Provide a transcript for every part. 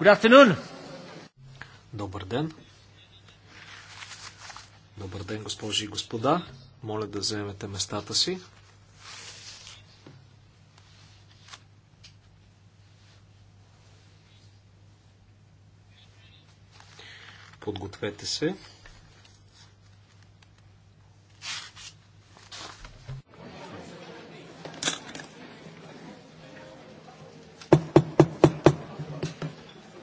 Good afternoon. Добър ден. Добър ден, госпожи и господа. Моля да вземете местата си. Подгответе се.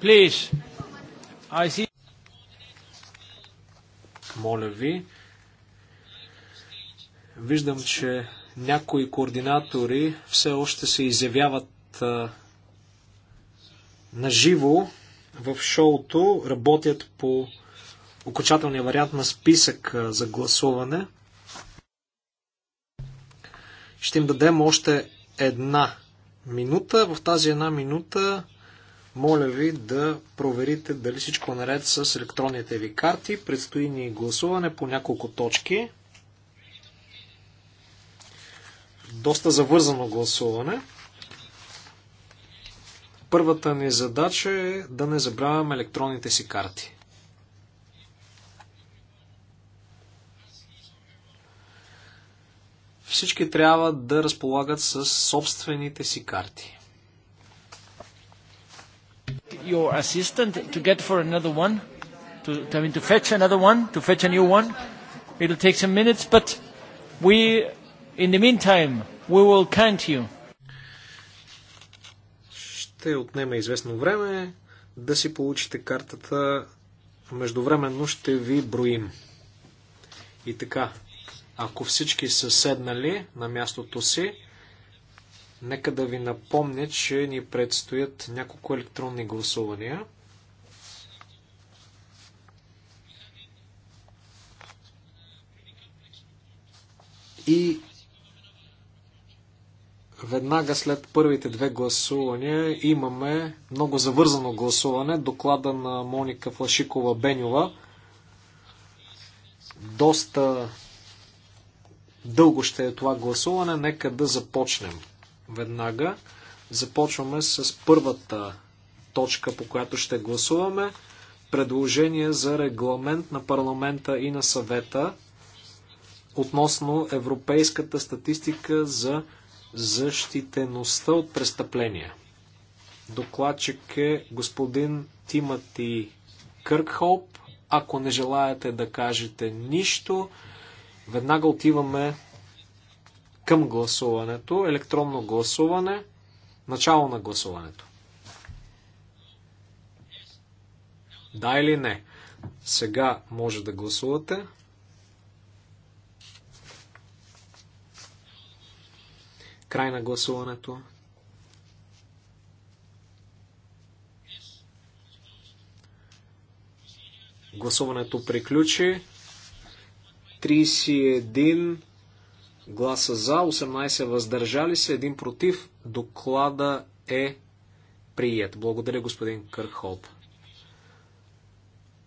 Please. I see. Моля ви. Виждам, че някои координатори все още се изявяват а, наживо в шоуто, работят по окончателния вариант на списък а, за гласуване. Ще им дадем още една минута. В тази една минута моля ви да проверите дали всичко е наред с електронните ви карти. Предстои ни гласуване по няколко точки. Доста завързано гласуване. Първата ни задача е да не забравяме електронните си карти. Всички трябва да разполагат с собствените си карти your assistant to get for another one? To, to, I mean, to fetch another one, to fetch a new one? It'll take some minutes, but we, in the meantime, we will count you. Ще отнеме известно време да си получите картата. Междувременно ще ви броим. И така, ако всички са седнали на мястото си, Нека да ви напомня, че ни предстоят няколко електронни гласувания. И веднага след първите две гласувания имаме много завързано гласуване. Доклада на Моника Флашикова Бенюва. Доста дълго ще е това гласуване. Нека да започнем веднага. Започваме с първата точка, по която ще гласуваме. Предложение за регламент на парламента и на съвета относно европейската статистика за защитеността от престъпления. Докладчик е господин Тимати Къркхолп. Ако не желаете да кажете нищо, веднага отиваме към гласуването, електронно гласуване, начало на гласуването. Да или не? Сега може да гласувате. Край на гласуването. Гласуването приключи. 31 гласа за, 18 въздържали се, 1 против. Доклада е прият. Благодаря, господин Кърхолп.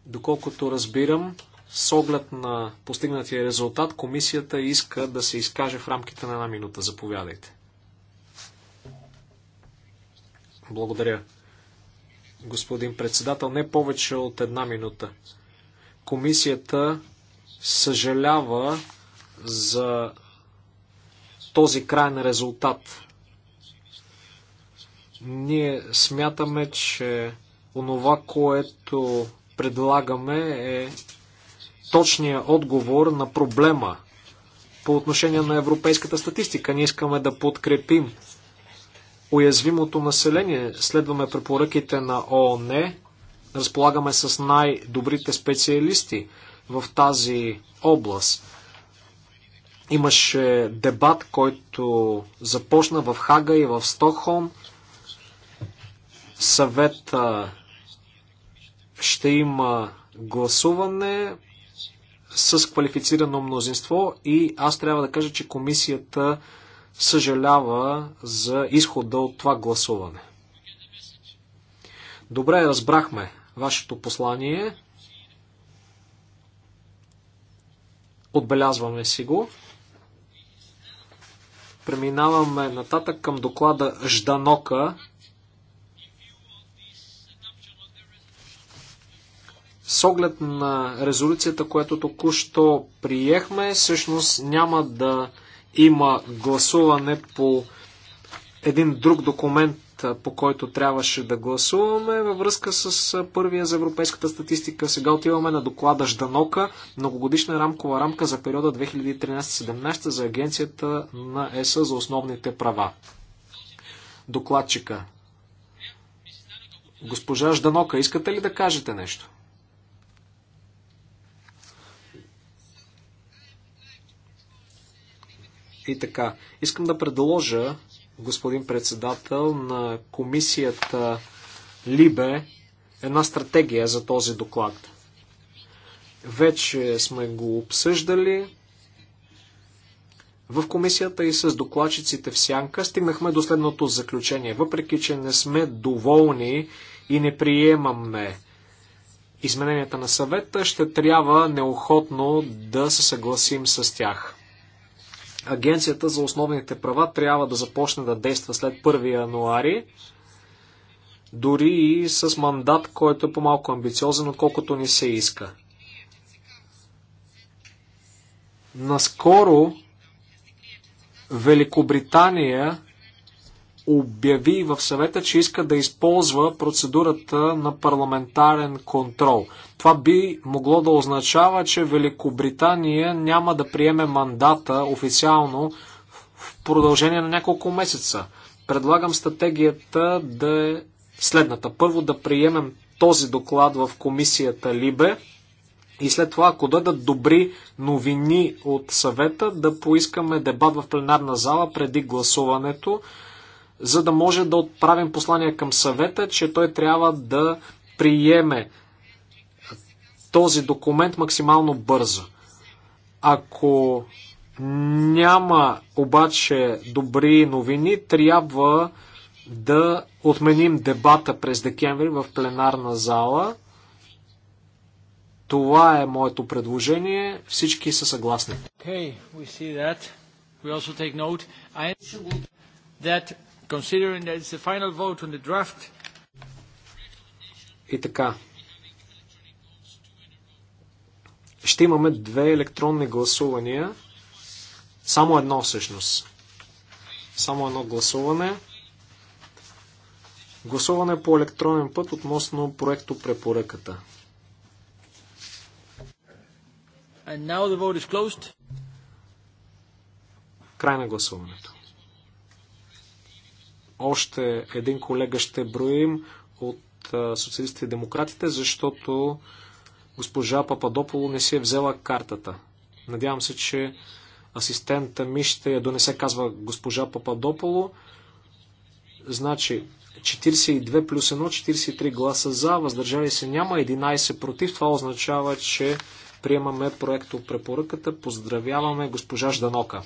Доколкото разбирам, с оглед на постигнатия резултат, комисията иска да се изкаже в рамките на една минута. Заповядайте. Благодаря. Господин председател, не повече от една минута. Комисията съжалява за този крайен резултат. Ние смятаме, че онова, което предлагаме е точния отговор на проблема по отношение на европейската статистика. Ние искаме да подкрепим уязвимото население. Следваме препоръките на ООН. Разполагаме с най-добрите специалисти в тази област. Имаше дебат, който започна в Хага и в Стокхолм. Съвет ще има гласуване с квалифицирано мнозинство и аз трябва да кажа, че комисията съжалява за изхода от това гласуване. Добре, разбрахме вашето послание. Отбелязваме си го. Преминаваме нататък към доклада Жданока. С оглед на резолюцията, която току-що приехме, всъщност няма да има гласуване по един друг документ по който трябваше да гласуваме във връзка с първия за европейската статистика. Сега отиваме на доклада Жданока, многогодишна рамкова рамка за периода 2013-2017 за Агенцията на ЕСА за основните права. Докладчика. Госпожа Жданока, искате ли да кажете нещо? И така, искам да предложа господин председател, на комисията Либе една стратегия за този доклад. Вече сме го обсъждали в комисията и с докладчиците в Сянка. Стигнахме до следното заключение. Въпреки, че не сме доволни и не приемаме измененията на съвета, ще трябва неохотно да се съгласим с тях. Агенцията за основните права трябва да започне да действа след 1 януари, дори и с мандат, който е по-малко амбициозен, отколкото ни се иска. Наскоро Великобритания обяви в съвета, че иска да използва процедурата на парламентарен контрол. Това би могло да означава, че Великобритания няма да приеме мандата официално в продължение на няколко месеца. Предлагам стратегията да е следната. Първо да приемем този доклад в комисията Либе и след това, ако дадат добри новини от съвета, да поискаме дебат в пленарна зала преди гласуването за да може да отправим послание към съвета, че той трябва да приеме този документ максимално бързо. Ако няма обаче добри новини, трябва да отменим дебата през декември в пленарна зала. Това е моето предложение. Всички са съгласни. Okay, we see that. We also take note I... that Considering that it's the final vote on the draft. И така. Ще имаме две електронни гласувания. Само едно всъщност. Само едно гласуване. Гласуване по електронен път относно проекто препоръката. Край на гласуването. Още един колега ще броим от социалистите и демократите, защото госпожа Пападополо не си е взела картата. Надявам се, че асистента ми ще я донесе, казва госпожа Пападополо. Значи, 42 плюс 1, 43 гласа за, въздържали се няма, 11 против. Това означава, че приемаме проекто препоръката. Поздравяваме госпожа Жданока.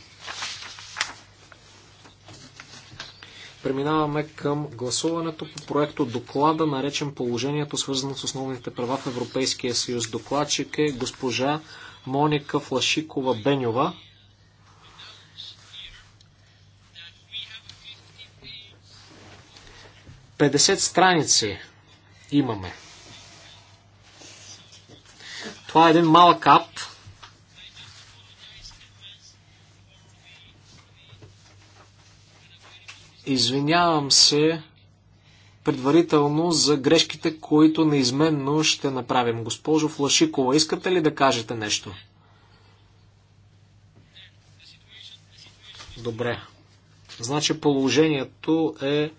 Преминаваме към гласуването по проекто доклада, наречен положението свързано с основните права в Европейския съюз. Докладчик е госпожа Моника Флашикова Бенева. Петдесет страници имаме. Това е един малък ап, Извинявам се предварително за грешките, които неизменно ще направим. Госпожо Флашикова, искате ли да кажете нещо? Добре. Значи положението е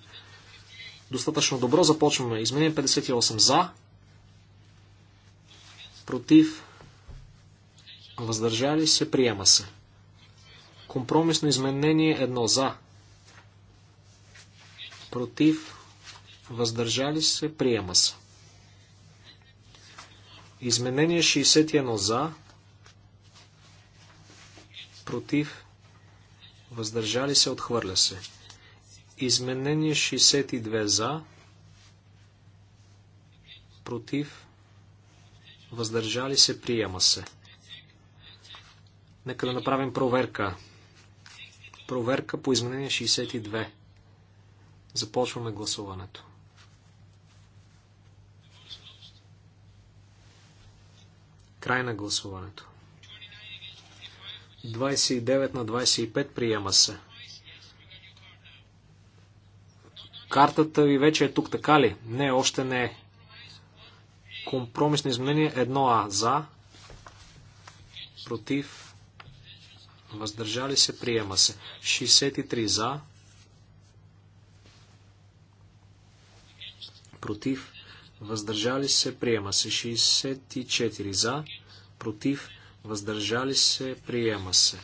достатъчно добро. Започваме. Изменение 58 за. Против. Въздържали се. Приема се. Компромисно изменение 1 за против, въздържали се, приема се. Изменение 61 за, против, въздържали се, отхвърля се. Изменение 62 за, против, въздържали се, приема се. Нека да направим проверка. Проверка по изменение 62. Започваме гласуването. Край на гласуването. 29 на 25 приема се. Картата ви вече е тук, така ли? Не, още не е. Компромисно изменение Едно а за, против, въздържали се, приема се. 63 за, против, въздържали се, приема се. 64 за, против, въздържали се, приема се.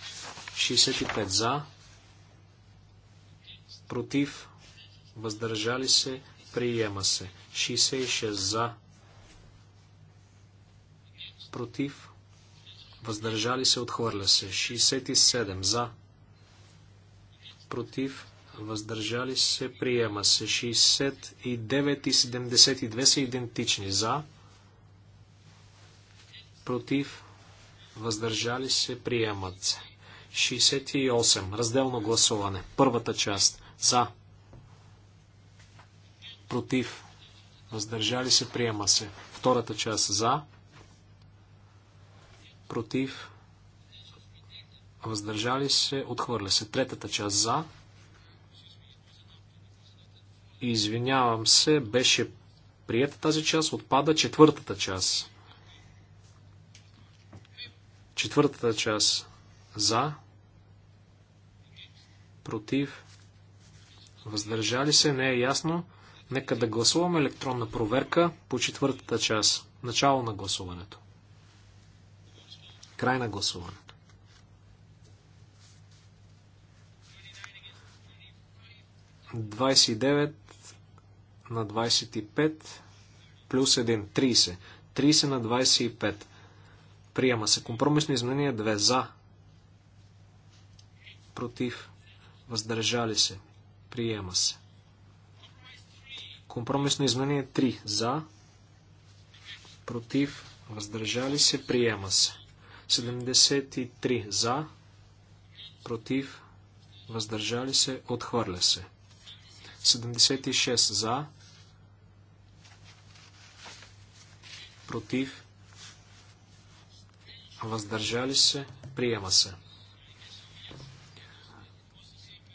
65 за, против, въздържали се, приема се. 66 за, против, въздържали се, отхвърля се. 67 за, против, въздържали се, приема се. 69 и 72 са идентични. За, против, въздържали се, приемат се. 68. Разделно гласуване. Първата част. За. Против. Въздържали се, приема се. Втората част. За. Против. Въздържали се, отхвърля се. Третата част. За Извинявам се, беше прията тази част, отпада четвъртата част. Четвъртата част за, против, въздържали се, не е ясно. Нека да гласуваме електронна проверка по четвъртата част. Начало на гласуването. Край на гласуването. 29 на 25 плюс 1. 30. 30 на 25. Приема се. Компромисни изменения 2. За. Против. Въздържали се. Приема се. Компромисно изменение 3. За. Против. Въздържали се. Приема се. 73. За. Против. Въздържали се. Отхвърля се. 76. За против, въздържали се, приема се.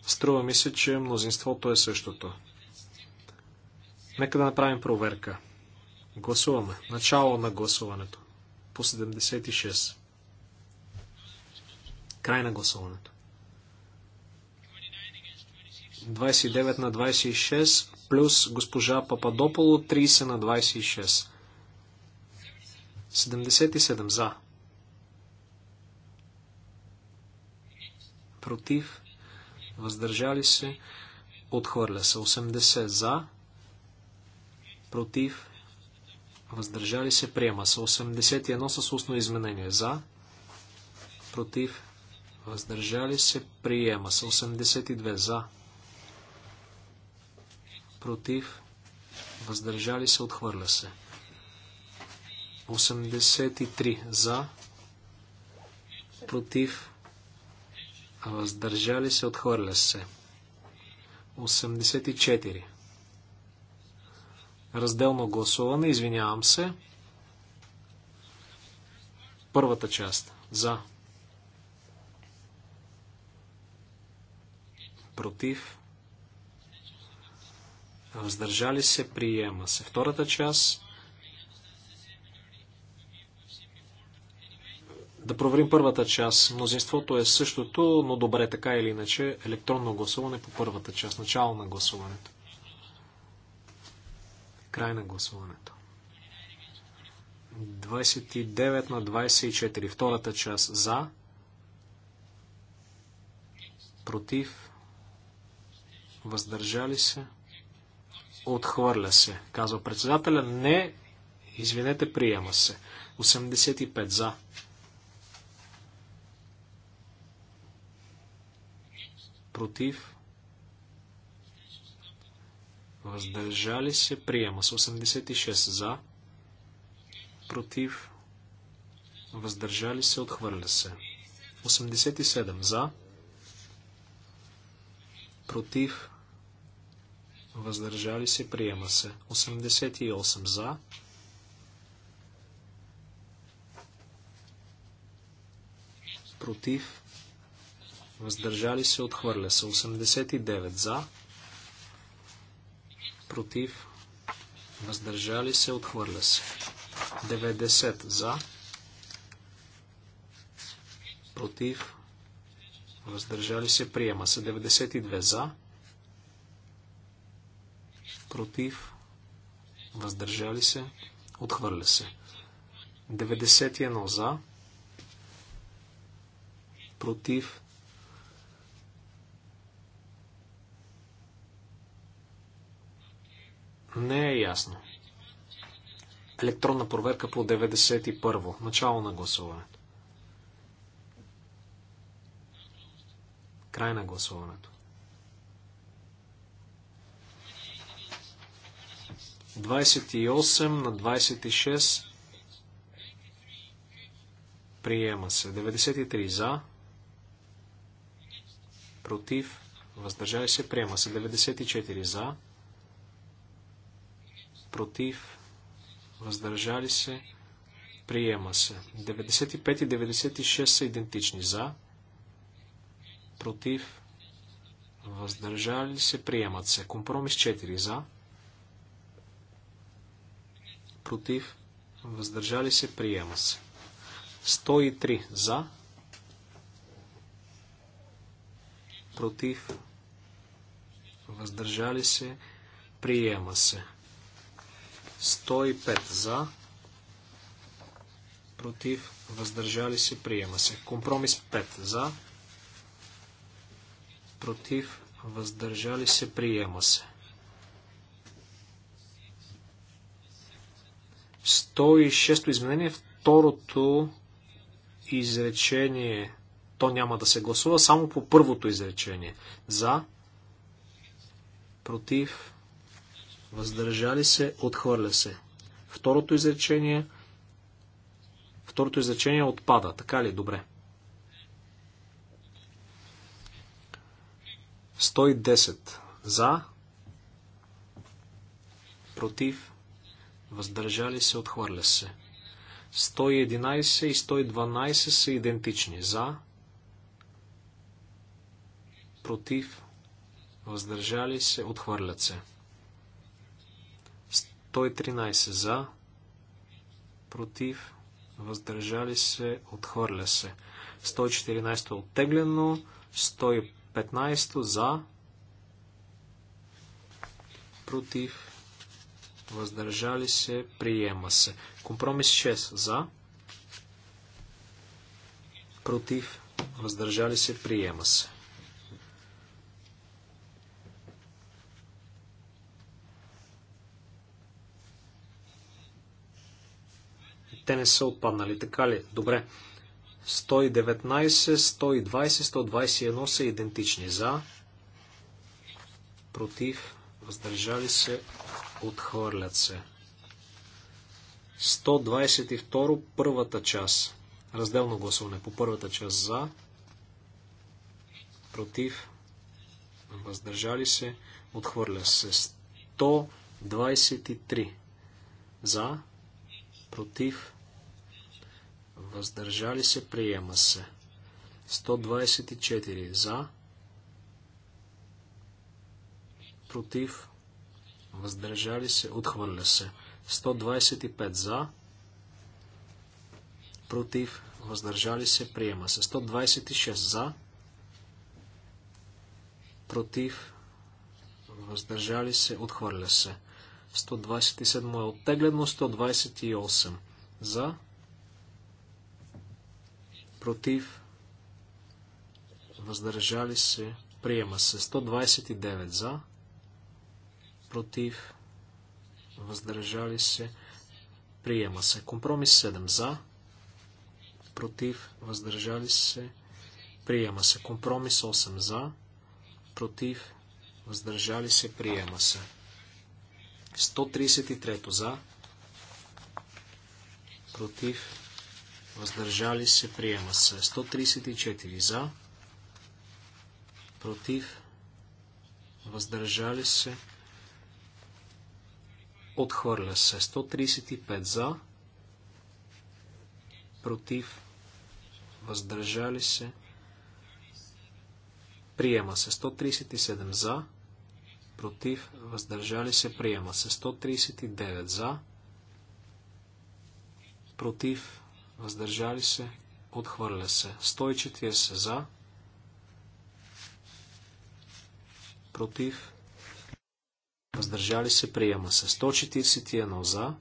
Струва ми се, че мнозинството е същото. Нека да направим проверка. Гласуваме. Начало на гласуването. По 76. Край на гласуването. 29 на 26 плюс госпожа Пападополо 30 на 26. 77 за. Против. Въздържали се. Отхвърля се. 80 за. Против. Въздържали се. Приема се. 81 с устно изменение. За. Против. Въздържали се. Приема се. 82 за. Против. Въздържали се. Отхвърля се. 83 за, против, въздържали се, отхвърля се. 84. Разделно гласуване, извинявам се. Първата част. За. Против. Въздържали се, приема се. Втората част. Да проверим първата част. Мнозинството е същото, но добре, така или иначе, електронно гласуване по първата част, начало на гласуването. Край на гласуването. 29 на 24. Втората част за. Против. Въздържали се. Отхвърля се, казва председателя. Не, извинете, приема се. 85 за против, въздържали се, приема се. 86 за, против, въздържали се, отхвърля се. 87 за, против, въздържали се, приема се. 88 за, против, въздържали се, отхвърля се. 89 за, против, въздържали се, отхвърля се. 90 за, против, въздържали се, приема се. 92 за, против, въздържали се, отхвърля се. 91 за, против, Не е ясно. Електронна проверка по 91. Начало на гласуването. Край на гласуването. 28 на 26 приема се. 93 за, против, въздържали се, приема се. 94 за, против, въздържали се, приема се. 95 и 96 са идентични за, против, въздържали се, приемат се. Компромис 4 за, против, въздържали се, приема се. 103 за, против, въздържали се, приема се. 105 за, против, въздържали се, приема се. Компромис 5 за, против, въздържали се, приема се. 106-то изменение, второто изречение, то няма да се гласува, само по първото изречение. За, против, въздържали се, отхвърля се. Второто изречение, второто изречение отпада, така ли? Добре. 110 за, против, въздържали се, отхвърля се. 111 и 112 са идентични. За, против, въздържали се, отхвърлят се. 113 за, против, въздържали се, отхвърля се. 114 е оттеглено, 115 за, против, въздържали се, приема се. Компромис 6 за, против, въздържали се, приема се. Те не са отпаднали, така ли? Добре. 119, 120, 121 са идентични. За, против, въздържали се, отхвърлят се. 122, първата част. Разделно гласуване по първата част за, против, въздържали се, отхвърля се. 123 за, против, въздържали се, приема се. 124 за, против, въздържали се, отхвърля се. 125 за, против, въздържали се, приема се. 126 за, против, въздържали се, отхвърля се. 127 е оттеглено. 128 за. Против. Въздържали се. Приема се. 129 за. Против. Въздържали се. Приема се. Компромис 7 за. Против. Въздържали се. Приема се. Компромис 8 за. Против. Въздържали се. Приема се. 133 за, против, въздържали се, приема се. 134 за, против, въздържали се, отхвърля се. 135 за, против, въздържали се, приема се. 137 за, против, против, въздържали се, приема се. 139 за, против, въздържали се, отхвърля се. 140 за, против, въздържали се, приема се. 141 за,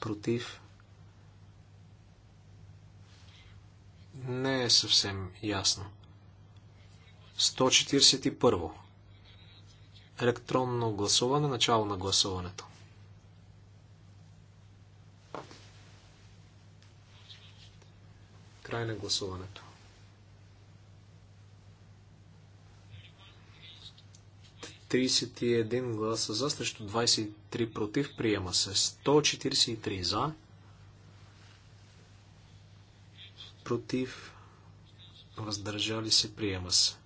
против, не е съвсем ясно. 141. Електронно гласуване, начало на гласуването. Край на гласуването. 31 гласа за, срещу 23 против, приема се 143 за, против, въздържали се, приема се.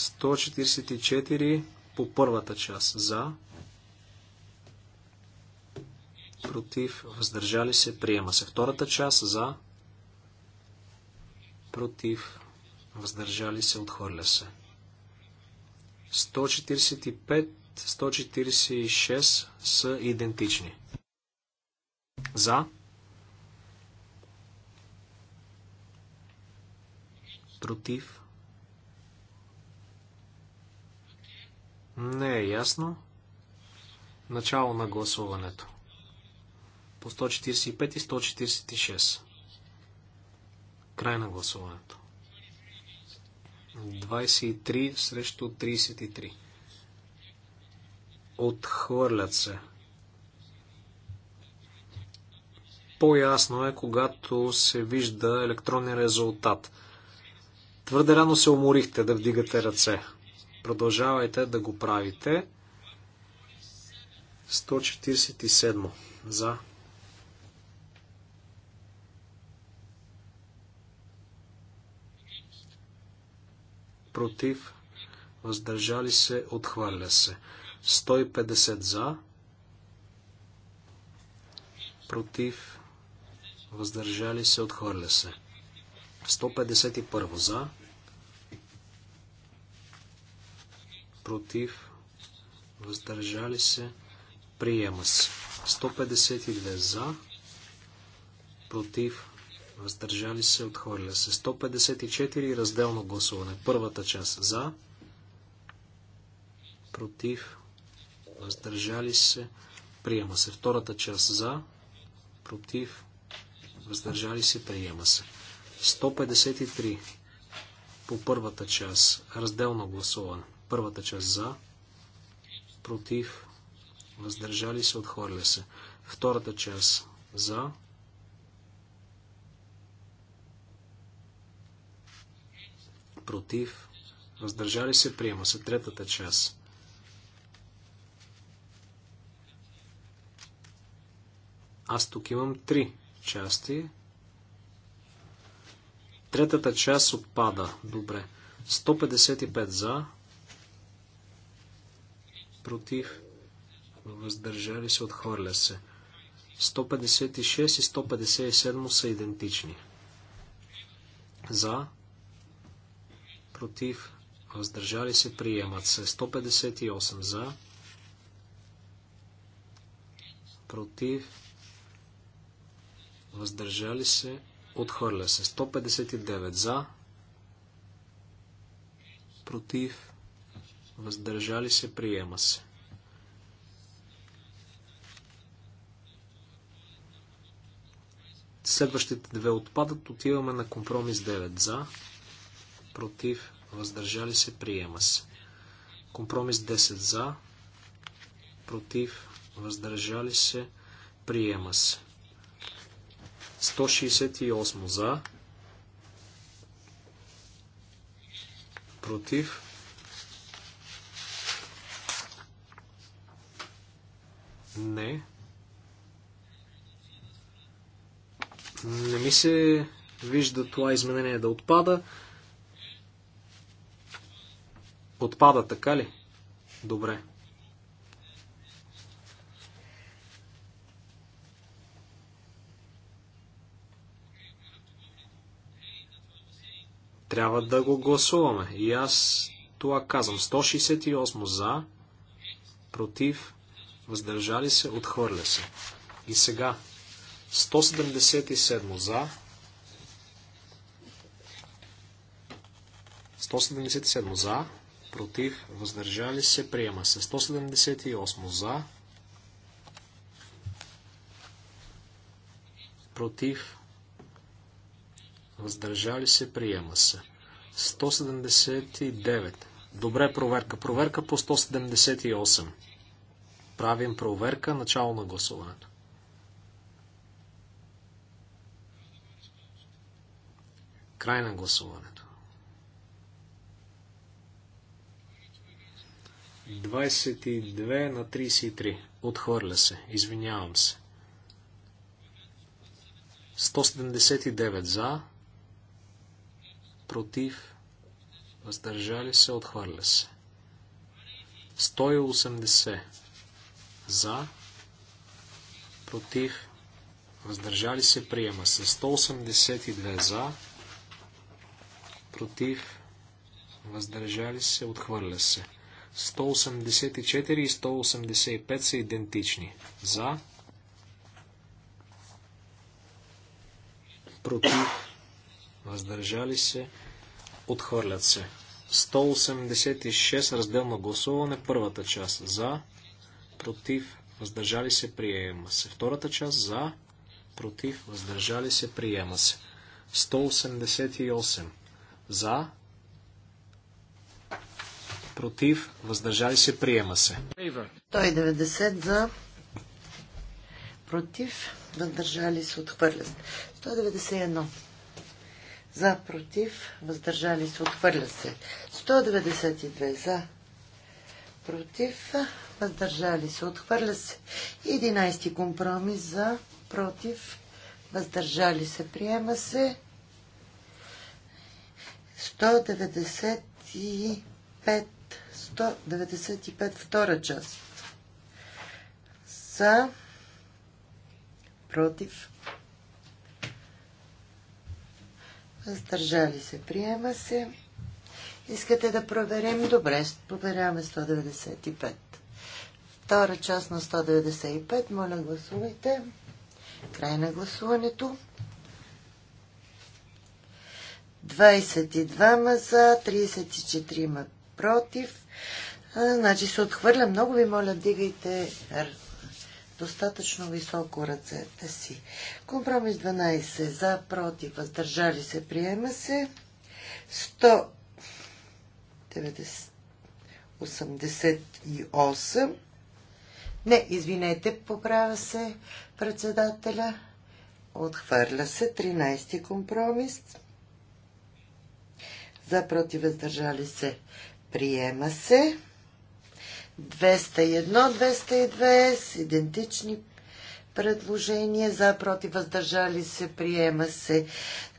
144 по първата част. За. Против. Въздържали се. Приема се. Втората част. За. Против. Въздържали се. Отхвърля се. 145, 146 са идентични. За. Против Не е ясно. Начало на гласуването. По 145 и 146. Край на гласуването. 23 срещу 33. Отхвърлят се. По-ясно е, когато се вижда електронен резултат. Твърде рано се уморихте да вдигате ръце. Продължавайте да го правите. 147 за. Против. Въздържали се. Отхвърля се. 150 за. Против. Въздържали се. Отхвърля се. 151 за против, въздържали се, приема се. 152 за, против, въздържали се, отхвърля се. 154 разделно гласуване. Първата част за, против, въздържали се, приема се. Втората част за, против, въздържали се, приема се. 153 по първата част, разделно гласуване. Първата част за, против, въздържали се, отхвърля се. Втората част за, против, въздържали се, приема се. Третата част. Аз тук имам три части. Третата част отпада. Добре. 155 за, против, въздържали се, отхвърля се. 156 и 157 са идентични. За, против, въздържали се, приемат се. 158 за, против, въздържали се, отхвърля се. 159 за, против, въздържали се, приема се. Следващите две отпадат, отиваме на компромис 9 за, против, въздържали се, приема се. Компромис 10 за, против, въздържали се, приема се. 168 за, против, Не. Не ми се вижда това изменение да отпада. Отпада, така ли? Добре. Трябва да го гласуваме. И аз това казвам. 168 за, против, въздържали се, отхвърля се. И сега 177 за. 177 за, против, въздържали се, приема се. 178 за, против, въздържали се, приема се. 179. Добре, проверка. Проверка по 178. Правим проверка, начало на гласуването. Край на гласуването. 22 на 33. Отхвърля се. Извинявам се. 179 за. Против. Въздържали се. Отхвърля се. 180 за, против, въздържали се, приема се. 182 за, против, въздържали се, отхвърля се. 184 и 185 са идентични. За, против, въздържали се, отхвърлят се. 186 разделно гласуване, първата част за, против, въздържали се, приема се. Втората част за, против, въздържали се, приема се. 188 за, против, въздържали се, приема се. 190 за, против, въздържали се, отхвърля се. 191 за, против, въздържали се, отхвърля се. 192 за, против, въздържали се, отхвърля се. 11 компромис за, против, въздържали се, приема се. 195, 195 втора част. За, против, въздържали се, приема се. Искате да проверим? Добре, проверяваме 195. Втора част на 195. Моля, гласувайте. Край на гласуването. 22 за, 34 против. значи се отхвърля. Много ви моля, дигайте достатъчно високо ръцете си. Компромис 12 за, против, въздържали се, приема се. 198 не, извинете, поправя се председателя. Отхвърля се 13-ти компромис. За против се. Приема се. 201, 202 с идентични предложения. За против въздържали се. Приема се.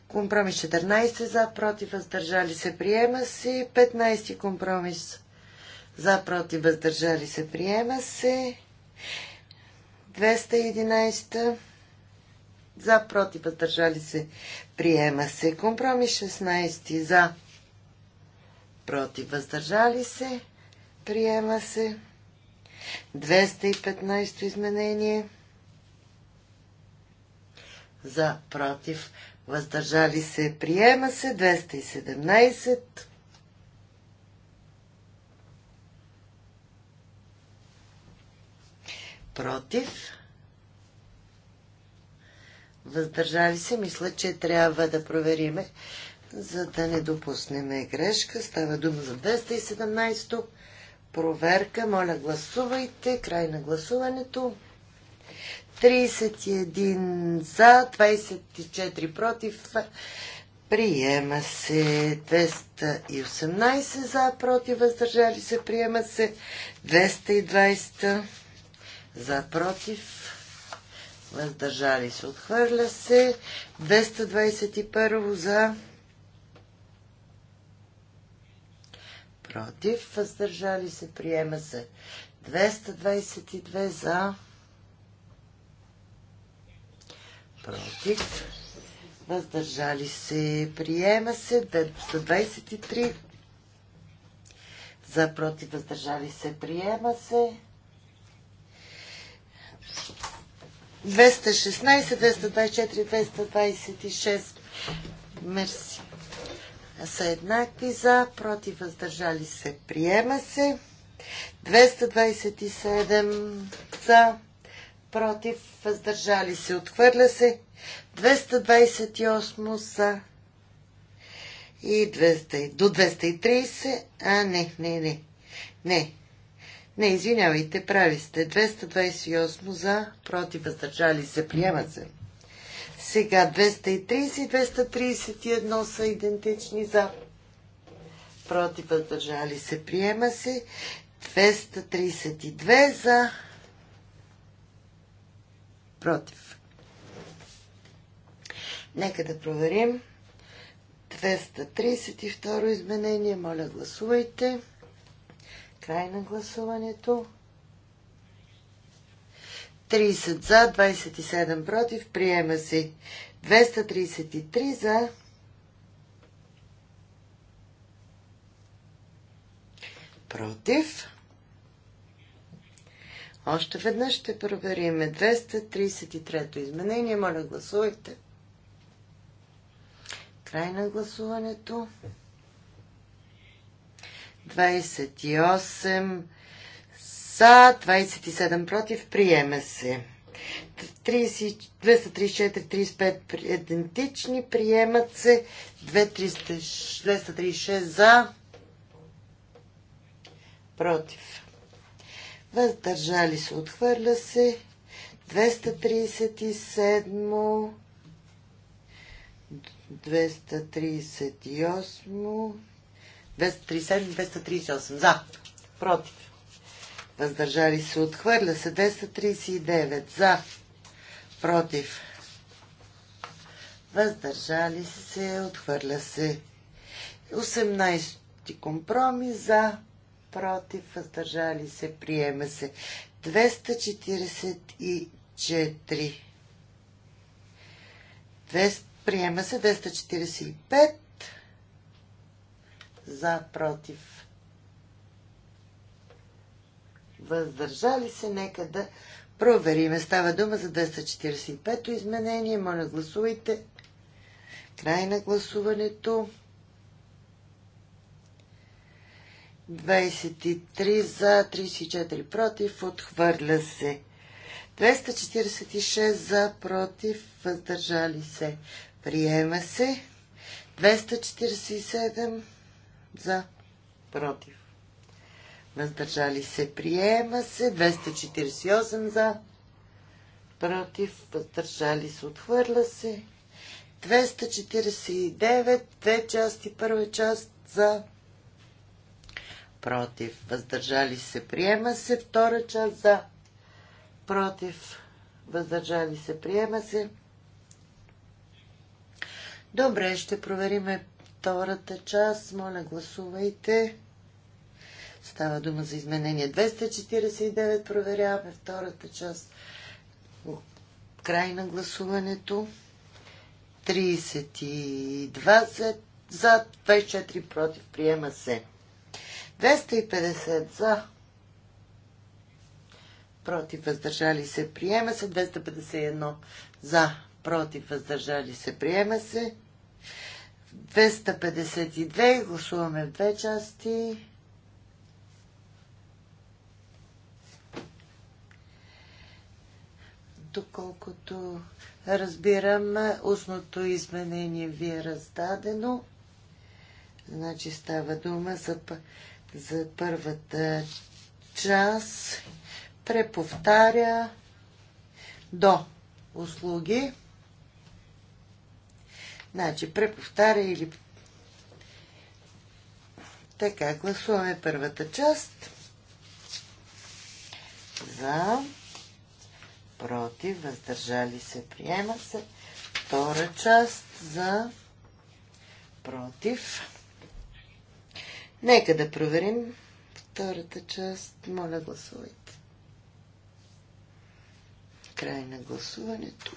Компромис 14 за против въздържали се. Приема се. 15 компромис за против въздържали се. Приема се. 211 за, против, въздържали се, приема се. Компромис 16 за, против, въздържали се, приема се. 215 изменение за, против, въздържали се, приема се. 217 против. Въздържали се, мисля, че трябва да провериме, за да не допуснем грешка. Става дума за 217-то. Проверка, моля гласувайте. Край на гласуването. 31 за, 24 против. Приема се 218 за, против, въздържали се, приема се 220 за против, въздържали се, отхвърля се, 221 за против, въздържали се, приема се, 222 за против, въздържали се, приема се, 223 за против, въздържали се, приема се. 216, 224, 226. Мерси. Са еднакви за, против, въздържали се. Приема се. 227 за, против, въздържали се. Отхвърля се. 228 са и 200, до 230. А, не, не, не. Не. Не, извинявайте, прави сте. 228 за, против, въздържали се, приема се. Сега 230 и 231 са идентични за, против, въздържали се, приема се. 232 за, против. Нека да проверим. 232 изменение. Моля, гласувайте. Край на гласуването. 30 за, 27 против. Приема се 233 за. Против. Още веднъж ще проверим 233-то изменение. Моля, гласувайте. Край на гласуването. 28 за, 27 против, приема се. 234-35 идентични, приемат се. 236 за, против. Въздържали се, отхвърля се. 237 238 237-238. За. Против. Въздържали се. Отхвърля се. 239. За. Против. Въздържали се. Отхвърля се. 18 компромис. За. Против. Въздържали се. Приема се. 244. 200, приема се 245 за, против, въздържали се, нека да провериме. Става дума за 245-то изменение. Моля, гласувайте. Край на гласуването. 23 за, 34 против, отхвърля се. 246 за, против, въздържали се. Приема се. 247 за, против. Въздържали се, приема се. 248 за, против. Въздържали се, отхвърля се. 249, две части, първа част за, против. Въздържали се, приема се. Втора част за, против. Въздържали се, приема се. Добре, ще провериме втората част. Моля, гласувайте. Става дума за изменение 249. Проверяваме втората част. Край на гласуването. 32 за, за 24 против. Приема се. 250 за. Против въздържали се. Приема се. 251 за. Против въздържали се. Приема се. 252. Гласуваме в две части. Доколкото разбирам, устното изменение ви е раздадено. Значи става дума за, за първата част. Преповтаря до услуги. Значи, преповтаря или... Така, гласуваме първата част. За, против, въздържали се, приема се. Втора част за, против. Нека да проверим втората част. Моля, гласувайте. Край на гласуването.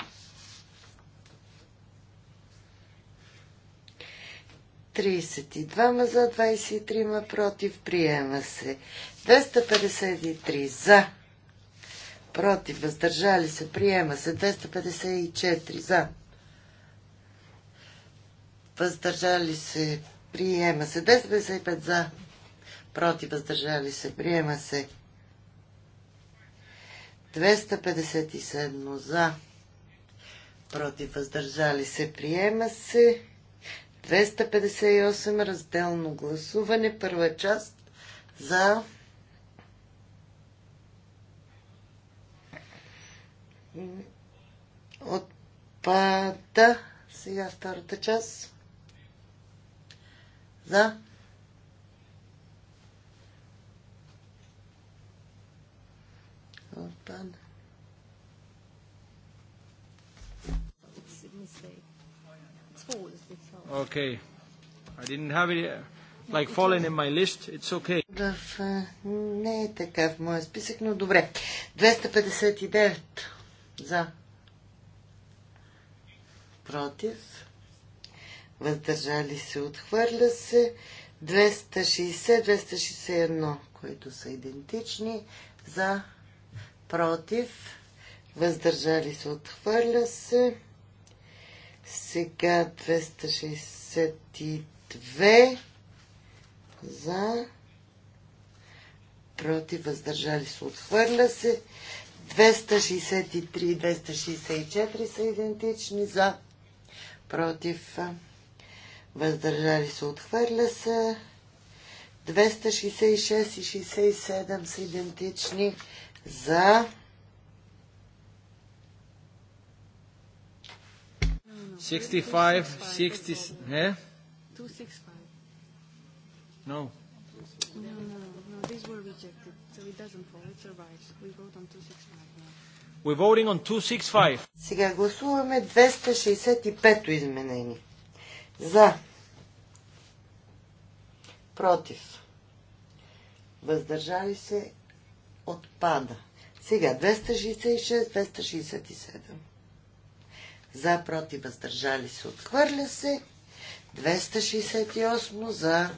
32 за, 23 против. Приема се. 253 за. Против. Въздържали се. Приема се. 254 за. Въздържали се. Приема се. 255 за. Против. Въздържали се. Приема се. 257 за. Против. Въздържали се. Приема се. 258 разделно гласуване, първа част за отпада сега втората част за отпада Okay. I didn't have it like fallen in my list. It's okay. В, е, не е така в моя списък, но добре. 259 за. Против. Въздържали се, отхвърля се. 260, 261, които са идентични. За. Против. Въздържали се, отхвърля се. Сега 262 за против, въздържали се, отхвърля се. 263 и 264 са идентични за против, въздържали се, отхвърля се. 266 и 67 са идентични за 65, 60, eh? 265. No. No, no, no, these were rejected, so it doesn't fall, it survives. We vote on 265 now. We're voting on 265. Сега гласуваме 265-то изменение. За. Против. Въздържали се. Отпада. Сега 266, 267 за против въздържали се отхвърля се. 268 за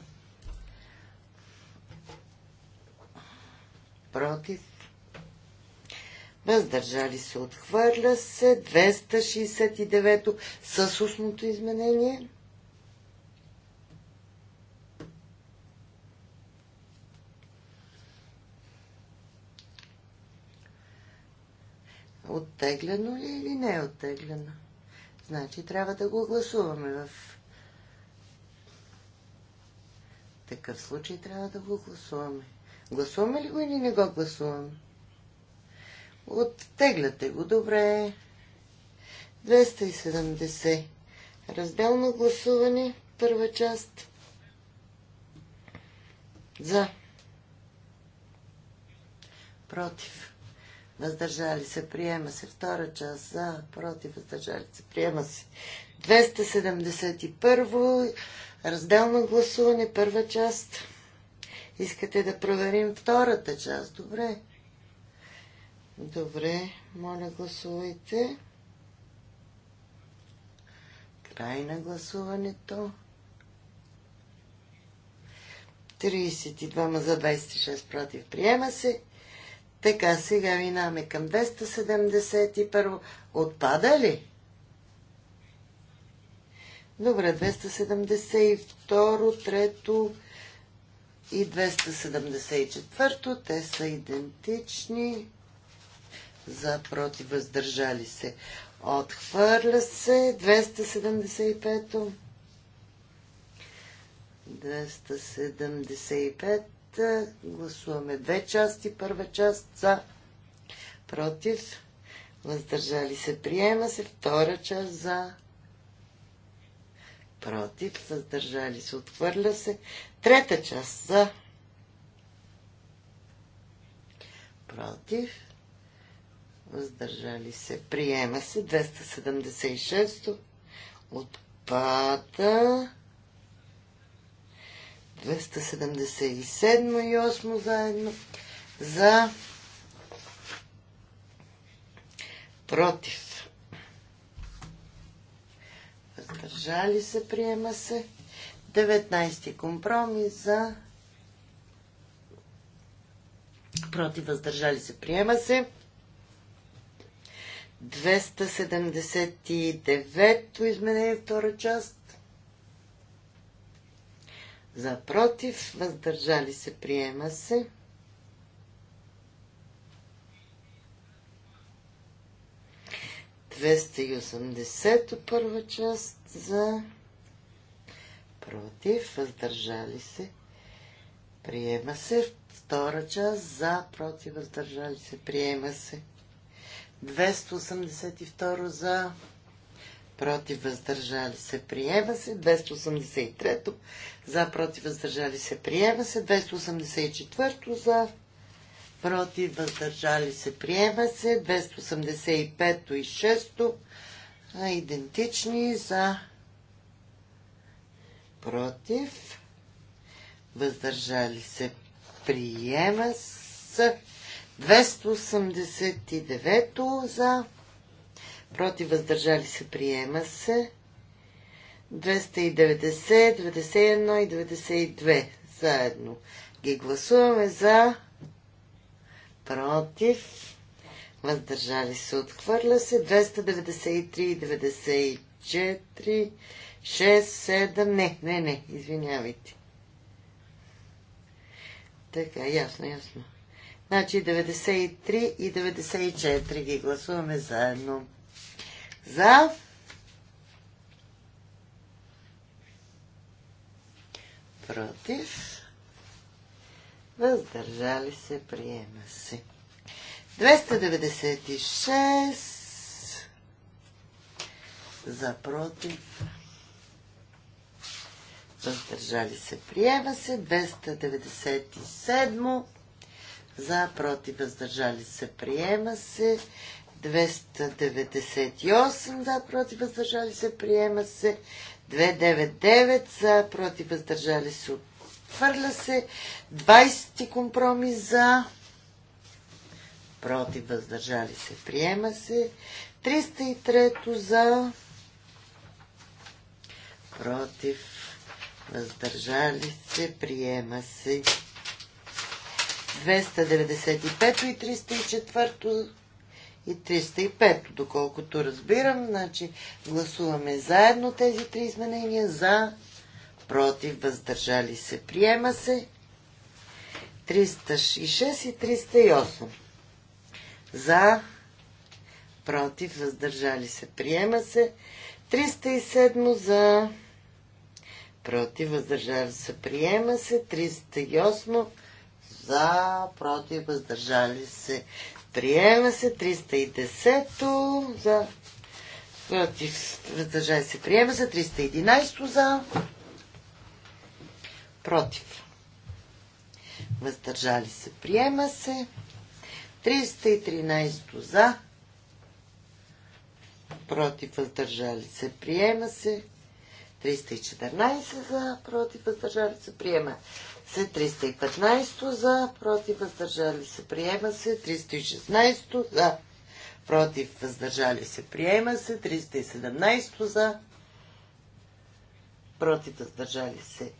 против въздържали се отхвърля се. 269 с устното изменение. Оттеглено ли е или не е оттеглено? Значи трябва да го гласуваме в такъв случай трябва да го гласуваме. Гласуваме ли го или не го гласуваме? Оттегляте го, добре. 270. Разделно гласуване, първа част. За. Против въздържали се, приема се. Втора част за, против, въздържали се, приема се. 271 разделно гласуване, първа част. Искате да проверим втората част. Добре. Добре, моля гласувайте. Край на гласуването. 32 за 26 против. Приема се. Така, сега минаваме към 271. Отпада ли? Добре, 272, трето и 274. Те са идентични. За против въздържали се. Отхвърля се 275. 275. Гласуваме две части. Първа част за, против, въздържали се, приема се. Втора част за, против, въздържали се, отхвърля се. Трета част за, против, въздържали се, приема се. 276 пата, 277 и 8 заедно за против. Въздържали се, приема се. 19 компромис за против, въздържали се, приема се. 279-то изменение втора част за против, въздържали се, приема се. Двеста първа част за против, въздържали се, приема се. Втора част за против, въздържали се, приема се. 282 за против против въздържали се, приема се. 283 за, против въздържали се, приема се. 284 за, против въздържали се, приема се. 285 то и 6 то идентични за, против въздържали се, приема се. 289 то за, против, въздържали се, приема се. 290, 91 и 92 заедно. Ги гласуваме за, против, въздържали се, отхвърля се. 293 и 94, 6, 7, не, не, не, извинявайте. Така, ясно, ясно. Значи 93 и 94 ги гласуваме заедно. За. Против. Въздържали се. Приема се. 296. За против. Въздържали се. Приема се. 297. За против. Въздържали се. Приема се. 298 за против въздържали се, приема се. 299 за против въздържали се, отхвърля се. 20 компромис за против въздържали се, приема се. 303 за против въздържали се, приема се. 295 и 304 и 305, доколкото разбирам. Значи гласуваме заедно тези три изменения за, против, въздържали се, приема се. 306 и 308. За, против, въздържали се, приема се. 307 за, против, въздържали се, приема се. 308 за, против, въздържали се, Приема се 310-то за против. Въздържали се. Приема се 311-то за против. Въздържали се. Приема се 313-то за против. Въздържали се. Приема се 314 за против. Въздържали се. Приема се 315 за, против въздържали се, приема се 316 за, против въздържали се, приема се 317 за, против въздържали се,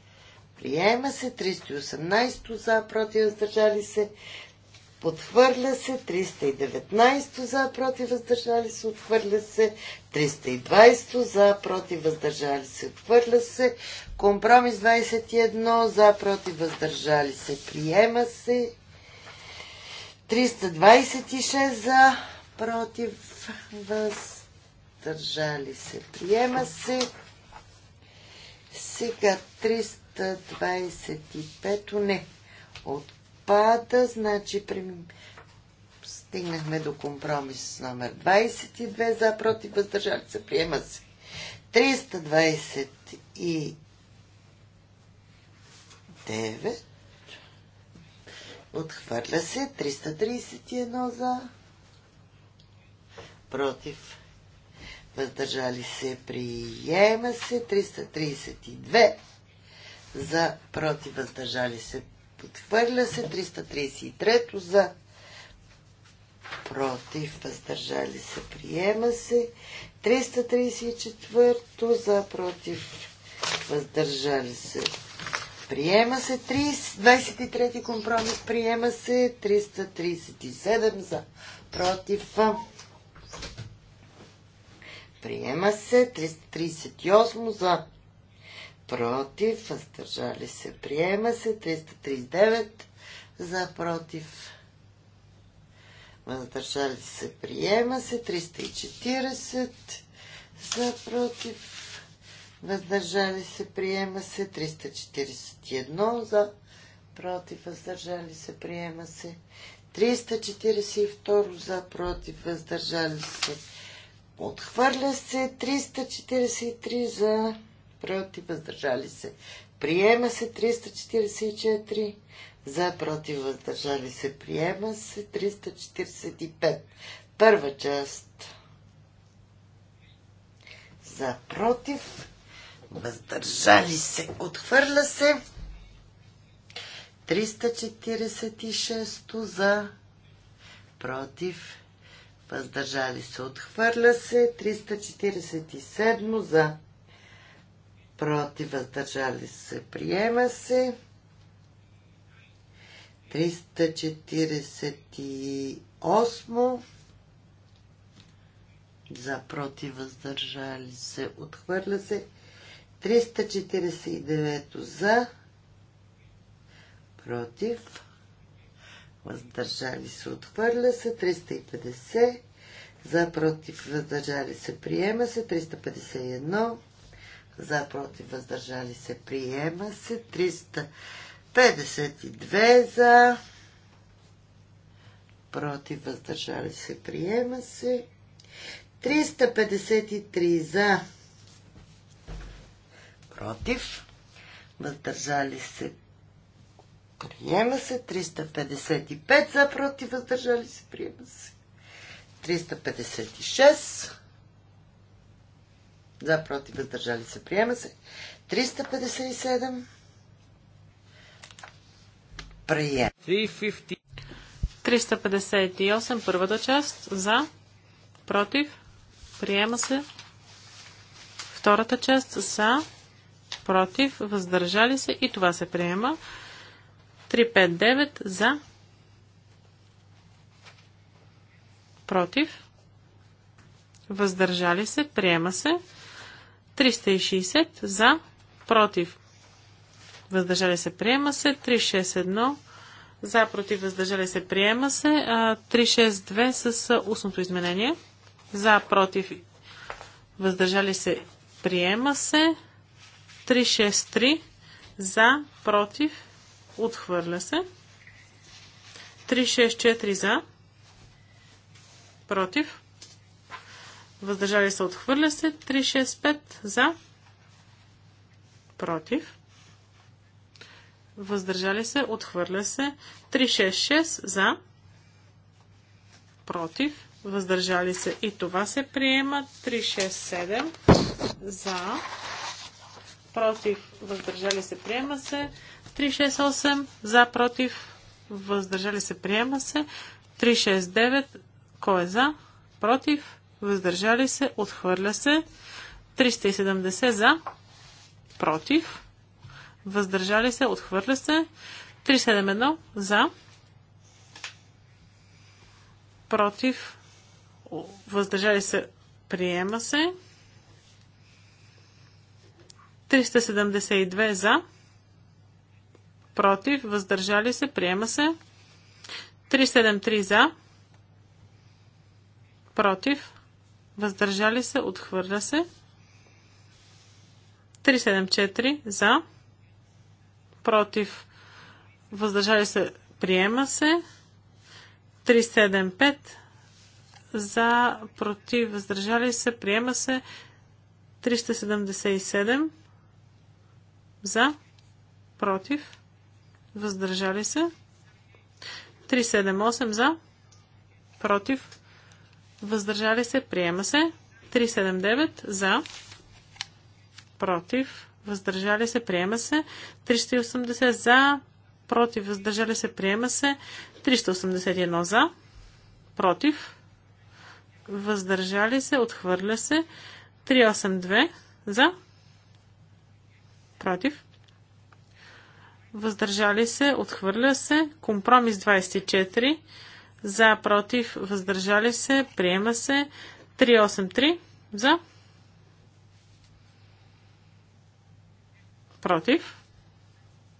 приема се 318 за, против въздържали се, Подхвърля се 319 за против въздържали се, отхвърля се 320 за против въздържали се, отхвърля се компромис 21 за против въздържали се, приема се 326 за против въздържали се, приема се сега 325 не от отпада, значи при... стигнахме до компромис номер 22 за, против, въздържали се, приема се. 9. отхвърля се, 331 за, против, въздържали се, приема се, 332 за, против, въздържали се, Отхвърля се 333 за. Против. Въздържали се. Приема се. 334 за. Против. Въздържали се. Приема се 23 23 компромис. Приема се 337 за. Против. Приема се 338 за против, въздържали се, приема се, 339 за, против, въздържали се, приема се, 340 за, против, въздържали се, приема се, 341 за, против, въздържали се, приема се, 342 за, против, въздържали се, отхвърля се, 343 за, против, въздържали се. Приема се 344 за, против, въздържали се. Приема се 345. Първа част. За, против, въздържали се. Отхвърля се. 346 за, против, въздържали се. Отхвърля се. 347 за, против, въздържали се, приема се. 348 за против, въздържали се, отхвърля се. 349 за против, въздържали се, отхвърля се. 350 за против, въздържали се, приема се. 351 за против въздържали се приема се 352 за против въздържали се приема се 353 за против въздържали се приема се 355 за против въздържали се приема се 356 за, против, въздържали се. Приема се. 357. Приема. 350. 358, първата част. За, против, приема се. Втората част. За, против, въздържали се. И това се приема. 359 за, против, въздържали се, приема се. 360 за, против, въздържали се, приема се. 361 за, против, въздържали се, приема се. 362 с устното изменение. За, против, въздържали се, приема се. 363 за, против, отхвърля се. 364 за, против, въздържали се, отхвърля се. 365 за, против, въздържали се, отхвърля се. 366 за, против, въздържали се и това се приема. 367 за, против, въздържали се, приема се. 368 за, против, въздържали се, приема се. 369 кой е за, против, въздържали се, отхвърля се. 370 за, против, въздържали се, отхвърля се. 371 за, против, въздържали се, приема се. 372 за, против, въздържали се, приема се. 373 за, против, въздържали се, отхвърля се. 374 за, против, въздържали се, приема се. 375 за, против, въздържали се, приема се. 377 за, против, въздържали се. 378 за, против, Въздържали се. Приема се. 379 за. Против. Въздържали се. Приема се. 380 за. Против. Въздържали се. Приема се. 381 за. Против. Въздържали се. Отхвърля се. 382 за. Против. Въздържали се. Отхвърля се. Компромис 24 за, против, въздържали се, приема се. 383 за, против,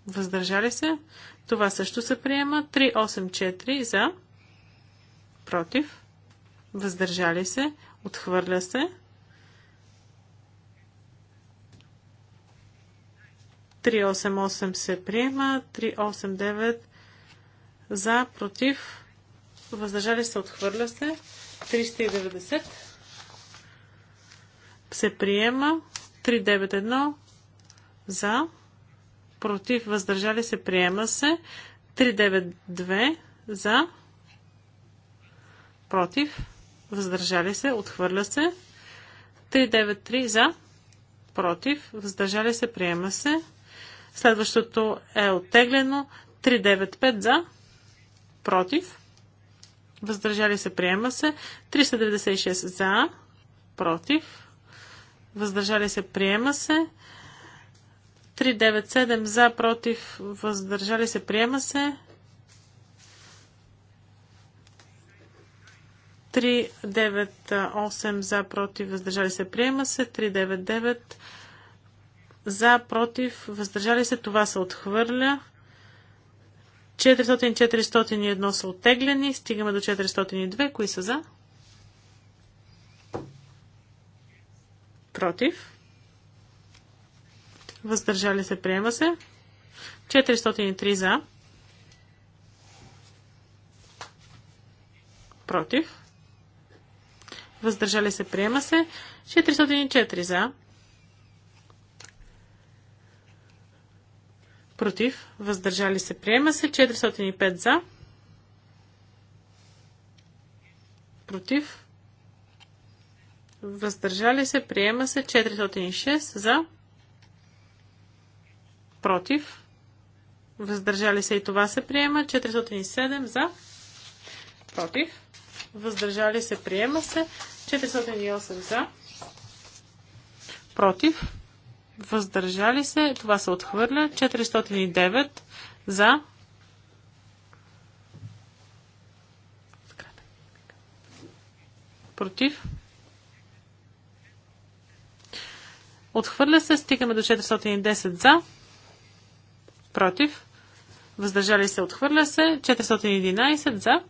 въздържали се. Това също се приема. 384 за, против, въздържали се, отхвърля се. 388 се приема, 389 за, против, Въздържали се, отхвърля се. 390 се приема. 391 за. Против, въздържали се, приема се. 392 за. Против, въздържали се, отхвърля се. 393 за. Против, въздържали се, приема се. Следващото е оттеглено. 395 за. Против въздържали се, приема се. 396 за, против, въздържали се, приема се. 397 за, против, въздържали се, приема се. 398 за, против, въздържали се, приема се. 399 за, против, въздържали се, това се отхвърля. 400 401 са оттеглени. Стигаме до 402. Кои са за? Против. Въздържали се. Приема се. 403 за. Против. Въздържали се. Приема се. 404 за. против, въздържали се, приема се. 405 за, против, въздържали се, приема се. 406 за, против, въздържали се и това се приема. 407 за, против, въздържали се, приема се. 408 за, против, въздържали се, това се отхвърля. 409 за. Против. Отхвърля се, стигаме до 410 за. Против. Въздържали се, отхвърля се. 411 за.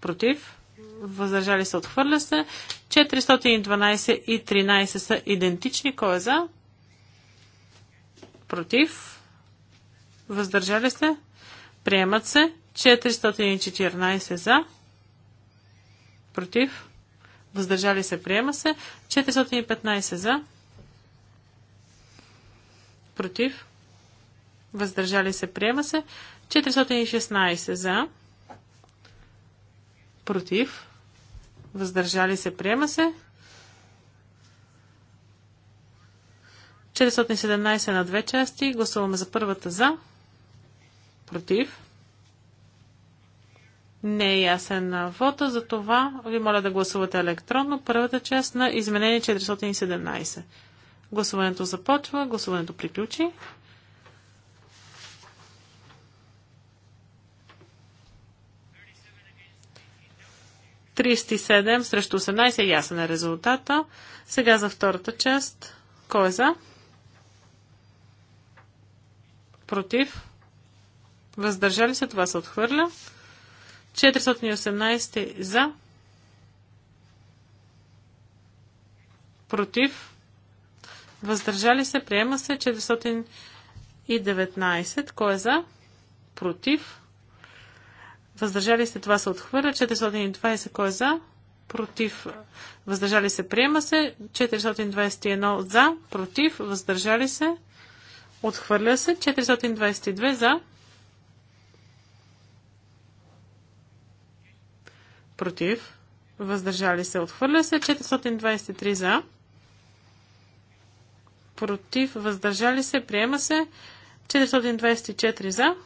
Против. Въздържали се, отхвърля се. 412 и 13 са идентични. Кой е за? против, въздържали се, приемат се, 414 за, против, въздържали се, приема се, 415 за, против, въздържали се, приема се, 416 за, против, въздържали се, приема се, 417 на две части. Гласуваме за първата за. Против. Не е ясен на вода, за това ви моля да гласувате електронно първата част на изменение 417. Гласуването започва, гласуването приключи. Тридесет срещу 18 е ясен е резултата. Сега за втората част. Кой е за? против, въздържали се, това се отхвърля. 418 за, против, въздържали се, приема се 419, кой е за, против, въздържали се, това се отхвърля, 420, кой е за, против, въздържали се, приема се, 421 за, против, въздържали се, Отхвърля се. 422 за. Против. Въздържали се. Отхвърля се. 423 за. Против. Въздържали се. Приема се. 424 за.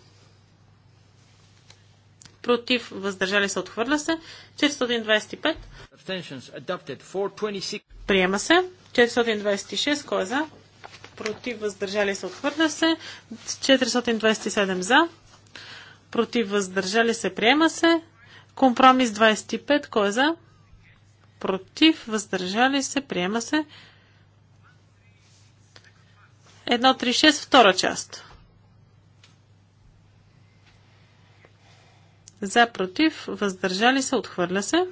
Против. Въздържали се. Отхвърля се. 425. Приема се. 426. Кой е за? против, въздържали се, отхвърля се. 427 за, против, въздържали се, приема се. Компромис 25, кой е за? Против, въздържали се, приема се. 1.36, втора част. За, против, въздържали се, отхвърля се.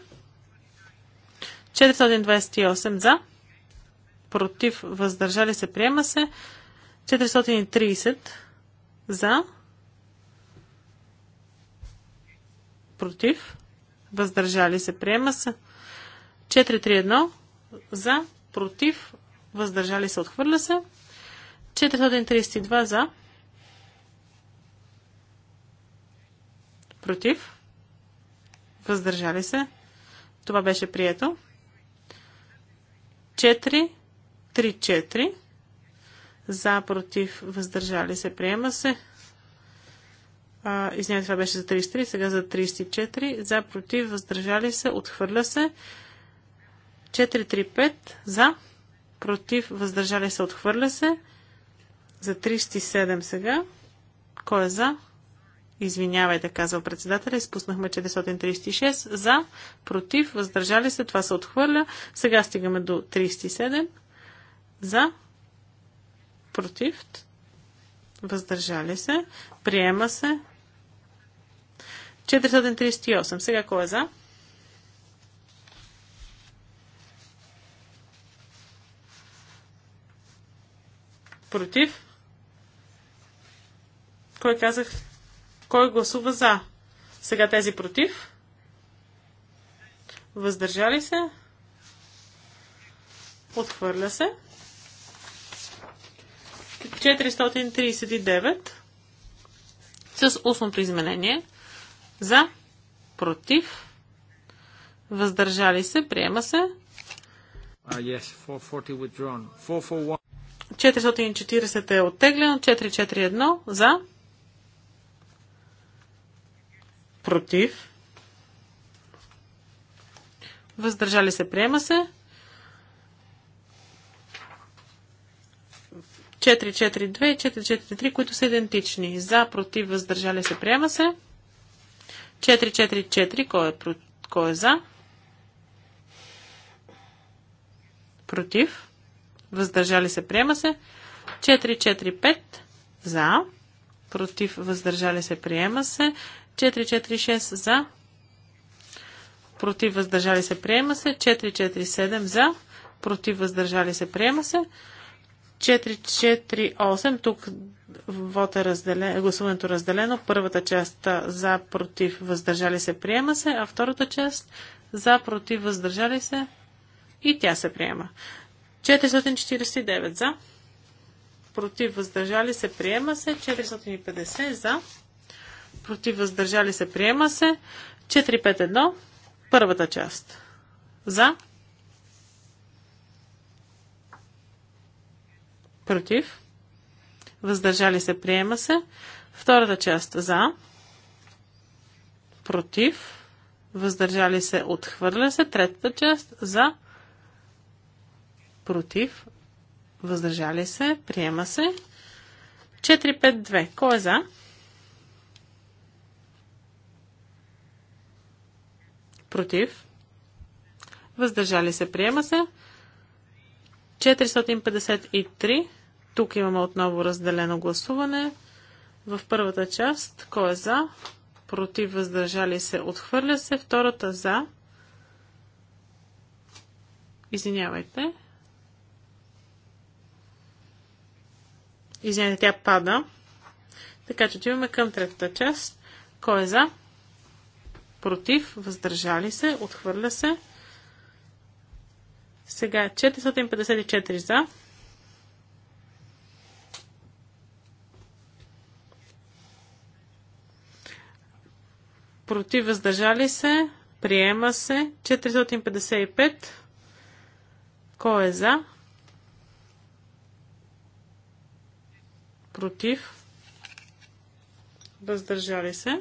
428 за против, въздържали се, приема се. 430 за, против, въздържали се, приема се. 431 за, против, въздържали се, отхвърля се. 432 за, против, въздържали се. Това беше прието. 4 3-4. За, против, въздържали се, приема се. Извинявайте, това беше за 33, сега за 34. За, против, въздържали се, отхвърля се. 4-3-5. За, против, въздържали се, отхвърля се. За 37 сега. Кой е за? Извинявайте, казва председателя. Изпуснахме 436. За, против, въздържали се, това се отхвърля. Сега стигаме до 37. За. Против. Въздържали се. Приема се. 438. Сега кой е за? Против? Кой казах? Кой гласува за? Сега тези против? Въздържали се? Отхвърля се. 439 с устното изменение за, против, въздържали се, приема се. 440, uh, 440 е оттеглено, 441 за, против, въздържали се, приема се. 442 и 443, които са идентични. За, против, въздържали се, приема се. 444, кой е, кой е за? Против. Въздържали се, приема се. 445 за. Против, въздържали се, приема се. 446 за. Против, въздържали се, приема се. 447 за. Против, въздържали се, приема се. 448. Тук вод е разделен, гласуването е разделено. Първата част за, против, въздържали се, приема се, а втората част за, против, въздържали се и тя се приема. 449 за, против, въздържали се, приема се, 450 за, против, въздържали се, приема се, 451, първата част за, против, въздържали се, приема се. Втората част за, против, въздържали се, отхвърля се. Третата част за, против, въздържали се, приема се. 4-5-2. Кой е за? Против. Въздържали се, приема се. 453 тук имаме отново разделено гласуване. В първата част, кой е за? Против, въздържали се, отхвърля се. Втората за. Извинявайте. Извинявайте, тя пада. Така че отиваме към третата част. Кой е за? Против, въздържали се, отхвърля се. Сега 454 за против, въздържали се, приема се. 455. Кой е за? Против, въздържали се,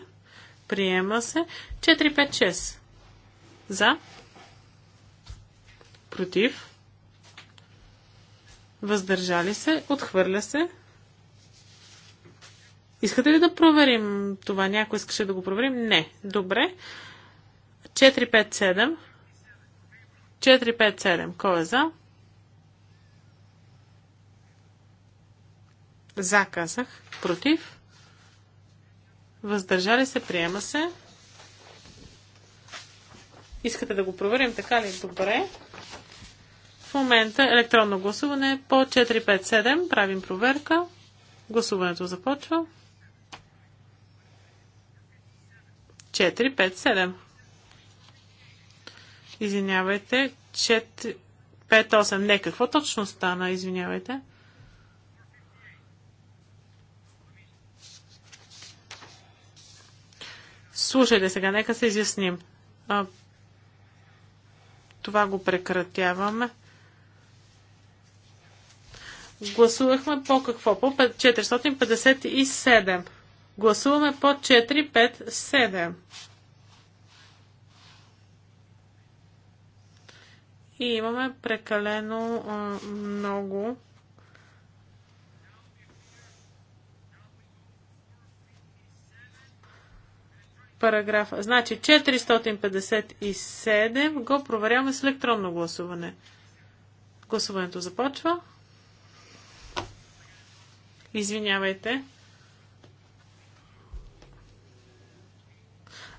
приема се. 456. За? Против, въздържали се, отхвърля се. Искате ли да проверим това? Някой искаше да го проверим? Не. Добре. 457. 457. Кой е за? За, казах. Против. Въздържали се, приема се. Искате да го проверим, така ли? Добре. В момента електронно гласуване по 457. Правим проверка. Гласуването започва. 4, 5, 7. Извинявайте, 4... 5-8. Не, какво точно стана? Извинявайте. Слушайте сега, нека се изясним. А, това го прекратяваме. Гласувахме по какво? По 457. Гласуваме по 4-5-7. И имаме прекалено а, много. параграфа. Значи 457 го проверяваме с електронно гласуване. Гласуването започва. Извинявайте.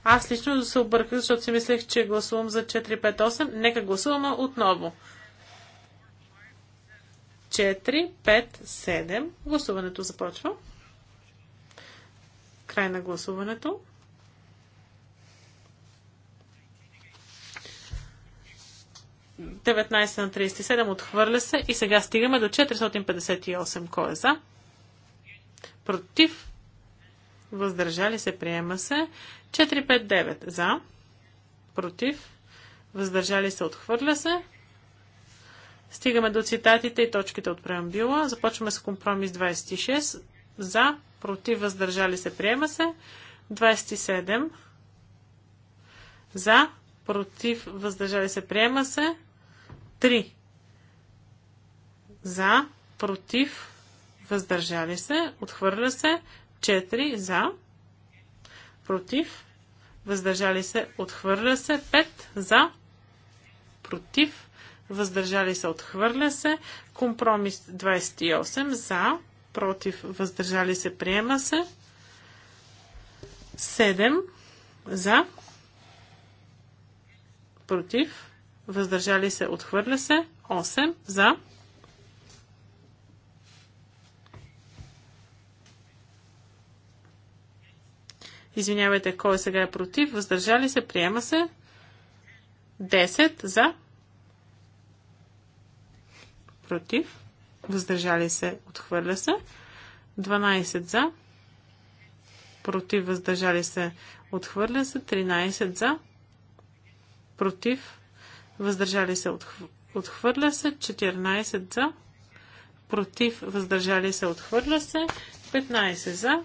Аз лично се обърках, защото си мислех, че гласувам за 4-5-8. Нека гласуваме отново. 4-5-7. Гласуването започва. Край на гласуването. на 37 отхвърля се и сега стигаме до 458. Кой е за? Против? въздържали се, приема се. 459 за, против, въздържали се, отхвърля се. Стигаме до цитатите и точките от преамбюла. Започваме с компромис 26 за, против, въздържали се, приема се. 27 за, против, въздържали се, приема се. 3 за, против, въздържали се, отхвърля се. 4 за, против, въздържали се, отхвърля се, 5 за, против, въздържали се, отхвърля се, компромис 28 за, против, въздържали се, приема се, 7 за, против, въздържали се, отхвърля се, 8 за, Извинявайте, кой сега е против? Въздържали се? Приема се. 10 за. Против. Въздържали се? Отхвърля се. 12 за. Против. Въздържали се? Отхвърля се. 13 за. Против. Въздържали се? Отхвърля се. 14 за. Против. Въздържали се? Отхвърля се. 15 за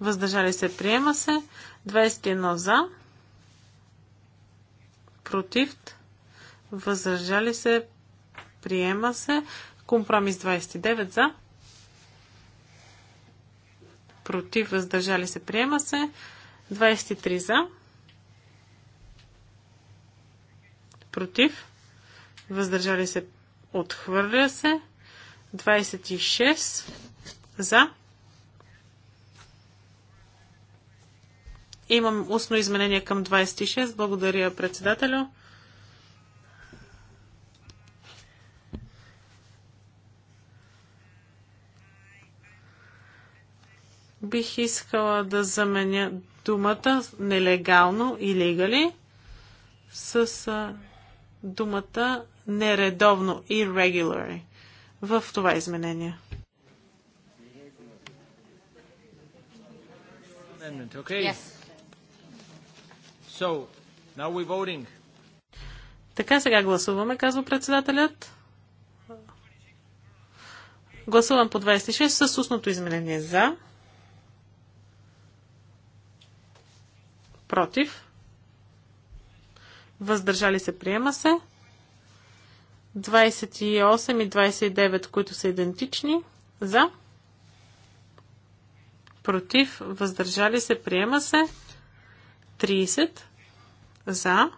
въздържали се, приема се. 21 за, против, въздържали се, приема се. Компромис 29 за, против, въздържали се, приема се. 23 за, против, въздържали се, отхвърля се. 26 за, Имам устно изменение към 26. Благодаря председателю. Бих искала да заменя думата нелегално и легали с думата нередовно, irregular в това изменение. Okay. Yes. So, now we're voting. Така сега гласуваме, казва председателят. Гласувам по 26 с устното изменение за. Против. Въздържали се, приема се. 28 и 29, които са идентични. За. Против. Въздържали се, приема се. 30 за.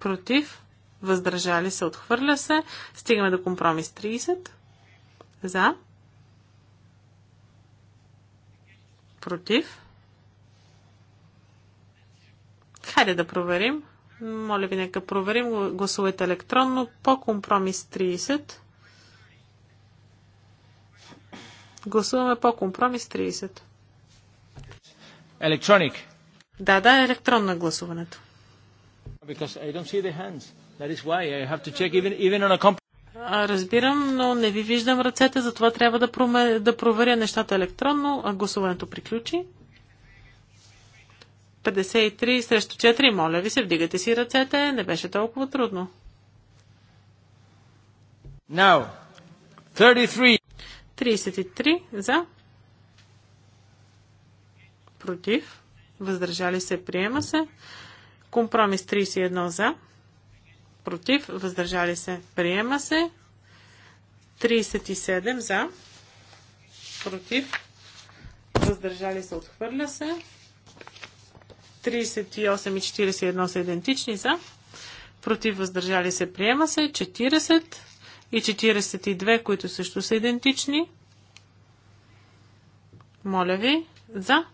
Против. Въздържали се. Отхвърля се. Стигаме до компромис 30 за. Против. Хайде да проверим. Моля ви, нека проверим. Гласувайте електронно по компромис 30. Гласуваме по компромис 30. Electronic. Да, да, е електронно гласуването. Even, even а, разбирам, но не ви виждам ръцете, затова трябва да, проме... да проверя нещата електронно. А гласуването приключи. 53 срещу 4. Моля ви се, вдигате си ръцете. Не беше толкова трудно. Now, 33. 33 за. Против. Въздържали се. Приема се. Компромис 31 за. Против. Въздържали се. Приема се. 37 за. Против. Въздържали се. Отхвърля се. 38 и 41 са идентични за. Против. Въздържали се. Приема се. 40 и 42, които също са идентични. Моля ви, за.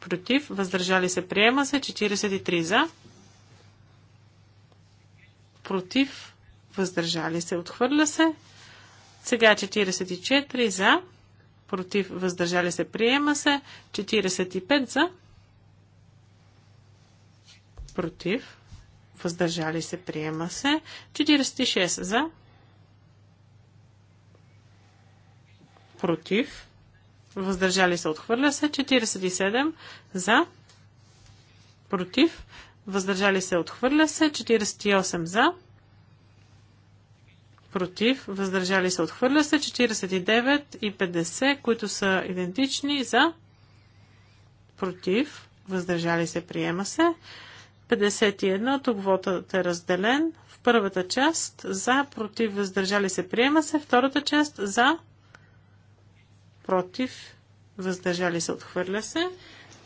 Против, въздържали се, приема се. 43 за. Против, въздържали се, отхвърля се. Сега 44 за. Против, въздържали се, приема се. 45 за. Против, въздържали се, приема се. 46 за, против, въздържали се, отхвърля се. 47 за, против, въздържали се, отхвърля се. 48 за, против, въздържали се, отхвърля се. 49 и 50, които са идентични за, против, въздържали се, приема се. 51. Тук вотът е разделен. В първата част за, против, въздържали се, приема се. Втората част за, против, въздържали се, отхвърля се.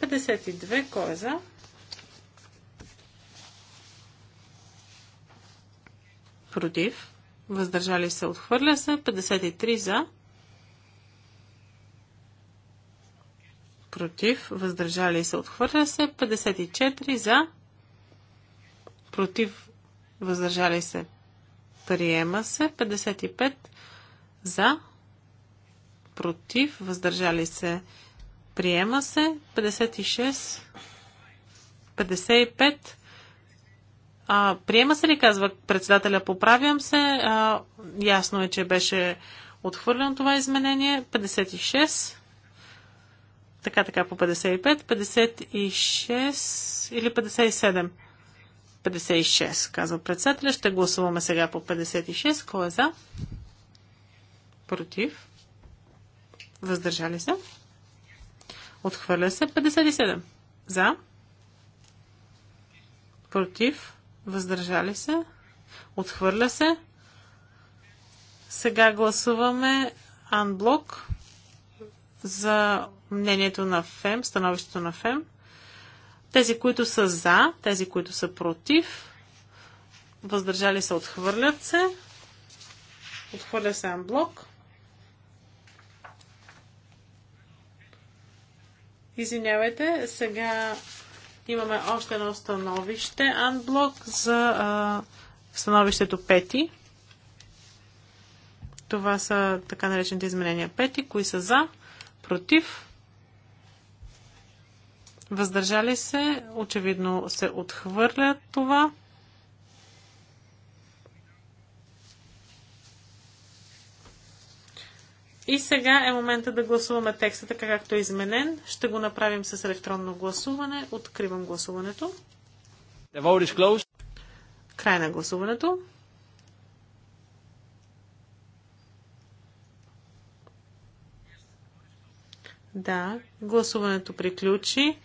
52. Кой е за? Против. Въздържали се, отхвърля се. 53 за. Против. Въздържали се, отхвърля се. 54 за против, въздържали се, приема се. 55 за, против, въздържали се, приема се. 56, 55, а, приема се ли, казва председателя, поправям се. А, ясно е, че беше отхвърлено това изменение. 56. Така, така, по 55. 56 или 57. 56, казва председателя. Ще гласуваме сега по 56. Кой е за? Против? Въздържали се? Отхвърля се 57. За? Против? Въздържали се? Отхвърля се? Сега гласуваме анблок за мнението на ФЕМ, становището на ФЕМ. Тези, които са за, тези, които са против, въздържали се, отхвърлят се. Отхвърля се блок. Извинявайте, сега имаме още едно становище, анблок за а, становището пети. Това са така наречените изменения пети, кои са за, против, Въздържали се, очевидно се отхвърля това. И сега е момента да гласуваме текста така както е изменен. Ще го направим с електронно гласуване. Откривам гласуването. Край на гласуването. Да, гласуването приключи.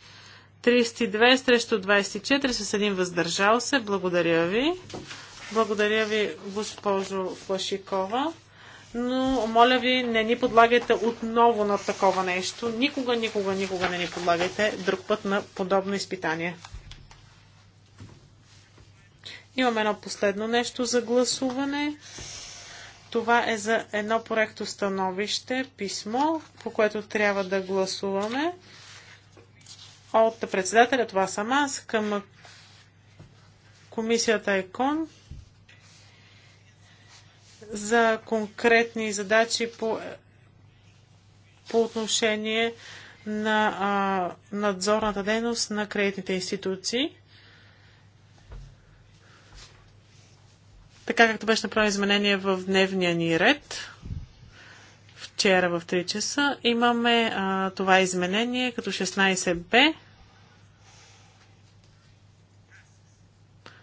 32 срещу 24 с един въздържал се. Благодаря ви. Благодаря ви, госпожо Флашикова. Но, моля ви, не ни подлагайте отново на такова нещо. Никога, никога, никога не ни подлагайте друг път на подобно изпитание. Имаме едно последно нещо за гласуване. Това е за едно проекто становище, писмо, по което трябва да гласуваме от председателя, това съм аз, към комисията ЕКОН за конкретни задачи по, по отношение на а, надзорната дейност на кредитните институции. Така както беше направено изменение в дневния ни ред, вчера в 3 часа, имаме а, това изменение като 16b.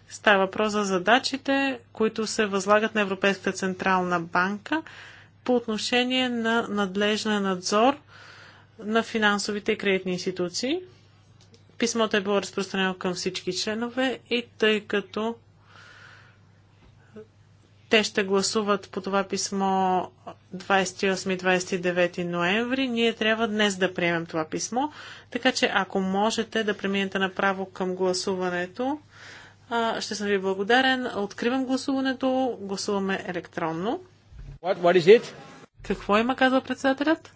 Става въпрос за задачите, които се възлагат на Европейската централна банка по отношение на надлежен надзор на финансовите и кредитни институции. Писмото е било разпространено към всички членове и тъй като те ще гласуват по това писмо 28-29 ноември. Ние трябва днес да приемем това писмо, така че ако можете да преминете направо към гласуването, ще съм ви благодарен. Откривам гласуването. Гласуваме електронно. What, what is it? Какво има, казва председателят?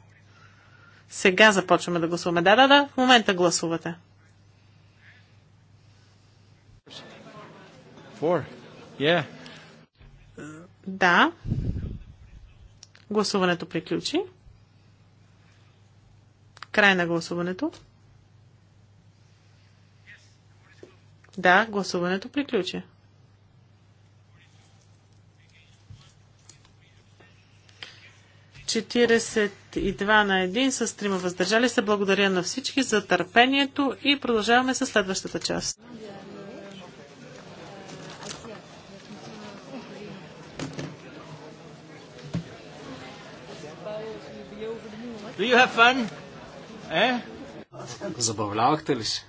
Сега започваме да гласуваме. Да, да, да, в момента гласувате. Four. Yeah. Да. Гласуването приключи. Край на гласуването. Да, гласуването приключи. Четиридесет и два на един с трима въздържали се. Благодаря на всички за търпението и продължаваме с следващата част. Do you have fun? Eh? Забавлявахте ли се?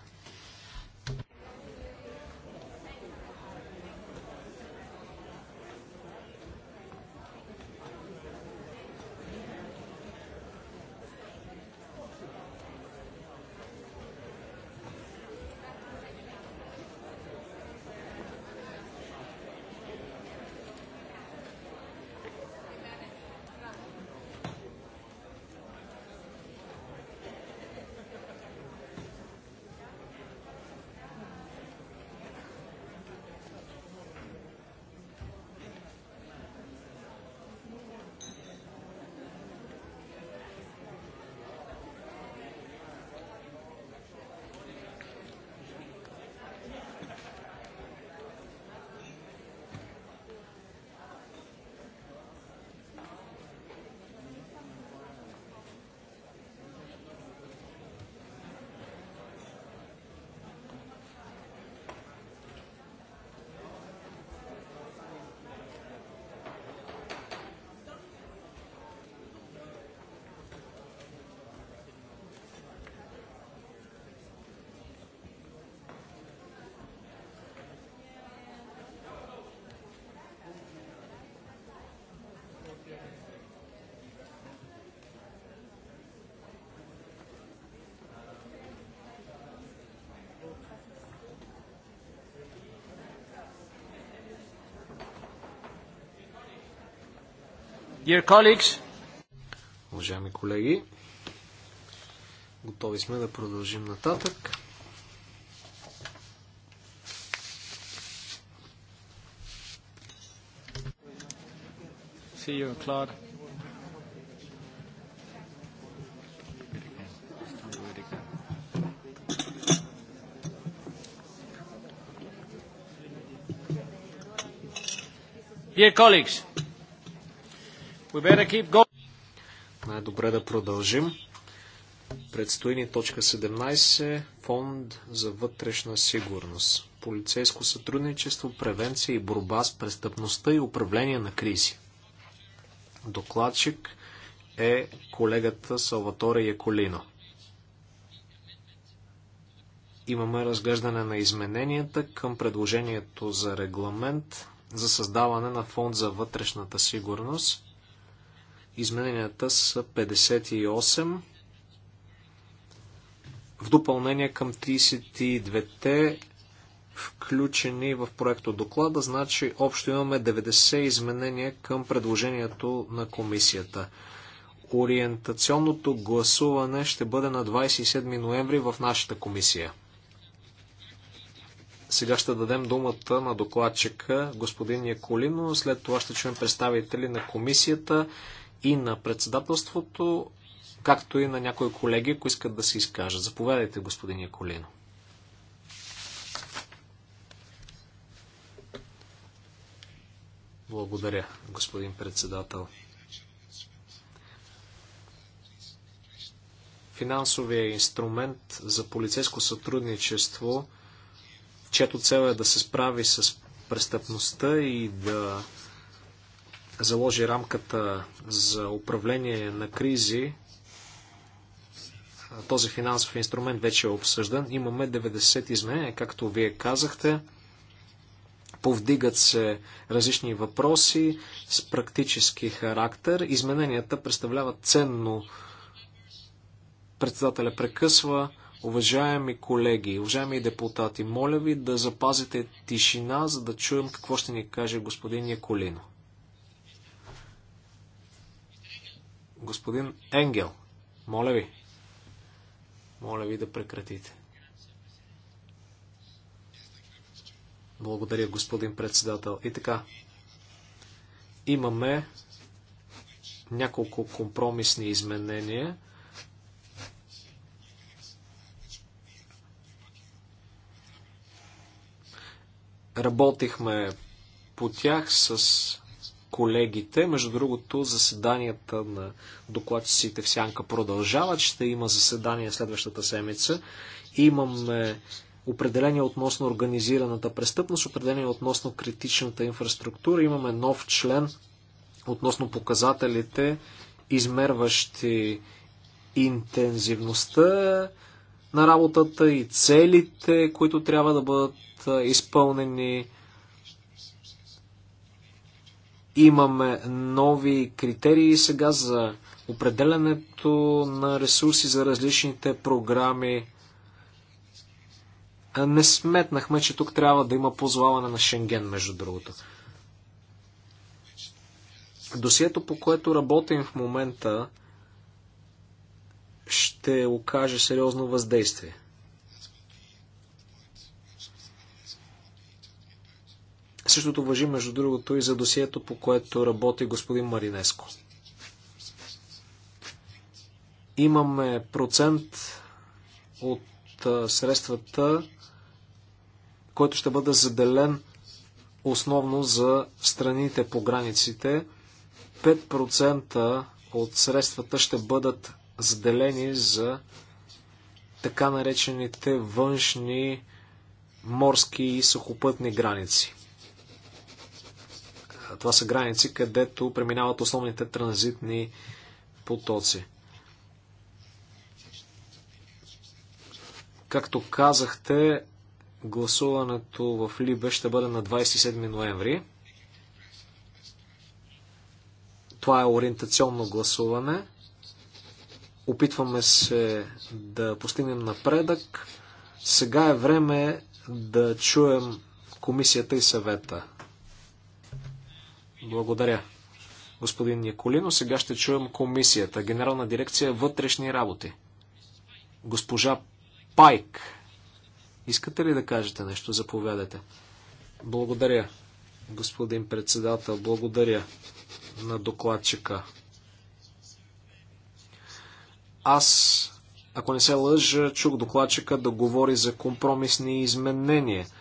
Dear colleagues, уважаеми колеги, готови сме да продължим нататък. See you, Claude. Dear colleagues, най-добре да продължим. Предстои ни точка 17. Фонд за вътрешна сигурност. Полицейско сътрудничество, превенция и борба с престъпността и управление на кризи. Докладчик е колегата Салватора Яколино. Имаме разглеждане на измененията към предложението за регламент за създаване на фонд за вътрешната сигурност. Измененията са 58 в допълнение към 32-те включени в проекто доклада, значи общо имаме 90 изменения към предложението на комисията. Ориентационното гласуване ще бъде на 27 ноември в нашата комисия. Сега ще дадем думата на докладчика господин Яколино, след това ще чуем представители на комисията и на председателството, както и на някои колеги, ако искат да се изкажат. Заповядайте, господин Яколино. Благодаря, господин председател. Финансовия инструмент за полицейско сътрудничество, чето цел е да се справи с престъпността и да заложи рамката за управление на кризи, този финансов инструмент вече е обсъждан. Имаме 90 изменения, както вие казахте. Повдигат се различни въпроси с практически характер. Измененията представляват ценно. Председателя прекъсва. Уважаеми колеги, уважаеми депутати, моля ви да запазите тишина, за да чуем какво ще ни каже господин Яколино. Господин Енгел, моля ви. Моля ви да прекратите. Благодаря, господин председател. И така, имаме няколко компромисни изменения. Работихме по тях с колегите. Между другото, заседанията на докладчиците в Сянка продължават. Ще има заседание следващата седмица. Имаме определение относно организираната престъпност, определение относно критичната инфраструктура. Имаме нов член относно показателите, измерващи интензивността на работата и целите, които трябва да бъдат изпълнени. Имаме нови критерии сега за определенето на ресурси за различните програми. Не сметнахме, че тук трябва да има позваване на Шенген, между другото. Досието, по което работим в момента, ще окаже сериозно въздействие. Същото въжи, между другото, и за досието, по което работи господин Маринеско. Имаме процент от средствата, който ще бъде заделен основно за страните по границите. 5% от средствата ще бъдат заделени за така наречените външни морски и сухопътни граници. Това са граници, където преминават основните транзитни потоци. Както казахте, гласуването в Либе ще бъде на 27 ноември. Това е ориентационно гласуване. Опитваме се да постигнем напредък. Сега е време да чуем комисията и съвета. Благодаря, господин Николино. Сега ще чуем комисията, Генерална дирекция вътрешни работи. Госпожа Пайк. Искате ли да кажете нещо? Заповядайте. Благодаря, господин председател. Благодаря на докладчика. Аз, ако не се лъжа, чух докладчика да говори за компромисни изменения –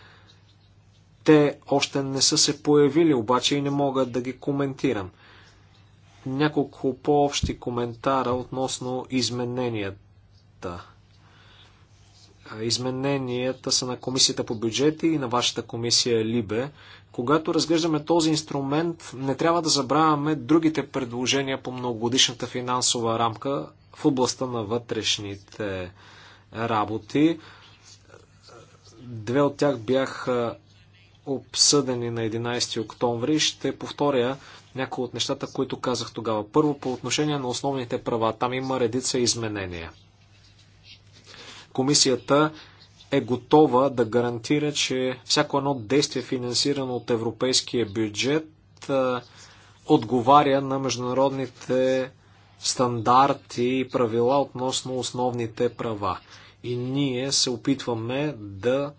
те още не са се появили, обаче и не мога да ги коментирам. Няколко по-общи коментара относно измененията. Измененията са на Комисията по бюджети и на вашата комисия Либе. Когато разглеждаме този инструмент, не трябва да забравяме другите предложения по многогодишната финансова рамка в областта на вътрешните работи. Две от тях бяха обсъдени на 11 октомври, ще повторя някои от нещата, които казах тогава. Първо, по отношение на основните права. Там има редица изменения. Комисията е готова да гарантира, че всяко едно действие, финансирано от европейския бюджет, отговаря на международните стандарти и правила относно основните права. И ние се опитваме да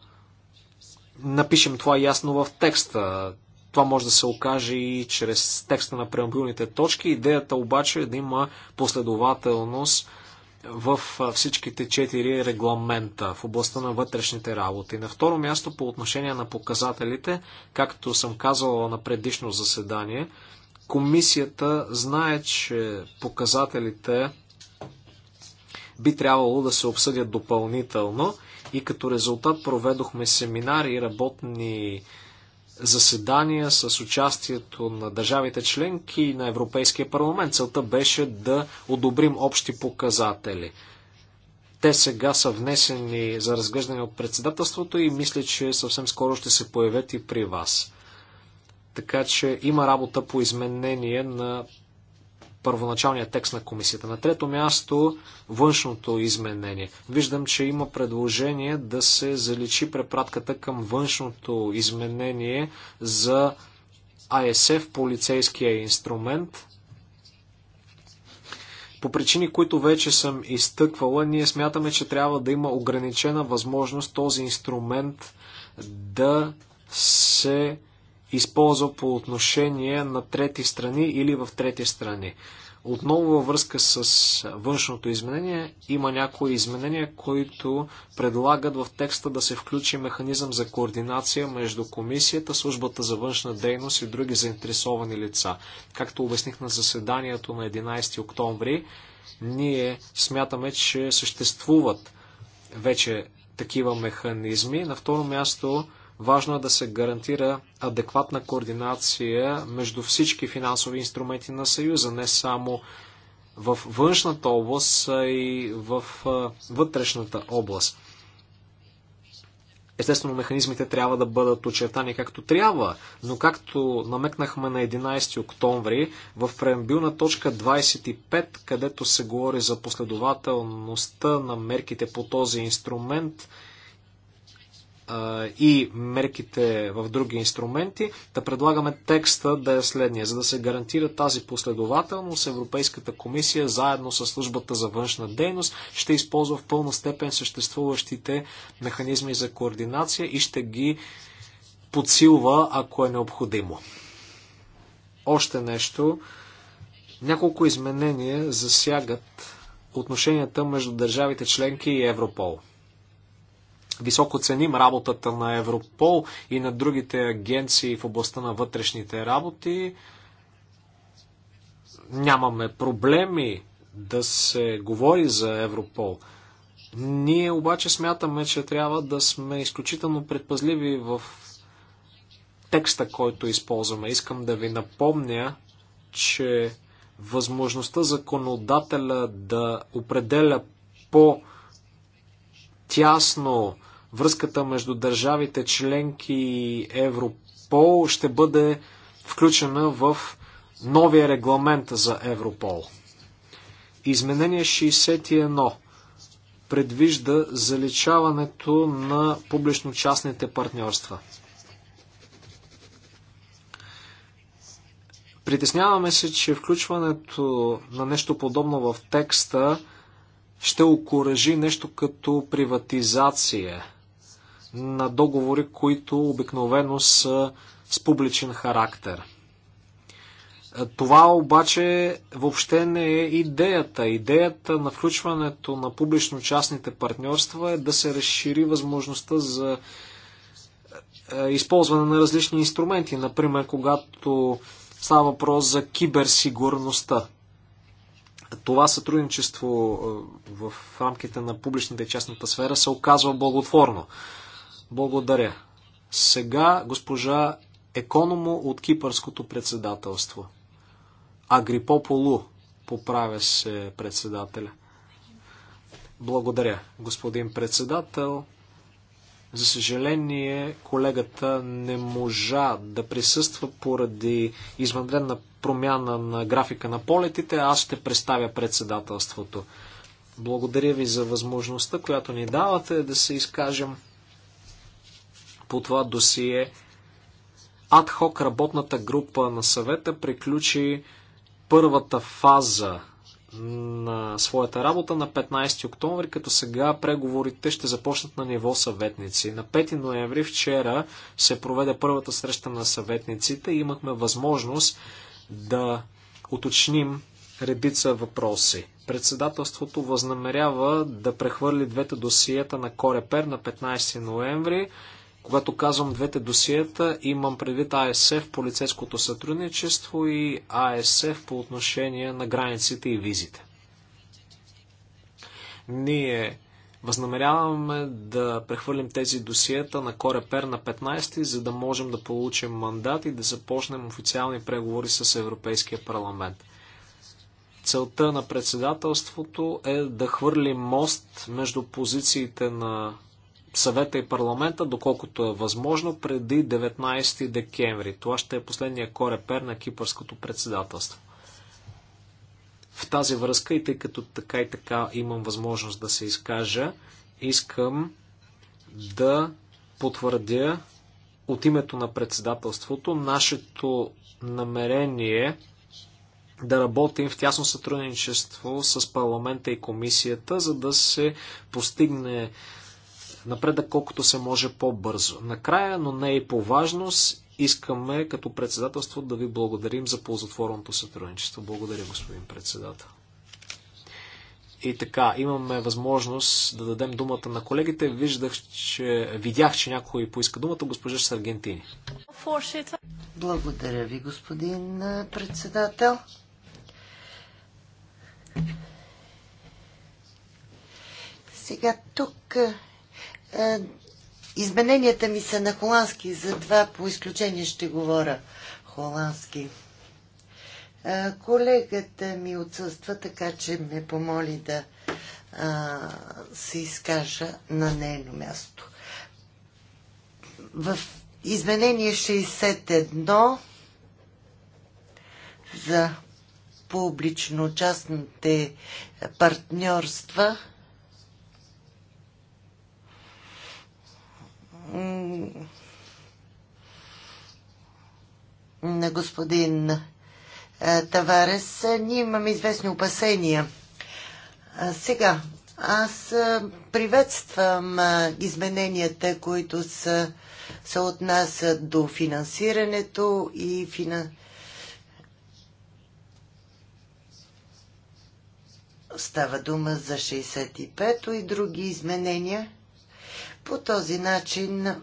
напишем това ясно в текста. Това може да се окаже и чрез текста на преамбилните точки. Идеята обаче е да има последователност в всичките четири регламента в областта на вътрешните работи. На второ място по отношение на показателите, както съм казал на предишно заседание, комисията знае, че показателите би трябвало да се обсъдят допълнително и като резултат проведохме семинари и работни заседания с участието на държавите членки и на Европейския парламент. Целта беше да одобрим общи показатели. Те сега са внесени за разглеждане от председателството и мисля, че съвсем скоро ще се появят и при вас. Така че има работа по изменение на първоначалния текст на комисията. На трето място външното изменение. Виждам, че има предложение да се заличи препратката към външното изменение за АСФ, полицейския инструмент. По причини, които вече съм изтъквала, ние смятаме, че трябва да има ограничена възможност този инструмент да се използва по отношение на трети страни или в трети страни. Отново във връзка с външното изменение има някои изменения, които предлагат в текста да се включи механизъм за координация между комисията, службата за външна дейност и други заинтересовани лица. Както обясних на заседанието на 11 октомври, ние смятаме, че съществуват вече такива механизми. На второ място Важно е да се гарантира адекватна координация между всички финансови инструменти на Съюза, не само в външната област, а и в вътрешната област. Естествено, механизмите трябва да бъдат очертани както трябва, но както намекнахме на 11 октомври, в преамбилна точка 25, където се говори за последователността на мерките по този инструмент, и мерките в други инструменти, да предлагаме текста да е следния. За да се гарантира тази последователност, Европейската комисия заедно с службата за външна дейност ще използва в пълна степен съществуващите механизми за координация и ще ги подсилва, ако е необходимо. Още нещо. Няколко изменения засягат отношенията между държавите членки и Европол. Високо ценим работата на Европол и на другите агенции в областта на вътрешните работи. Нямаме проблеми да се говори за Европол. Ние обаче смятаме, че трябва да сме изключително предпазливи в текста, който използваме. Искам да ви напомня, че възможността законодателя да определя по- тясно връзката между държавите членки и Европол ще бъде включена в новия регламент за Европол. Изменение 61 предвижда заличаването на публично-частните партньорства. Притесняваме се, че включването на нещо подобно в текста ще окоръжи нещо като приватизация на договори, които обикновено са с публичен характер. Това обаче въобще не е идеята. Идеята на включването на публично-частните партньорства е да се разшири възможността за е, използване на различни инструменти. Например, когато става въпрос за киберсигурността това сътрудничество в рамките на публичната и частната сфера се оказва благотворно. Благодаря. Сега госпожа Економо от Кипърското председателство. Агрипополу поправя се председателя. Благодаря, господин председател. За съжаление, колегата не можа да присъства поради извънредна промяна на графика на полетите. Аз ще представя председателството. Благодаря ви за възможността, която ни давате да се изкажем по това досие. Адхок работната група на съвета приключи първата фаза на своята работа на 15 октомври, като сега преговорите ще започнат на ниво съветници. На 5 ноември вчера се проведе първата среща на съветниците и имахме възможност да уточним редица въпроси. Председателството възнамерява да прехвърли двете досиета на Корепер на 15 ноември когато казвам двете досиета, имам предвид АСФ, полицейското сътрудничество и АСФ по отношение на границите и визите. Ние Възнамеряваме да прехвърлим тези досиета на Корепер на 15, за да можем да получим мандат и да започнем официални преговори с Европейския парламент. Целта на председателството е да хвърли мост между позициите на съвета и парламента, доколкото е възможно, преди 19 декември. Това ще е последния корепер на кипърското председателство. В тази връзка и тъй като така и така имам възможност да се изкажа, искам да потвърдя от името на председателството нашето намерение да работим в тясно сътрудничество с парламента и комисията, за да се постигне напредък колкото се може по-бързо. Накрая, но не и по важност, искаме като председателство да ви благодарим за ползотворното сътрудничество. Благодаря, господин председател. И така, имаме възможност да дадем думата на колегите. Виждах, че, видях, че някой поиска думата. Госпожа Саргентини. Благодаря ви, господин председател. Сега тук е, измененията ми са на холандски, два, по изключение ще говоря холандски. Е, колегата ми отсъства, така че ме помоли да се изкажа на нейно място. В изменение 61 за публично-частните партньорства – на господин Таварес, ние имаме известни опасения. Сега, аз приветствам измененията, които са, се отнасят до финансирането и фина... Става дума за 65-то и други изменения – по този начин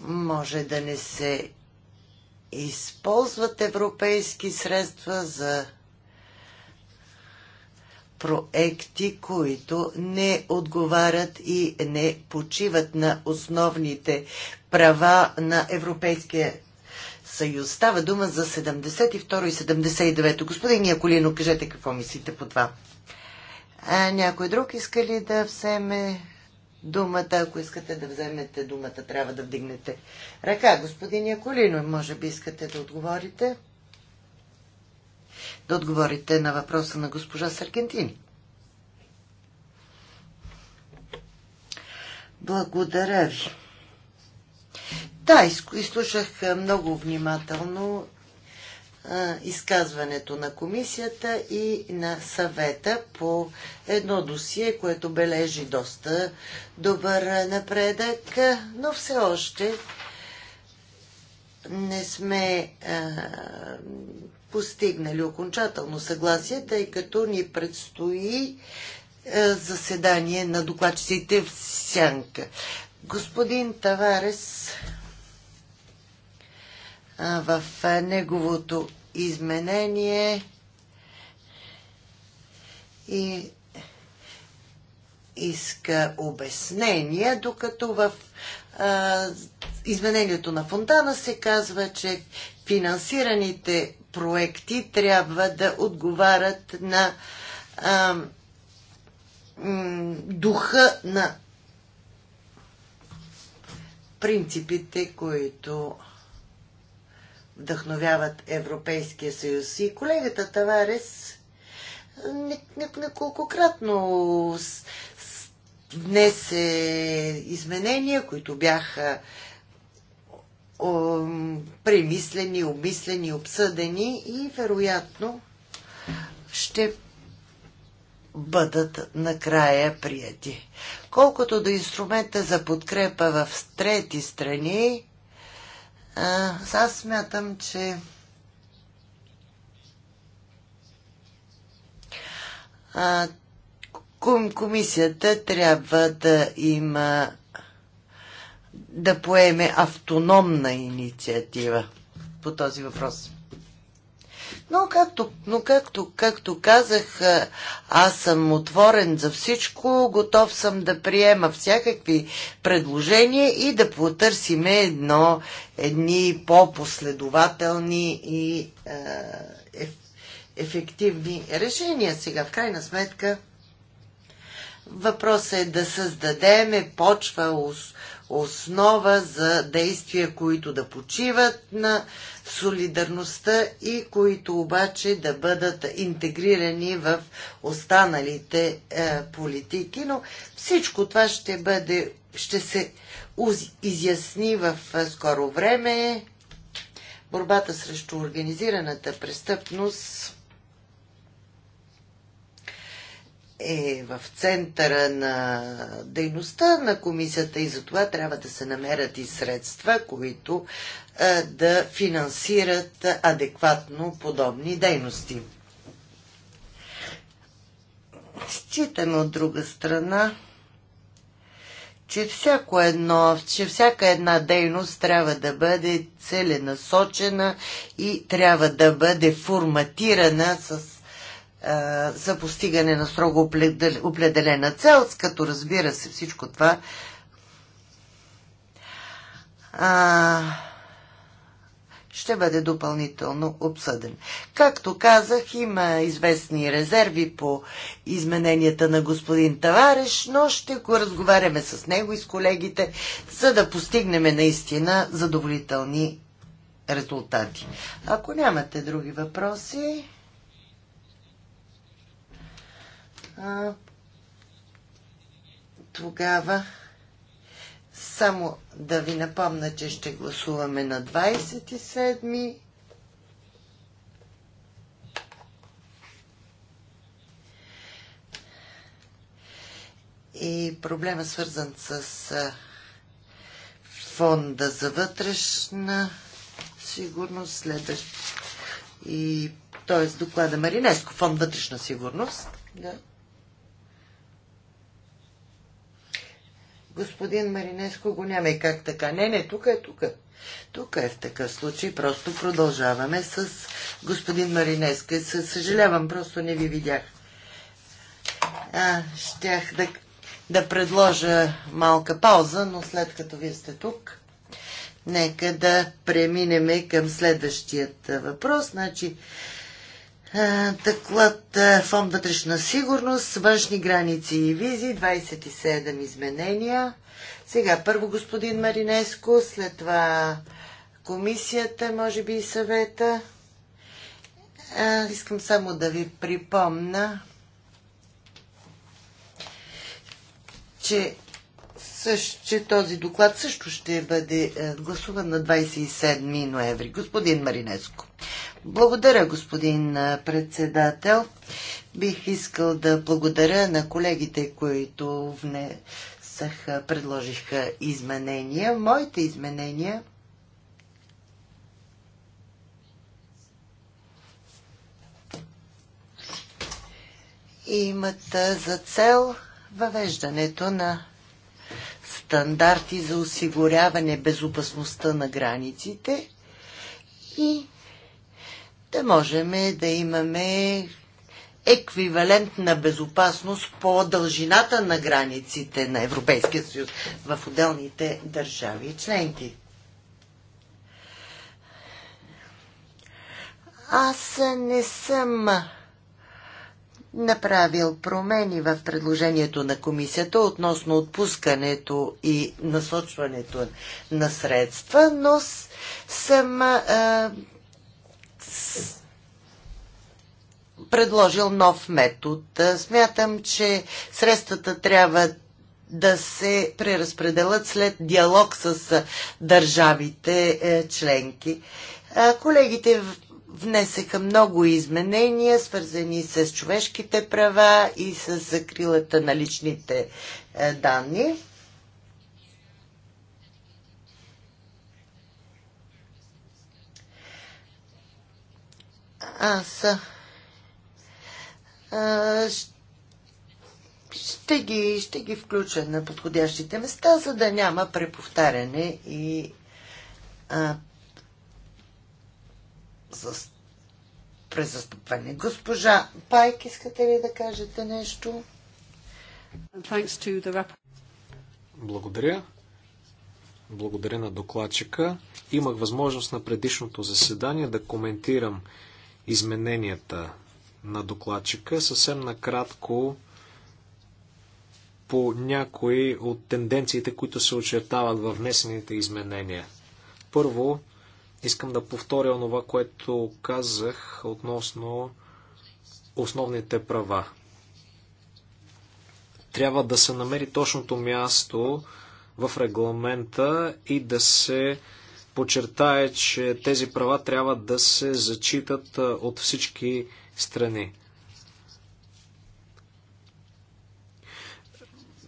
може да не се използват европейски средства за проекти, които не отговарят и не почиват на основните права на Европейския съюз. Става дума за 72 и 79. Господин Яколино, кажете какво мислите по това. А, някой друг иска ли да вземе думата? Ако искате да вземете думата, трябва да вдигнете ръка. Господин Яколино, може би искате да отговорите? Да отговорите на въпроса на госпожа Саргентини. Благодаря ви. Да, изслушах много внимателно изказването на комисията и на съвета по едно досие, което бележи доста добър напредък, но все още не сме а, постигнали окончателно съгласие, тъй като ни предстои а, заседание на докладчиците в Сянка. Господин Таварес, в неговото изменение и иска обяснение, докато в а, изменението на фонтана се казва, че финансираните проекти трябва да отговарят на а, духа на принципите, които вдъхновяват Европейския съюз. И колегата Таварес неколкократно внесе изменения, които бяха премислени, обмислени, обсъдени и вероятно ще бъдат накрая прияти. Колкото до инструмента за подкрепа в трети страни, аз смятам, че а, комисията трябва да има да поеме автономна инициатива по този въпрос. Но както, но както, както казах, аз съм отворен за всичко, готов съм да приема всякакви предложения и да потърсиме едно, едни по-последователни и е, е, ефективни решения. Сега, в крайна сметка, въпросът е да създадеме почва, основа за действия, които да почиват на солидарността и които обаче да бъдат интегрирани в останалите е, политики. Но всичко това ще бъде, ще се изясни в е, скоро време. Борбата срещу организираната престъпност е в центъра на дейността на комисията и за това трябва да се намерят и средства, които да финансират адекватно подобни дейности. Считаме от друга страна, че, всяко едно, че всяка една дейност трябва да бъде целенасочена и трябва да бъде форматирана с е, за постигане на строго определена цел, като разбира се всичко това а, ще бъде допълнително обсъден. Както казах, има известни резерви по измененията на господин Тавареш, но ще го разговаряме с него и с колегите, за да постигнем наистина задоволителни резултати. Ако нямате други въпроси... а, тогава само да ви напомня, че ще гласуваме на 27 и проблема свързан с фонда за вътрешна сигурност, следващ и т.е. доклада Маринеско, фонд вътрешна сигурност. Да. господин Маринеско го няма. И как така? Не, не, тук е, тук. Е. Тук е в такъв случай. Просто продължаваме с господин Маринеско. Съжалявам, просто не ви видях. А, щях да, да предложа малка пауза, но след като вие сте тук, нека да преминеме към следващият въпрос. Значи, е, доклад е, Фонд вътрешна сигурност, външни граници и визи, 27 изменения. Сега първо господин Маринеско, след това комисията, може би и съвета. А, е, искам само да ви припомна, че, също, че този доклад също ще бъде гласуван на 27 ноември. Господин Маринеско. Благодаря, господин председател. Бих искал да благодаря на колегите, които внесаха, предложиха изменения. Моите изменения имат за цел въвеждането на стандарти за осигуряване безопасността на границите и да можем да имаме еквивалент на безопасност по дължината на границите на Европейския съюз в отделните държави и членки. Аз не съм направил промени в предложението на комисията относно отпускането и насочването на средства, но съм а, предложил нов метод. Смятам, че средствата трябва да се преразпределят след диалог с държавите е, членки. Колегите внесеха много изменения, свързани с човешките права и с закрилата на личните е, данни. Аз ще ги, ще ги включа на подходящите места, за да няма преповтаряне и а, с, презастъпване. Госпожа Пайк, искате ли да кажете нещо? Благодаря. Благодаря на докладчика. Имах възможност на предишното заседание да коментирам измененията на докладчика. Съвсем накратко по някои от тенденциите, които се очертават във внесените изменения. Първо, искам да повторя онова, което казах относно основните права. Трябва да се намери точното място в регламента и да се подчертае, че тези права трябва да се зачитат от всички страни.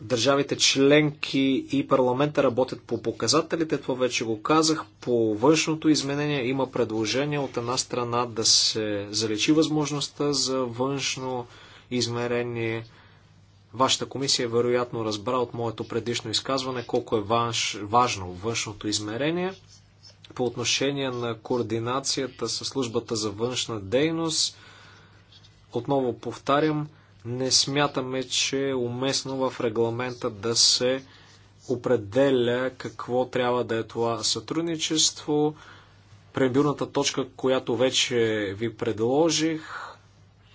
Държавите членки и парламента работят по показателите, това вече го казах. По външното изменение има предложение от една страна да се залечи възможността за външно измерение. Вашата комисия е вероятно разбра от моето предишно изказване колко е ваш, важно външното измерение. По отношение на координацията с службата за външна дейност, отново повтарям, не смятаме, че е уместно в регламента да се определя какво трябва да е това сътрудничество. Прембюрната точка, която вече ви предложих,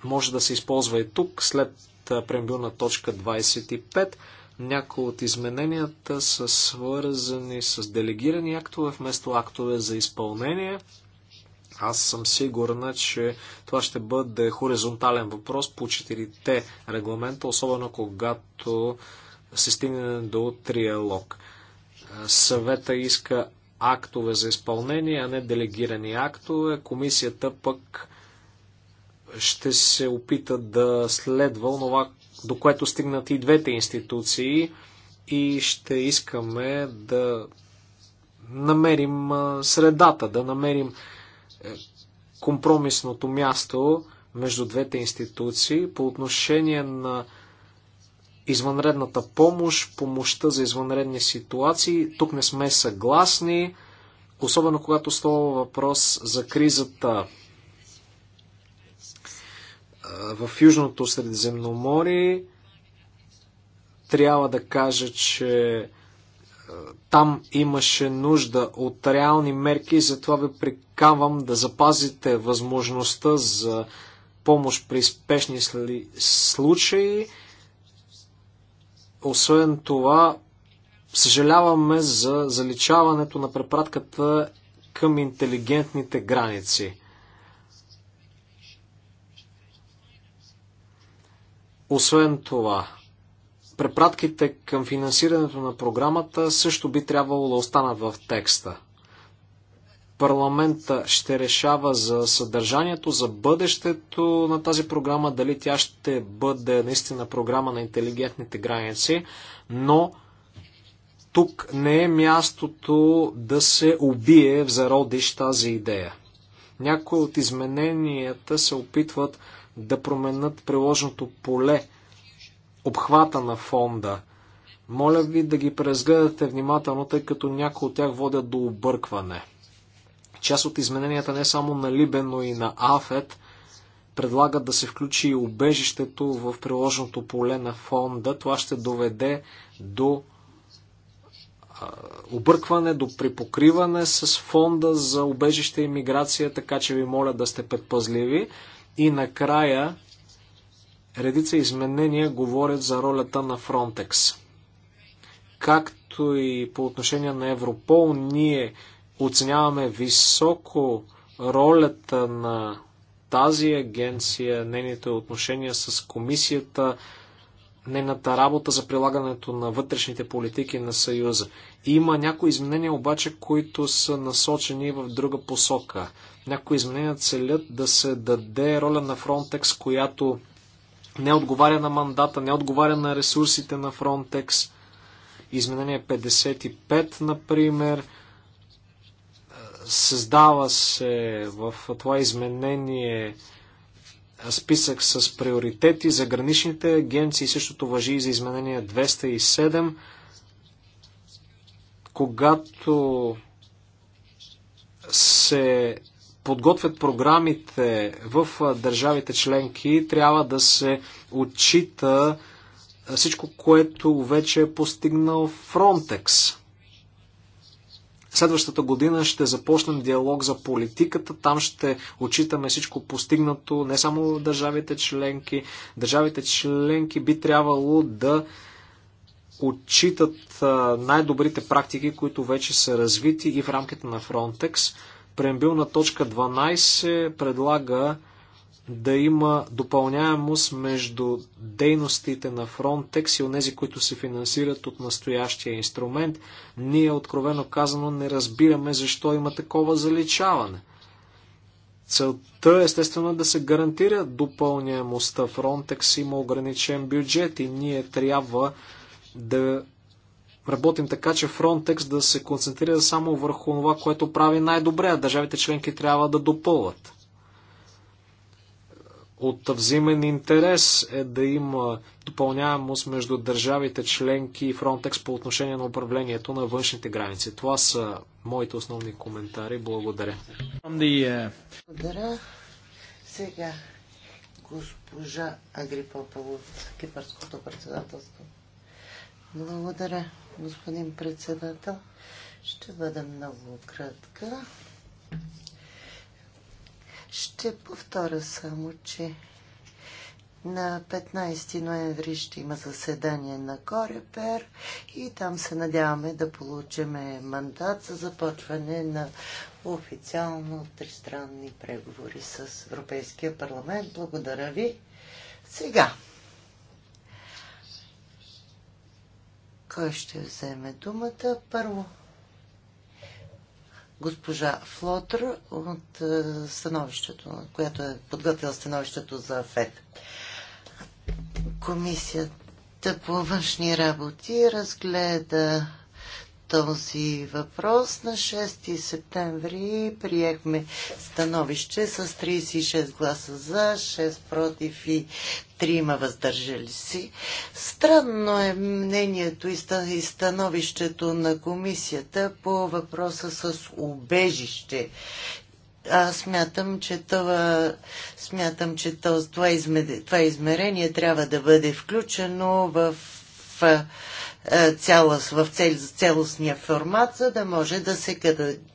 може да се използва и тук, след прембюрна точка 25. Някои от измененията са свързани с делегирани актове вместо актове за изпълнение. Аз съм сигурна, че това ще бъде хоризонтален въпрос по четирите регламента, особено когато се стигне до триалог. Съвета иска актове за изпълнение, а не делегирани актове. Комисията пък ще се опита да следва това, до което стигнат и двете институции и ще искаме да намерим средата, да намерим компромисното място между двете институции по отношение на извънредната помощ, помощта за извънредни ситуации. Тук не сме съгласни, особено когато става въпрос за кризата в Южното Средиземноморие. Трябва да кажа, че там имаше нужда от реални мерки затова ви прикавам да запазите възможността за помощ при спешни случаи. Освен това, съжаляваме за заличаването на препратката към интелигентните граници. Освен това, Препратките към финансирането на програмата също би трябвало да останат в текста. Парламента ще решава за съдържанието, за бъдещето на тази програма, дали тя ще бъде наистина програма на интелигентните граници, но тук не е мястото да се убие в зародиш тази идея. Някои от измененията се опитват да променят приложното поле обхвата на фонда. Моля ви да ги преразгледате внимателно, тъй като някои от тях водят до объркване. Част от измененията не само на Либен, но и на Афет предлагат да се включи и убежището в приложеното поле на фонда. Това ще доведе до объркване, до припокриване с фонда за убежище и миграция, така че ви моля да сте предпазливи. И накрая Редица изменения говорят за ролята на Фронтекс. Както и по отношение на Европол, ние оценяваме високо ролята на тази агенция, нейните отношения с комисията, нейната работа за прилагането на вътрешните политики на Съюза. Има някои изменения обаче, които са насочени в друга посока. Някои изменения целят да се даде роля на Frontex, която не отговаря на мандата, не отговаря на ресурсите на Frontex. Изменение 55, например, създава се в това изменение списък с приоритети за граничните агенции. Същото въжи и за изменение 207. Когато се подготвят програмите в държавите членки, трябва да се отчита всичко, което вече е постигнал Фронтекс. Следващата година ще започнем диалог за политиката. Там ще отчитаме всичко постигнато не само в държавите членки. Държавите членки би трябвало да отчитат най-добрите практики, които вече са развити и в рамките на Фронтекс преамбилна точка 12 предлага да има допълняемост между дейностите на Frontex и онези, които се финансират от настоящия инструмент. Ние, откровено казано, не разбираме защо има такова заличаване. Целта естествено е да се гарантира допълняемостта. Frontex има ограничен бюджет и ние трябва да работим така, че Frontex да се концентрира само върху това, което прави най-добре, а държавите членки трябва да допълват. От взимен интерес е да има допълняемост между държавите членки и Frontex по отношение на управлението на външните граници. Това са моите основни коментари. Благодаря. Благодаря. Сега госпожа Агрипа от Кипърското председателство. Благодаря господин председател. Ще бъда много кратка. Ще повторя само, че на 15 ноември ще има заседание на Корепер и там се надяваме да получим мандат за започване на официално тристранни преговори с Европейския парламент. Благодаря ви. Сега Кой ще вземе думата? Първо, госпожа Флотър от е, становището, която е подготвила становището за ФЕД. Комисията по външни работи разгледа този въпрос. На 6 септември приехме становище с 36 гласа за, 6 против и 3 въздържали си. Странно е мнението и становището на комисията по въпроса с убежище аз смятам, че това, смятам, че това, това измерение трябва да бъде включено в, в е, цялост, в цел, цялостния формат, за да може да се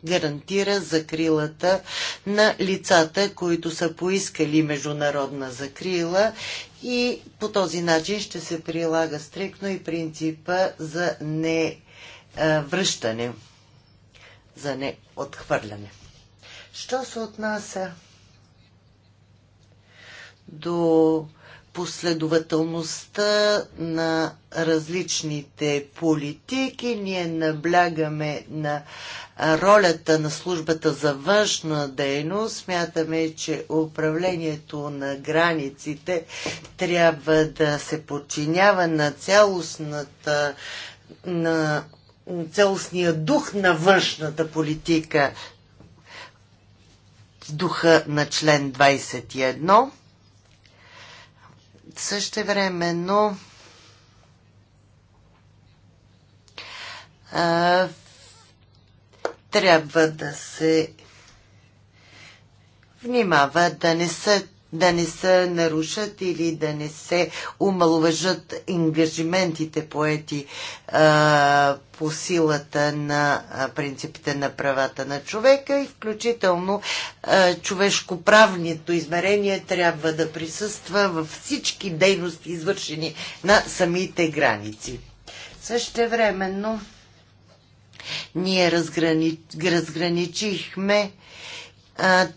гарантира закрилата на лицата, които са поискали международна закрила и по този начин ще се прилага стрикно и принципа за не е, връщане, за не отхвърляне. Що се отнася до последователността на различните политики. Ние наблягаме на ролята на службата за външна дейност. Смятаме, че управлението на границите трябва да се подчинява на цялостната на цялостния дух на външната политика в духа на член 21 но а, трябва да се внимава да не се да не се нарушат или да не се омалуважат ангажиментите поети а, по силата на принципите на правата на човека и включително а, човешкоправното измерение трябва да присъства във всички дейности, извършени на самите граници. Същевременно ние разграни... разграничихме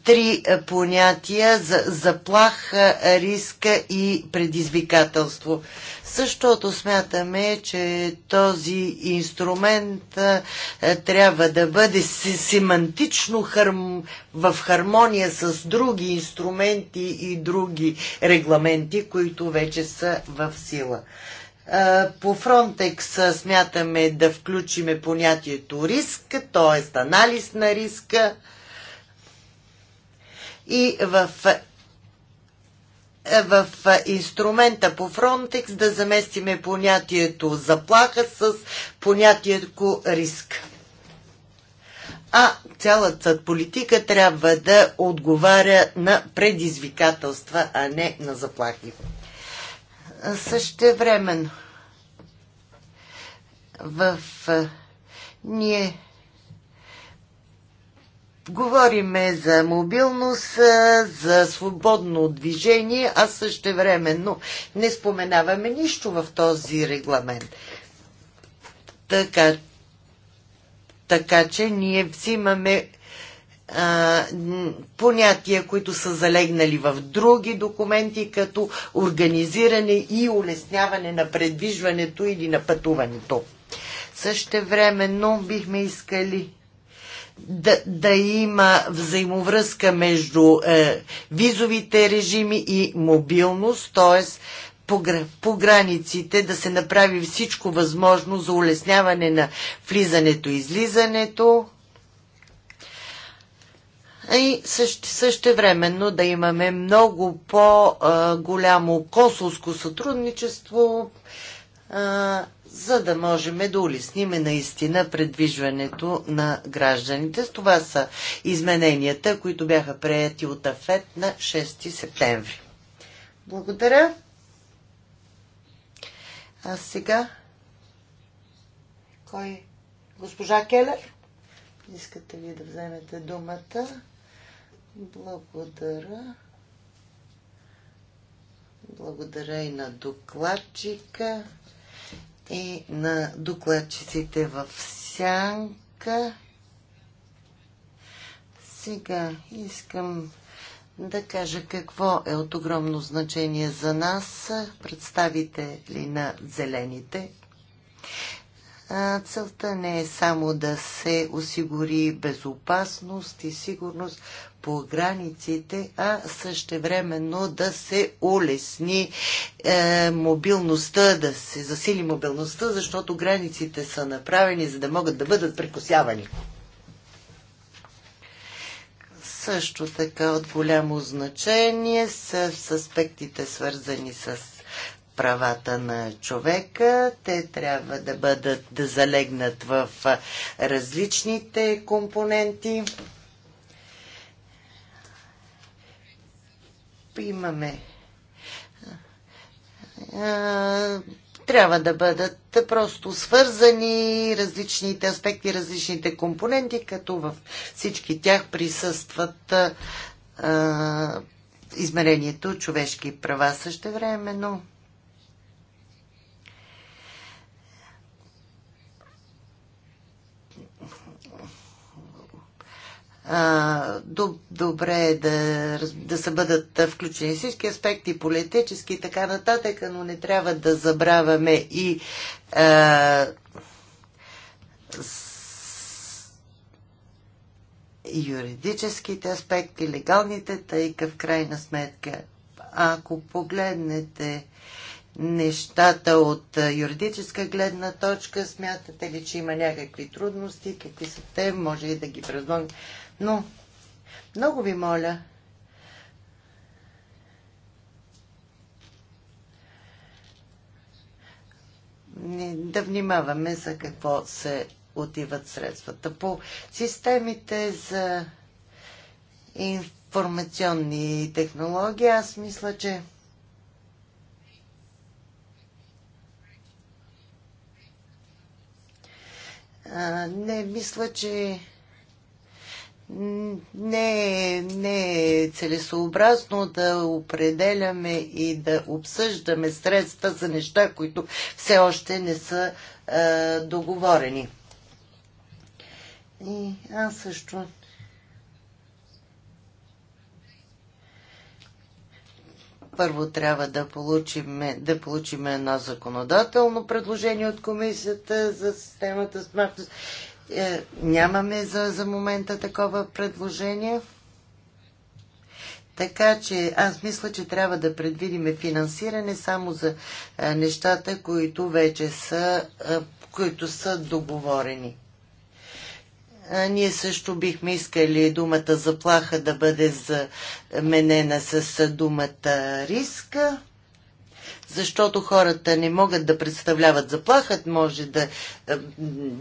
три понятия за заплаха, риска и предизвикателство. Същото смятаме, че този инструмент трябва да бъде семантично харм... в хармония с други инструменти и други регламенти, които вече са в сила. По Фронтекс смятаме да включиме понятието риск, т.е. анализ на риска, и в в инструмента по Фронтекс да заместиме понятието заплаха с понятието риск. А цялата политика трябва да отговаря на предизвикателства, а не на заплахи. Същевременно в ние Говориме за мобилност, за свободно движение, а също времено не споменаваме нищо в този регламент. Така, така че ние взимаме а, понятия, които са залегнали в други документи, като организиране и улесняване на предвижването или на пътуването. Същевременно бихме искали да, да има взаимовръзка между е, визовите режими и мобилност, т.е. По, по границите да се направи всичко възможно за улесняване на влизането и излизането и също, времено да имаме много по-голямо е, консулско сътрудничество е, за да можем да улесниме наистина предвижването на гражданите. С това са измененията, които бяха прияти от АФЕТ на 6 септември. Благодаря. А сега... Кой? Госпожа Келер? Искате ли да вземете думата? Благодаря. Благодаря и на докладчика и на докладчиците в сянка. Сега искам да кажа какво е от огромно значение за нас, представители на зелените. Целта не е само да се осигури безопасност и сигурност по границите, а същевременно да се улесни е, мобилността, да се засили мобилността, защото границите са направени, за да могат да бъдат прекосявани. Също така от голямо значение са с аспектите свързани с правата на човека. Те трябва да бъдат да залегнат в различните компоненти. имаме. Трябва да бъдат просто свързани различните аспекти, различните компоненти, като във всички тях присъстват измерението човешки права също време, но добре е да, да се бъдат включени всички аспекти, политически и така нататък, но не трябва да забравяме и а, юридическите аспекти, легалните, тъй в крайна сметка, ако погледнете нещата от юридическа гледна точка, смятате ли, че има някакви трудности, какви са те, може и да ги предлагам но, много ви моля, да внимаваме за какво се отиват средствата. По системите за информационни технологии, аз мисля, че не мисля, че не е, не е целесообразно да определяме и да обсъждаме средства за неща, които все още не са е, договорени. И аз също. Първо трябва да получим, да получим едно законодателно предложение от комисията за системата смъртност е, нямаме за, за момента такова предложение. Така че аз мисля, че трябва да предвидиме финансиране само за а, е, нещата, които вече са, а, е, които са договорени. Ние също бихме искали думата заплаха да бъде заменена с думата риска защото хората не могат да представляват заплахът, може да, е,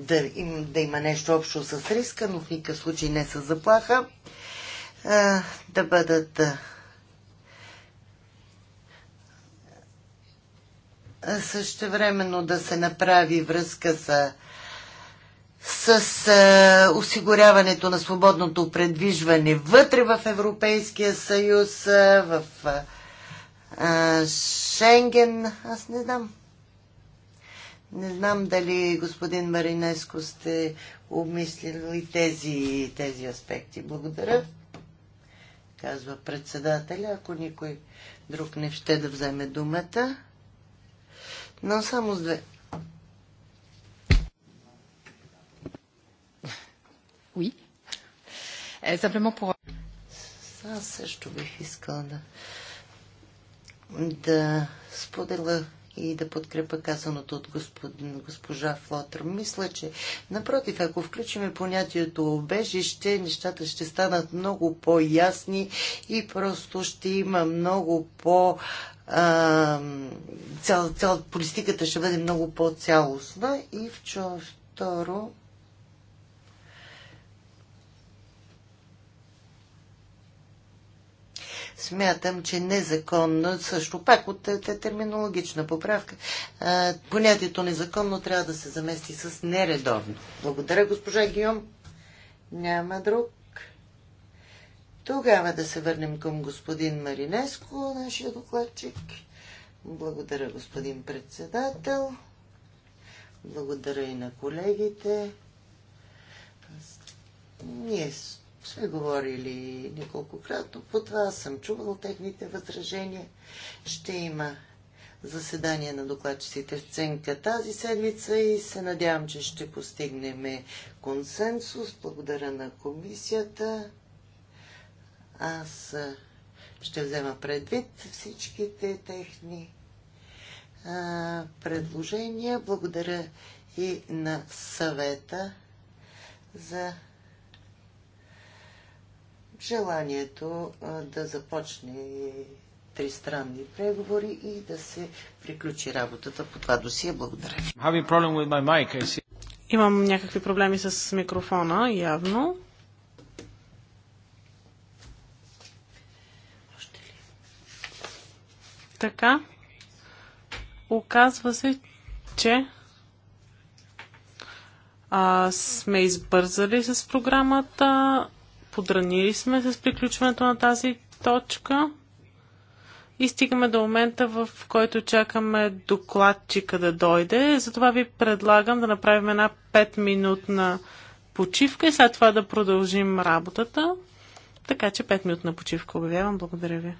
да, им, да има нещо общо с риска, но в никакъв случай не с заплаха, е, да бъдат е, същевременно да се направи връзка с, с а, осигуряването на свободното предвижване вътре в Европейския съюз, а, в а, Шенген, аз не знам. Не знам дали господин Маринеско сте обмислили тези, тези аспекти. Благодаря, казва председателя, ако никой друг не ще да вземе думата. Но само с две. Oui. Е, simplement pour... Аз също бих искала да да споделя и да подкрепа казаното от господин, госпожа Флотър. Мисля, че напротив, ако включиме понятието обежище, нещата ще станат много по-ясни и просто ще има много по- а, цял, цял, политиката ще бъде много по-цялостна и вчора, второ смятам, че незаконно, също пак от е терминологична поправка, понятието незаконно трябва да се замести с нередовно. Благодаря, госпожа Гиом. Няма друг. Тогава да се върнем към господин Маринеско, нашия докладчик. Благодаря, господин председател. Благодаря и на колегите. Ние сме говорили неколкократно. По това съм чувал техните възражения. Ще има заседание на докладчиците в Ценка тази седмица и се надявам, че ще постигнем консенсус. Благодаря на комисията. Аз ще взема предвид всичките техни а, предложения. Благодаря и на съвета за желанието да започне тристранни преговори и да се приключи работата по това досие. Благодаря Имам някакви проблеми с микрофона, явно. Така, оказва се, че а, сме избързали с програмата подранили сме с приключването на тази точка и стигаме до момента, в който чакаме докладчика да дойде. Затова ви предлагам да направим една 5-минутна почивка и след това да продължим работата. Така че 5 минутна почивка обявявам. Благодаря ви.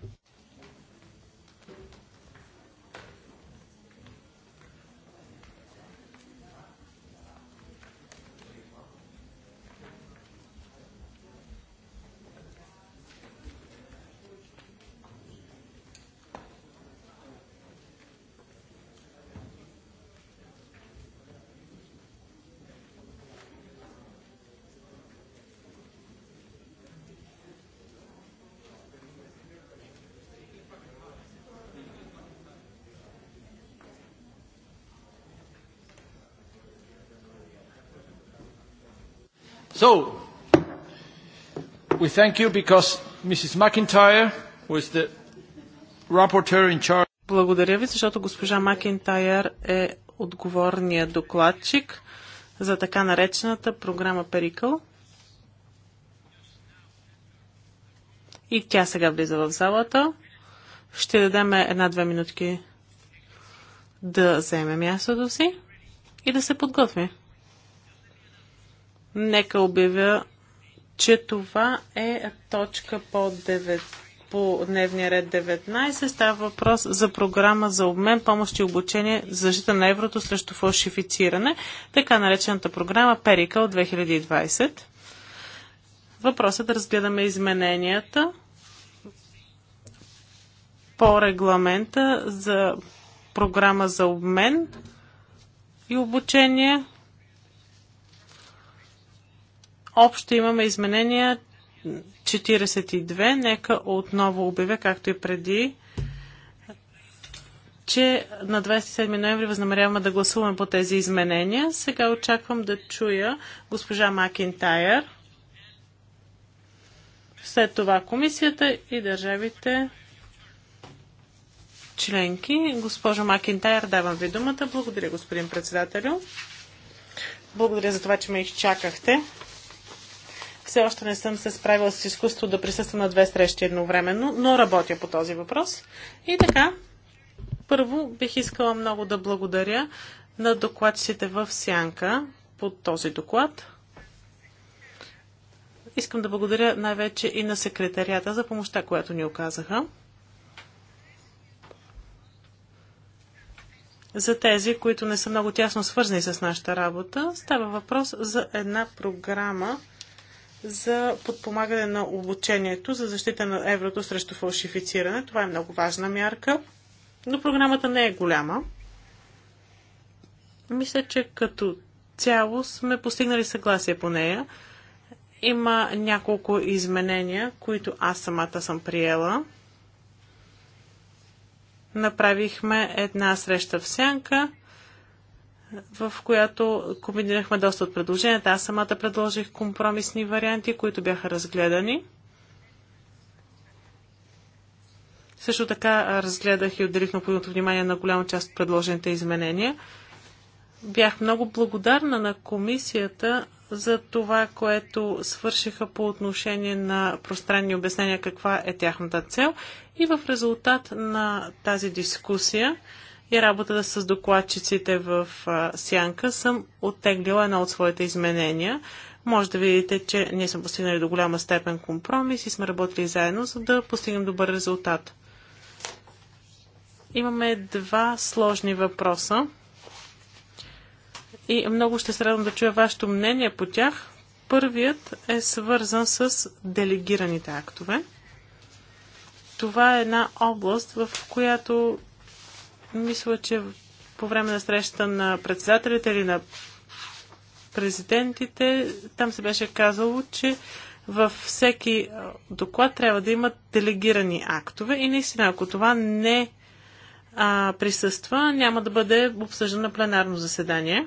So, we thank you because Mrs. McIntyre was the rapporteur in charge. Благодаря ви, защото госпожа Макентайер е отговорният докладчик за така наречената програма Перикъл. И тя сега влиза в залата. Ще дадем една-две минутки да вземе мястото си и да се подготви. Нека обявя, че това е точка по 9 по дневния ред 19 става въпрос за програма за обмен, помощ и обучение за защита на еврото срещу фалшифициране, така наречената програма Перика от 2020. Въпросът е да разгледаме измененията по регламента за програма за обмен и обучение Общо имаме изменения 42. Нека отново обявя, както и преди, че на 27 ноември възнамеряваме да гласуваме по тези изменения. Сега очаквам да чуя госпожа Макинтайр. След това комисията и държавите членки. Госпожо Макинтайр, давам ви думата. Благодаря, господин председателю. Благодаря за това, че ме изчакахте. Все още не съм се справила с изкуство да присъствам на две срещи едновременно, но работя по този въпрос. И така, първо бих искала много да благодаря на докладчите в Сянка по този доклад. Искам да благодаря най-вече и на секретарията за помощта, която ни оказаха. За тези, които не са много тясно свързани с нашата работа, става въпрос за една програма, за подпомагане на обучението за защита на еврото срещу фалшифициране. Това е много важна мярка, но програмата не е голяма. Мисля, че като цяло сме постигнали съгласие по нея. Има няколко изменения, които аз самата съм приела. Направихме една среща в сянка в която комбинирахме доста от предложенията. Аз самата предложих компромисни варианти, които бяха разгледани. Също така разгледах и отделих необходимото внимание на голяма част от предложените изменения. Бях много благодарна на комисията за това, което свършиха по отношение на пространни обяснения каква е тяхната цел. И в резултат на тази дискусия и работата с докладчиците в Сянка съм оттеглила едно от своите изменения. Може да видите, че ние сме постигнали до голяма степен компромис и сме работили заедно, за да постигнем добър резултат. Имаме два сложни въпроса и много ще се радвам да чуя вашето мнение по тях. Първият е свързан с делегираните актове. Това е една област, в която мисля, че по време на среща на председателите или на президентите, там се беше казало, че във всеки доклад трябва да има делегирани актове и наистина, ако това не а, присъства, няма да бъде обсъждано на пленарно заседание.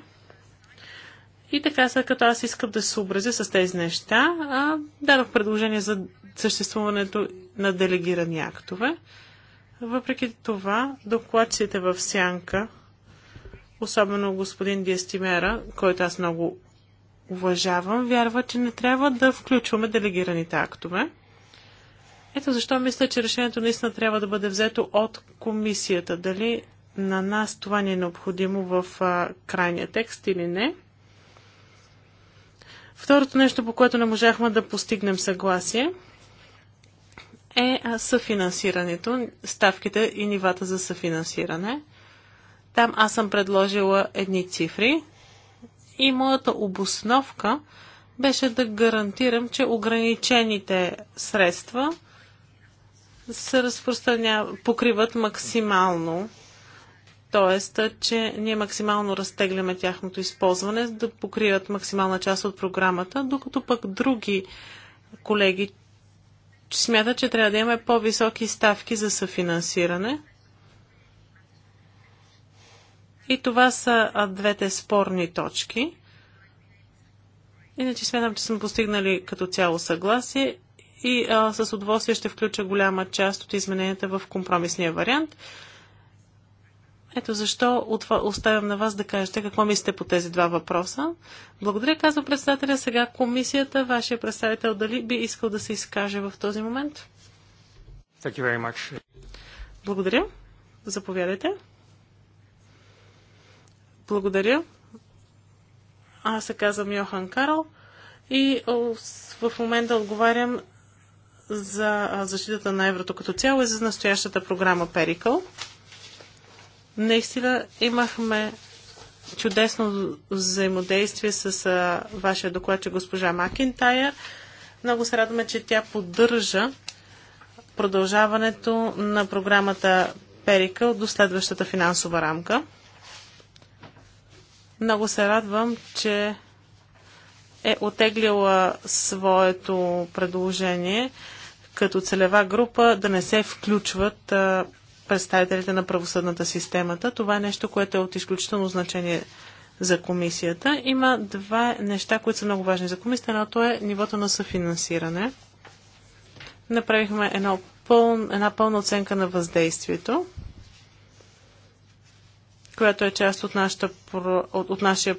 И така, след като аз искам да се съобразя с тези неща, а, дадох предложение за съществуването на делегирани актове. Въпреки това, докладците в сянка, особено господин Диестимера, който аз много уважавам, вярва, че не трябва да включваме делегираните актове. Ето защо мисля, че решението наистина трябва да бъде взето от комисията. Дали на нас това ни е необходимо в а, крайния текст или не. Второто нещо, по което не можахме да постигнем съгласие – е съфинансирането, ставките и нивата за съфинансиране. Там аз съм предложила едни цифри и моята обосновка беше да гарантирам, че ограничените средства се разпространя... покриват максимално, т.е. че ние максимално разтегляме тяхното използване, да покриват максимална част от програмата, докато пък други колеги смята, че трябва да имаме по-високи ставки за съфинансиране. И това са двете спорни точки. Иначе смятам, че съм постигнали като цяло съгласие и а, с удоволствие ще включа голяма част от измененията в компромисния вариант. Ето защо оставям на вас да кажете какво мислите по тези два въпроса. Благодаря, казва председателя. Сега комисията, вашия представител, дали би искал да се изкаже в този момент? Благодаря. Заповядайте. Благодаря. Аз се казвам Йохан Карл и в момента отговарям за защитата на еврото като цяло и за настоящата програма Перикъл. Наистина имахме чудесно взаимодействие с а, вашия докладчик госпожа Макинтайер. Много се радваме, че тя поддържа продължаването на програмата Перикъл до следващата финансова рамка. Много се радвам, че е отеглила своето предложение като целева група да не се включват а, представителите на правосъдната системата. Това е нещо, което е от изключително значение за комисията. Има два неща, които са много важни за комисията. Едното е нивото на съфинансиране. Направихме едно пъл... една пълна оценка на въздействието, която е част от, нашата... от, от нашия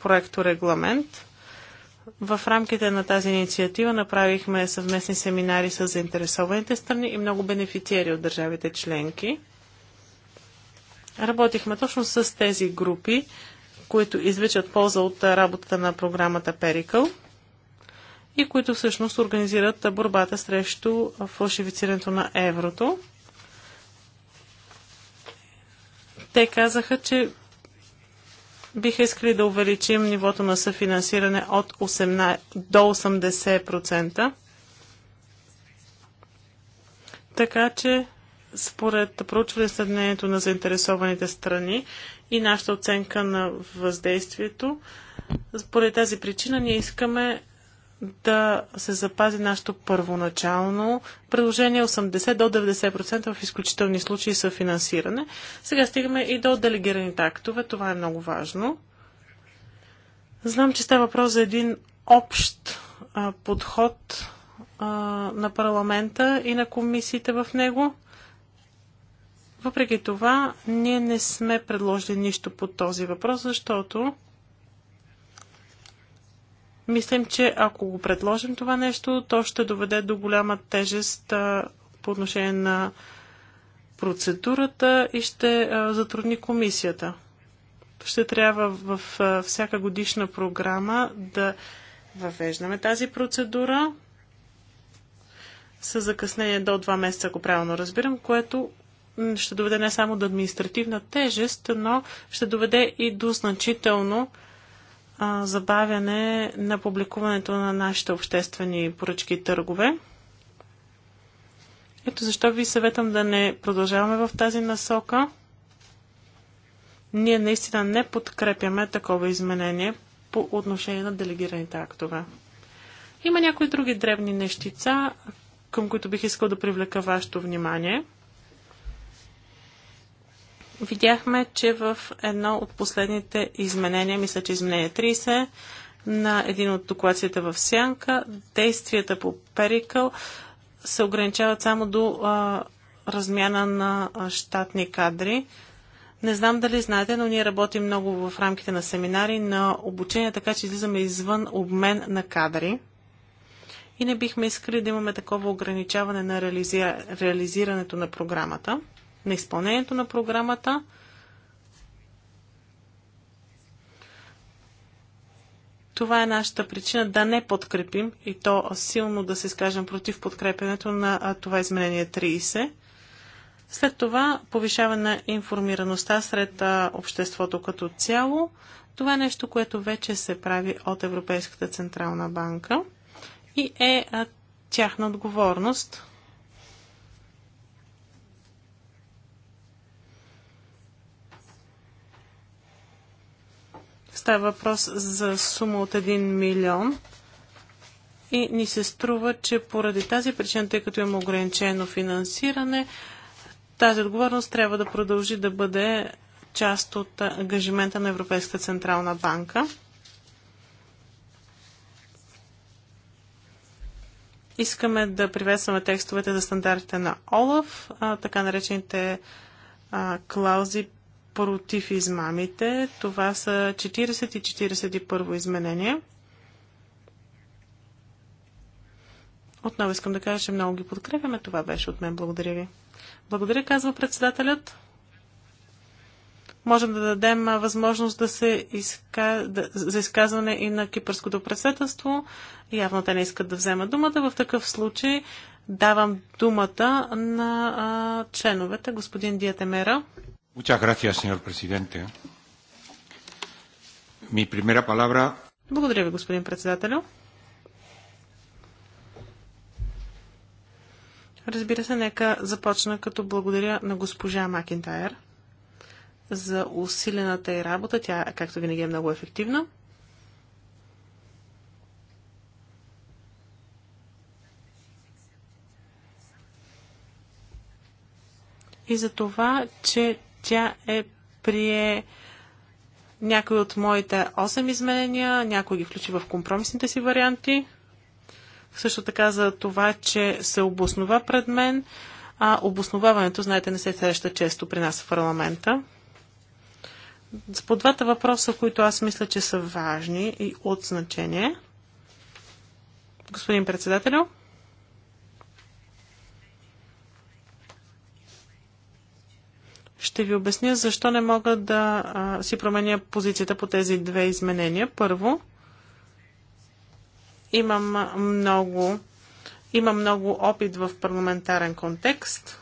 проекторегламент. регламент в рамките на тази инициатива направихме съвместни семинари с заинтересованите страни и много бенефициери от държавите членки. Работихме точно с тези групи, които извличат полза от работата на програмата Перикъл и които всъщност организират борбата срещу фалшифицирането на еврото. Те казаха, че Биха искали да увеличим нивото на съфинансиране от 18, до 80%. Така че, според проучване съднението на заинтересованите страни и нашата оценка на въздействието, според тази причина ние искаме да се запази нашето първоначално предложение 80 до 90% в изключителни случаи са финансиране. Сега стигаме и до делегираните актове. Това е много важно. Знам, че става въпрос за един общ а, подход а, на парламента и на комисиите в него. Въпреки това, ние не сме предложили нищо по този въпрос, защото Мислим, че ако го предложим това нещо, то ще доведе до голяма тежест по отношение на процедурата и ще затрудни комисията. Ще трябва в всяка годишна програма да въвеждаме тази процедура с закъснение до 2 месеца, ако правилно разбирам, което ще доведе не само до административна тежест, но ще доведе и до значително а, забавяне на публикуването на нашите обществени поръчки и търгове. Ето защо ви съветвам да не продължаваме в тази насока. Ние наистина не подкрепяме такова изменение по отношение на делегираните актове. Има някои други дребни нещица, към които бих искал да привлека вашето внимание – видяхме, че в едно от последните изменения, мисля, че изменение 30, на един от докладците в Сянка, действията по Перикъл се ограничават само до а, размяна на а, щатни кадри. Не знам дали знаете, но ние работим много в рамките на семинари, на обучение, така че излизаме извън обмен на кадри. И не бихме искали да имаме такова ограничаване на реализира... реализирането на програмата на изпълнението на програмата. Това е нашата причина да не подкрепим и то силно да се изкажем против подкрепенето на това изменение 30. След това повишаване на информираността сред обществото като цяло. Това е нещо, което вече се прави от Европейската Централна банка и е тяхна отговорност. Става въпрос за сума от 1 милион и ни се струва, че поради тази причина, тъй като има ограничено финансиране, тази отговорност трябва да продължи да бъде част от ангажимента на Европейска Централна банка. Искаме да приветстваме текстовете за стандартите на ОЛАФ, така наречените а, клаузи против измамите. Това са 40 и 41 изменение. Отново искам да кажа, че много ги подкрепяме. Това беше от мен. Благодаря ви. Благодаря, казва председателят. Можем да дадем възможност да се изка... да... за изказване и на кипърското председателство. Явно те не искат да вземат думата. В такъв случай давам думата на а, членовете. Господин Диатемера. Muchas gracias, señor presidente. Mi primera palabra... Благодаря ви, господин председател. Разбира се, нека започна като благодаря на госпожа Макентайр за усилената й работа. Тя, както винаги, е много ефективна. И за това, че тя е прие някои от моите 8 изменения, някои ги включи в компромисните си варианти. Също така за това, че се обоснова пред мен, а обосноваването, знаете, не се среща често при нас в парламента. По двата въпроса, които аз мисля, че са важни и от значение. Господин председателю, Ще ви обясня защо не мога да а, си променя позицията по тези две изменения. Първо, имам много, имам много опит в парламентарен контекст.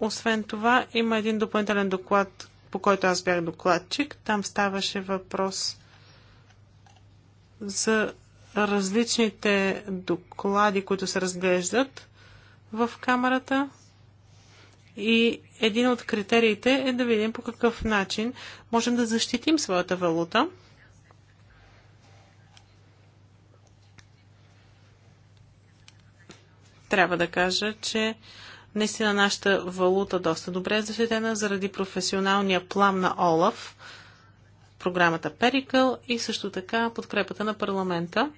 Освен това, има един допълнителен доклад, по който аз бях докладчик. Там ставаше въпрос за различните доклади, които се разглеждат в камерата. И един от критериите е да видим по какъв начин можем да защитим своята валута. Трябва да кажа, че наистина нашата валута доста добре е защитена заради професионалния план на ОЛАФ, програмата Перикъл и също така подкрепата на парламента.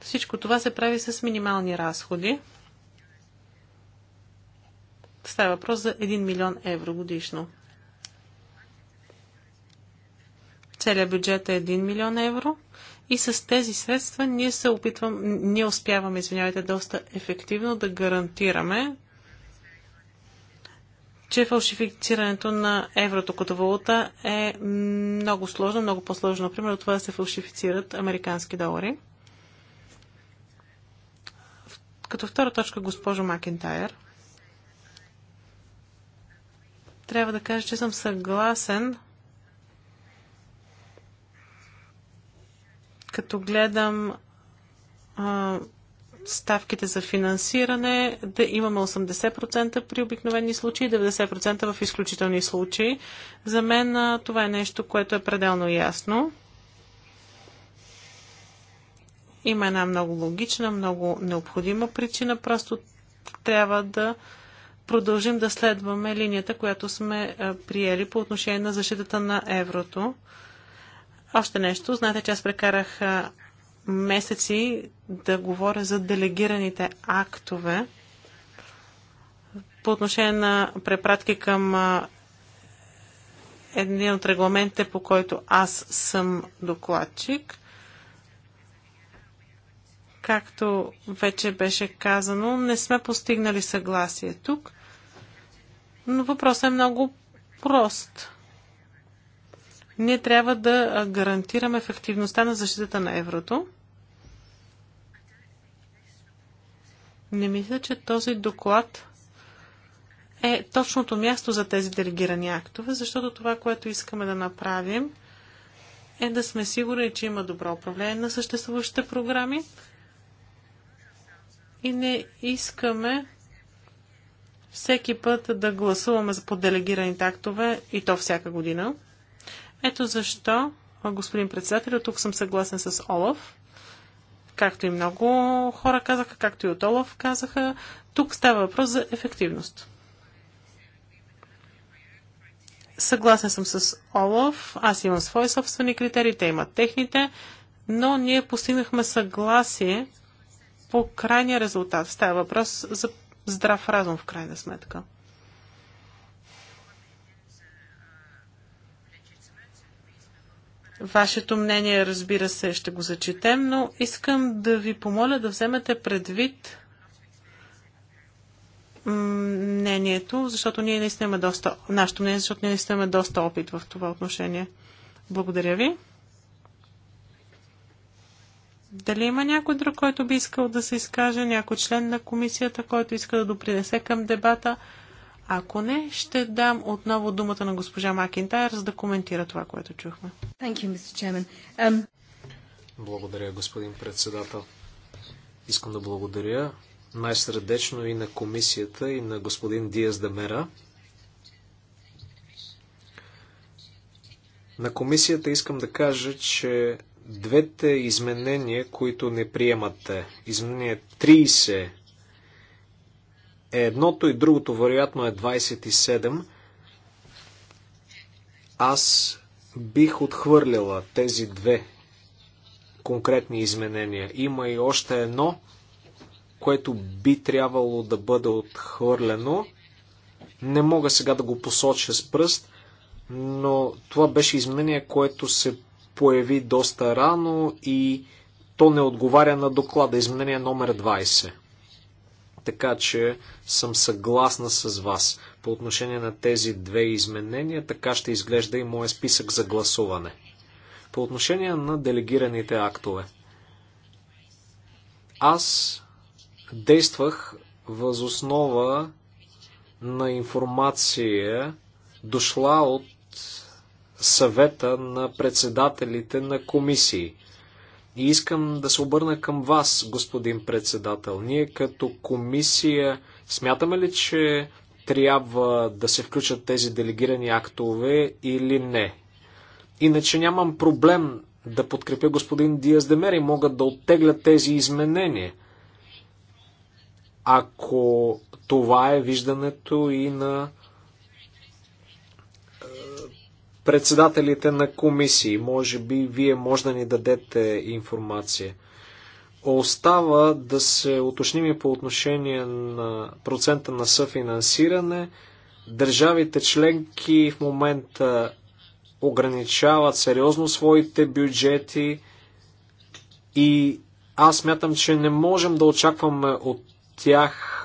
Всичко това се прави с минимални разходи. Става въпрос за 1 милион евро годишно. Целият бюджет е 1 милион евро и с тези средства ние се опитвам, ние успяваме, извинявайте, доста ефективно да гарантираме, че фалшифицирането на еврото като валута е много сложно, много по-сложно, например, от това да се фалшифицират американски долари. Като втора точка, госпожо Макентайр – трябва да кажа, че съм съгласен като гледам а, ставките за финансиране, да имаме 80% при обикновени случаи, 90% в изключителни случаи. За мен а, това е нещо, което е пределно ясно. Има една много логична, много необходима причина, просто трябва да продължим да следваме линията, която сме приели по отношение на защитата на еврото. Още нещо, знаете, че аз прекарах месеци да говоря за делегираните актове по отношение на препратки към един от регламентите, по който аз съм докладчик. Както вече беше казано, не сме постигнали съгласие тук. Но въпросът е много прост. Ние трябва да гарантираме ефективността на защитата на еврото. Не мисля, че този доклад е точното място за тези делегирани актове, защото това, което искаме да направим, е да сме сигурни, че има добро управление на съществуващите програми и не искаме всеки път да гласуваме по делегираните актове и то всяка година. Ето защо, господин председател, тук съм съгласен с Олаф. Както и много хора казаха, както и от Олаф казаха, тук става въпрос за ефективност. Съгласен съм с Олаф. Аз имам свои собствени критерии, те имат техните, но ние постигнахме съгласие по крайния резултат. Става въпрос за здрав разум в крайна сметка. Вашето мнение, разбира се, ще го зачетем, но искам да ви помоля да вземете предвид мнението, защото ние не имаме доста, нашето мнение, защото ние не имаме доста опит в това отношение. Благодаря ви. Дали има някой друг, който би искал да се изкаже, някой член на комисията, който иска да допринесе към дебата? Ако не, ще дам отново думата на госпожа Макинтайр, за да коментира това, което чухме. You, um... Благодаря, господин председател. Искам да благодаря най-сърдечно и на комисията, и на господин Диас Демера. На комисията искам да кажа, че двете изменения, които не приемате. Изменение 30 е едното и другото, вероятно е 27. Аз бих отхвърлила тези две конкретни изменения. Има и още едно, което би трябвало да бъде отхвърлено. Не мога сега да го посоча с пръст, но това беше изменение, което се появи доста рано и то не отговаря на доклада. Изменение номер 20. Така че съм съгласна с вас по отношение на тези две изменения. Така ще изглежда и моят списък за гласуване. По отношение на делегираните актове. Аз действах възоснова на информация, дошла от съвета на председателите на комисии. И искам да се обърна към вас, господин председател. Ние като комисия смятаме ли, че трябва да се включат тези делегирани актове или не? Иначе нямам проблем да подкрепя господин Диас Демер и могат да оттеглят тези изменения. Ако това е виждането и на председателите на комисии. Може би вие може да ни дадете информация. Остава да се уточним и по отношение на процента на съфинансиране. Държавите членки в момента ограничават сериозно своите бюджети и аз мятам, че не можем да очакваме от тях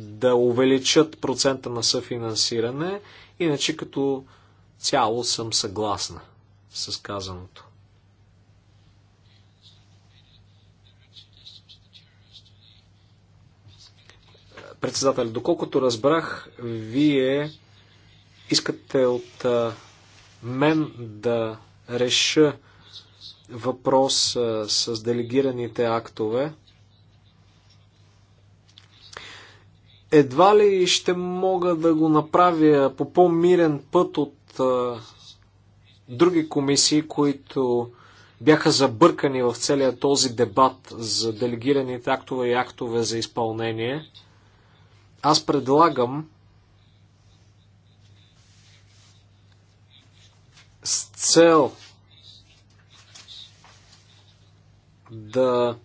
да увеличат процента на съфинансиране, иначе като цяло съм съгласна с казаното. Председател, доколкото разбрах, вие искате от мен да реша въпрос с делегираните актове. едва ли ще мога да го направя по по-мирен път от други комисии, които бяха забъркани в целия този дебат за делегираните актове и актове за изпълнение. Аз предлагам с цел да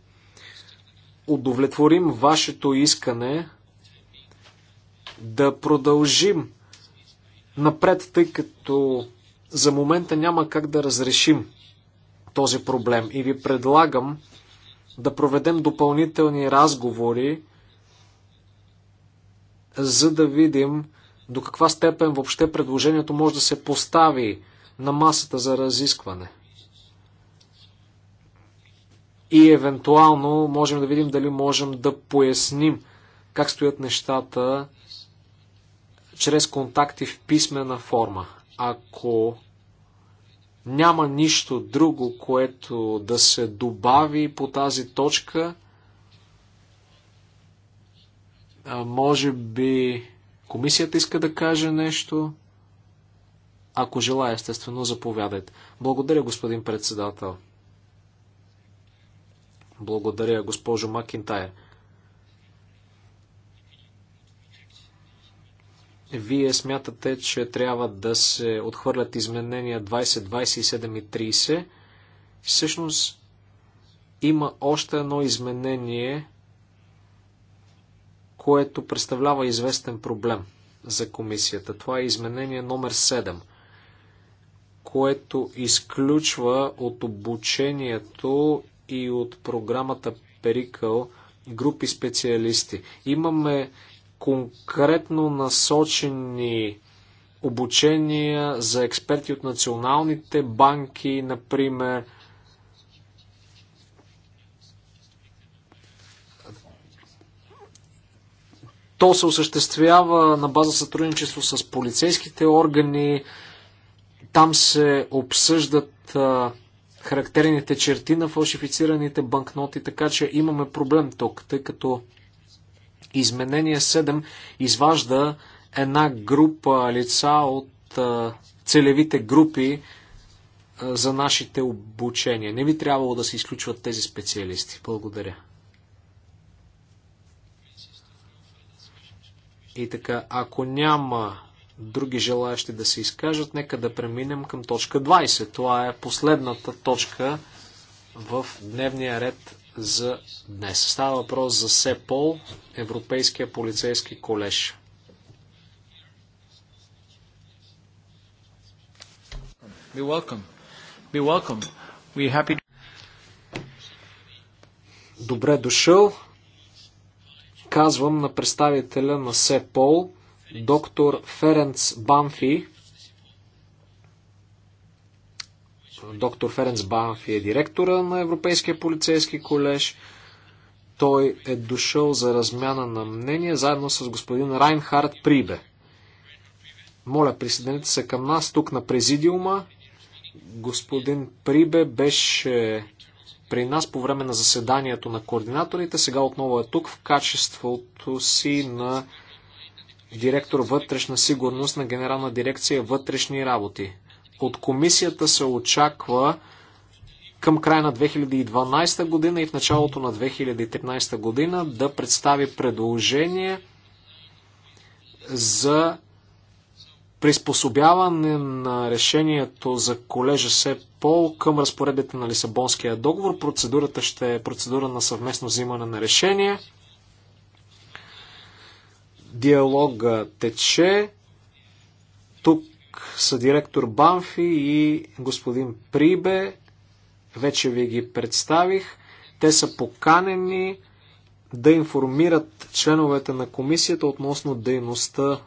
удовлетворим вашето искане да продължим напред, тъй като за момента няма как да разрешим този проблем. И ви предлагам да проведем допълнителни разговори, за да видим до каква степен въобще предложението може да се постави на масата за разискване. И евентуално можем да видим дали можем да поясним как стоят нещата чрез контакти в писмена форма. Ако няма нищо друго, което да се добави по тази точка, може би комисията иска да каже нещо. Ако желая, естествено, заповядайте. Благодаря, господин председател. Благодаря, госпожо Макинтайр. Вие смятате, че трябва да се отхвърлят изменения 20, 27 и 30. Всъщност има още едно изменение, което представлява известен проблем за комисията. Това е изменение номер 7, което изключва от обучението и от програмата Перикъл групи специалисти. Имаме конкретно насочени обучения за експерти от националните банки, например. То се осъществява на база сътрудничество с полицейските органи. Там се обсъждат характерните черти на фалшифицираните банкноти, така че имаме проблем тук, тъй като Изменение 7 изважда една група лица от целевите групи за нашите обучения. Не би трябвало да се изключват тези специалисти. Благодаря. И така, ако няма други желаящи да се изкажат, нека да преминем към точка 20. Това е последната точка в дневния ред за днес. Става въпрос за СЕПОЛ, Европейския полицейски колеж. Be welcome. Be welcome. We happy Добре дошъл. Казвам на представителя на СЕПОЛ, доктор Ференц Банфи, Доктор Ференц Банф е директора на Европейския полицейски колеж. Той е дошъл за размяна на мнение заедно с господин Райнхард Прибе. Моля, присъединете се към нас тук на президиума. Господин Прибе беше при нас по време на заседанието на координаторите. Сега отново е тук в качеството си на директор вътрешна сигурност на Генерална дирекция вътрешни работи. От комисията се очаква към края на 2012 година и в началото на 2013 година да представи предложение за приспособяване на решението за колежа СЕПОЛ към разпоредбите на Лисабонския договор. Процедурата ще е процедура на съвместно взимане на решение. Диалога тече. Тук са директор Банфи и господин Прибе. Вече ви ги представих. Те са поканени да информират членовете на комисията относно дейността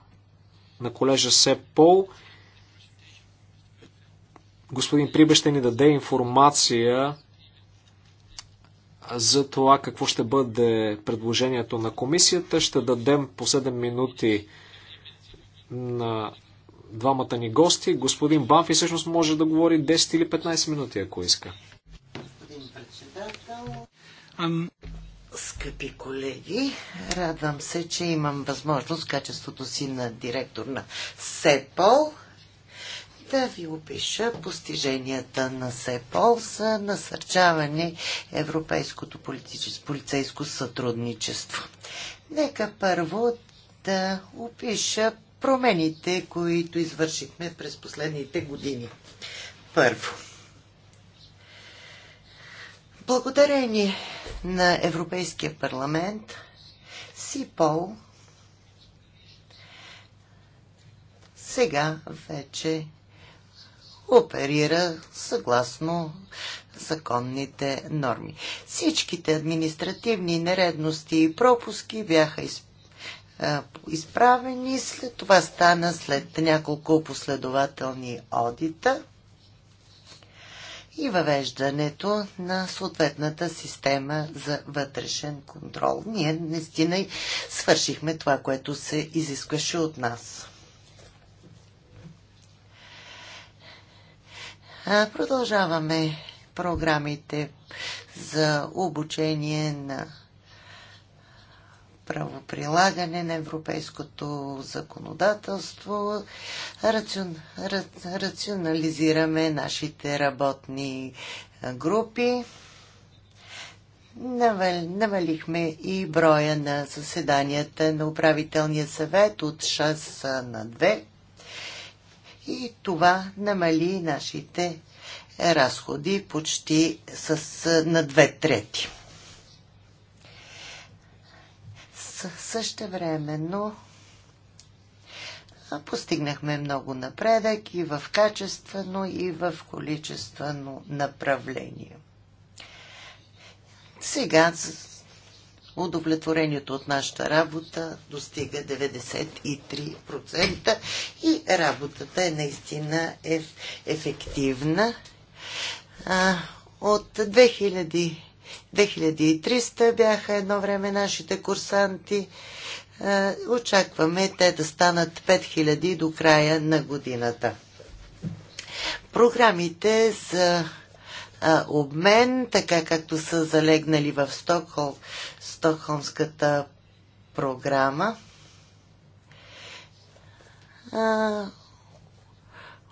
на колежа СЕПОЛ. Господин Прибе ще ни даде информация за това какво ще бъде предложението на комисията. Ще дадем по 7 минути на двамата ни гости. Господин Бафи всъщност може да говори 10 или 15 минути, ако иска. Господин председател, Ам... скъпи колеги, радвам се, че имам възможност в качеството си на директор на СЕПОЛ да ви опиша постиженията на СЕПОЛ за насърчаване европейското полицейско сътрудничество. Нека първо да опиша промените, които извършихме през последните години. Първо, благодарение на Европейския парламент, СИПОЛ сега вече оперира съгласно законните норми. Всичките административни нередности и пропуски бяха изпълнени изправени. След това стана след няколко последователни одита и въвеждането на съответната система за вътрешен контрол. Ние наистина свършихме това, което се изискваше от нас. Продължаваме програмите за обучение на правоприлагане на европейското законодателство, рацион, ра, рационализираме нашите работни групи, намалихме и броя на заседанията на управителния съвет от 6 на 2 и това намали нашите разходи почти с, на две трети. но постигнахме много напредък и в качествено, и в количествено направление. Сега удовлетворението от нашата работа достига 93% и работата е наистина еф, ефективна. А, от 2300 бяха едно време нашите курсанти. Е, очакваме те да станат 5000 до края на годината. Програмите за е, обмен, така както са залегнали в Стокхол, Стокхолмската програма, е,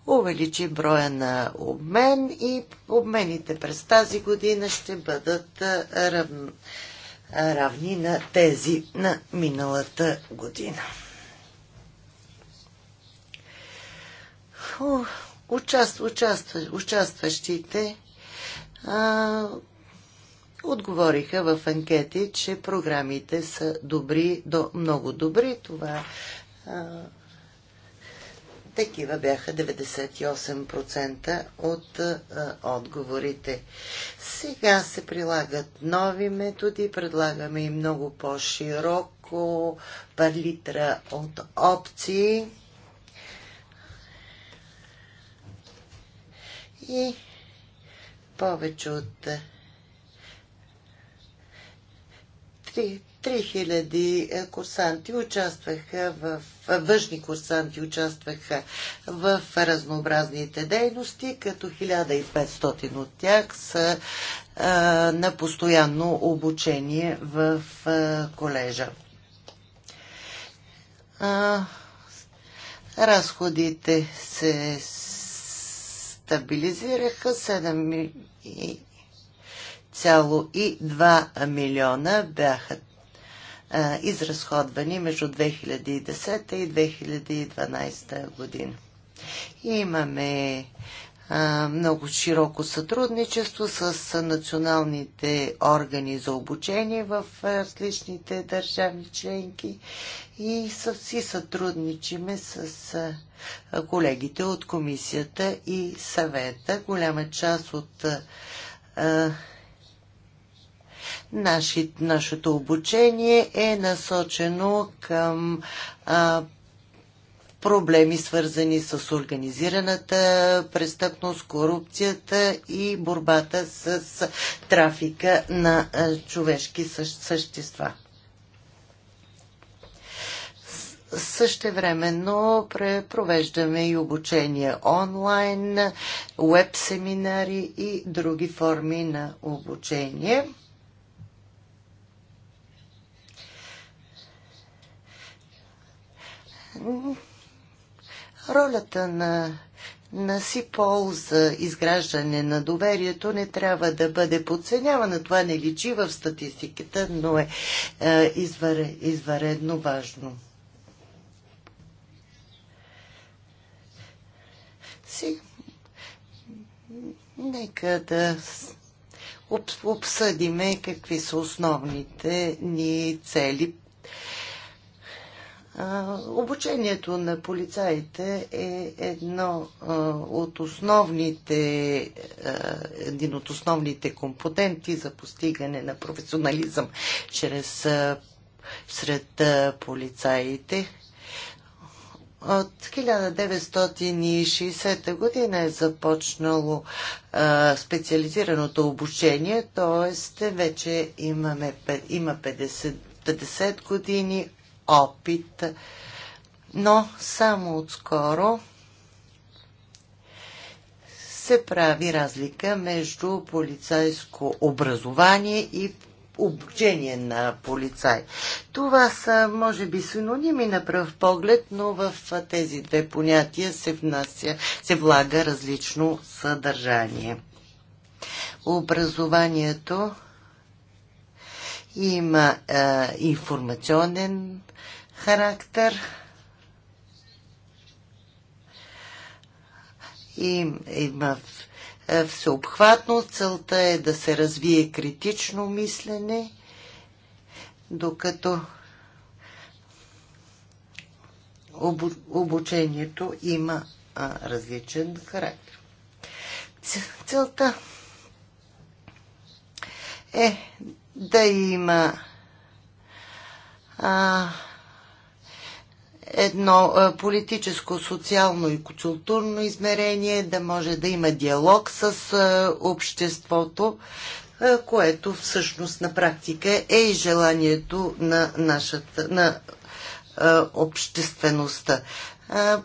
увеличи броя на обмен и обмените през тази година ще бъдат рав... равни на тези на миналата година. Участ, участ, участващите а, отговориха в анкети, че програмите са добри до много добри. Това а, такива бяха 98% от а, отговорите. Сега се прилагат нови методи, предлагаме и много по-широко палитра от опции. И повече от 3000 е, курсанти участваха в, е, външни курсанти участваха в разнообразните дейности, като 1500 от тях са а, е, на постоянно обучение в а, колежа. А, разходите се стабилизираха 7 цяло и 2 милиона бяха изразходвани между 2010 и 2012 година. И имаме много широко сътрудничество с националните органи за обучение в различните държави членки и си сътрудничиме с колегите от комисията и съвета. Голяма част от Наши, нашето обучение е насочено към а, проблеми, свързани с организираната престъпност, корупцията и борбата с трафика на човешки същества. Същевременно провеждаме и обучение онлайн, веб-семинари и други форми на обучение. Ролята на, на СИПОЛ за изграждане на доверието не трябва да бъде подценявана. Това не личи в статистиката, но е, е извър, извъредно важно. Си, нека да обсъдиме какви са основните ни цели Обучението на полицаите е едно от основните, един от основните компоненти за постигане на професионализъм чрез сред полицаите. От 1960 година е започнало специализираното обучение, т.е. вече имаме, има 50, 50 години опит, но само отскоро се прави разлика между полицайско образование и обучение на полицай. Това са, може би, синоними на пръв поглед, но в тези две понятия се, внася, се влага различно съдържание. Образованието има а, е, информационен характер. И, има е, всеобхватно. Целта е да се развие критично мислене, докато обучението има а, различен характер. Целта е да има а, едно политическо, социално и културно измерение, да може да има диалог с а, обществото, а, което всъщност на практика е и желанието на, нашата, на а, обществеността.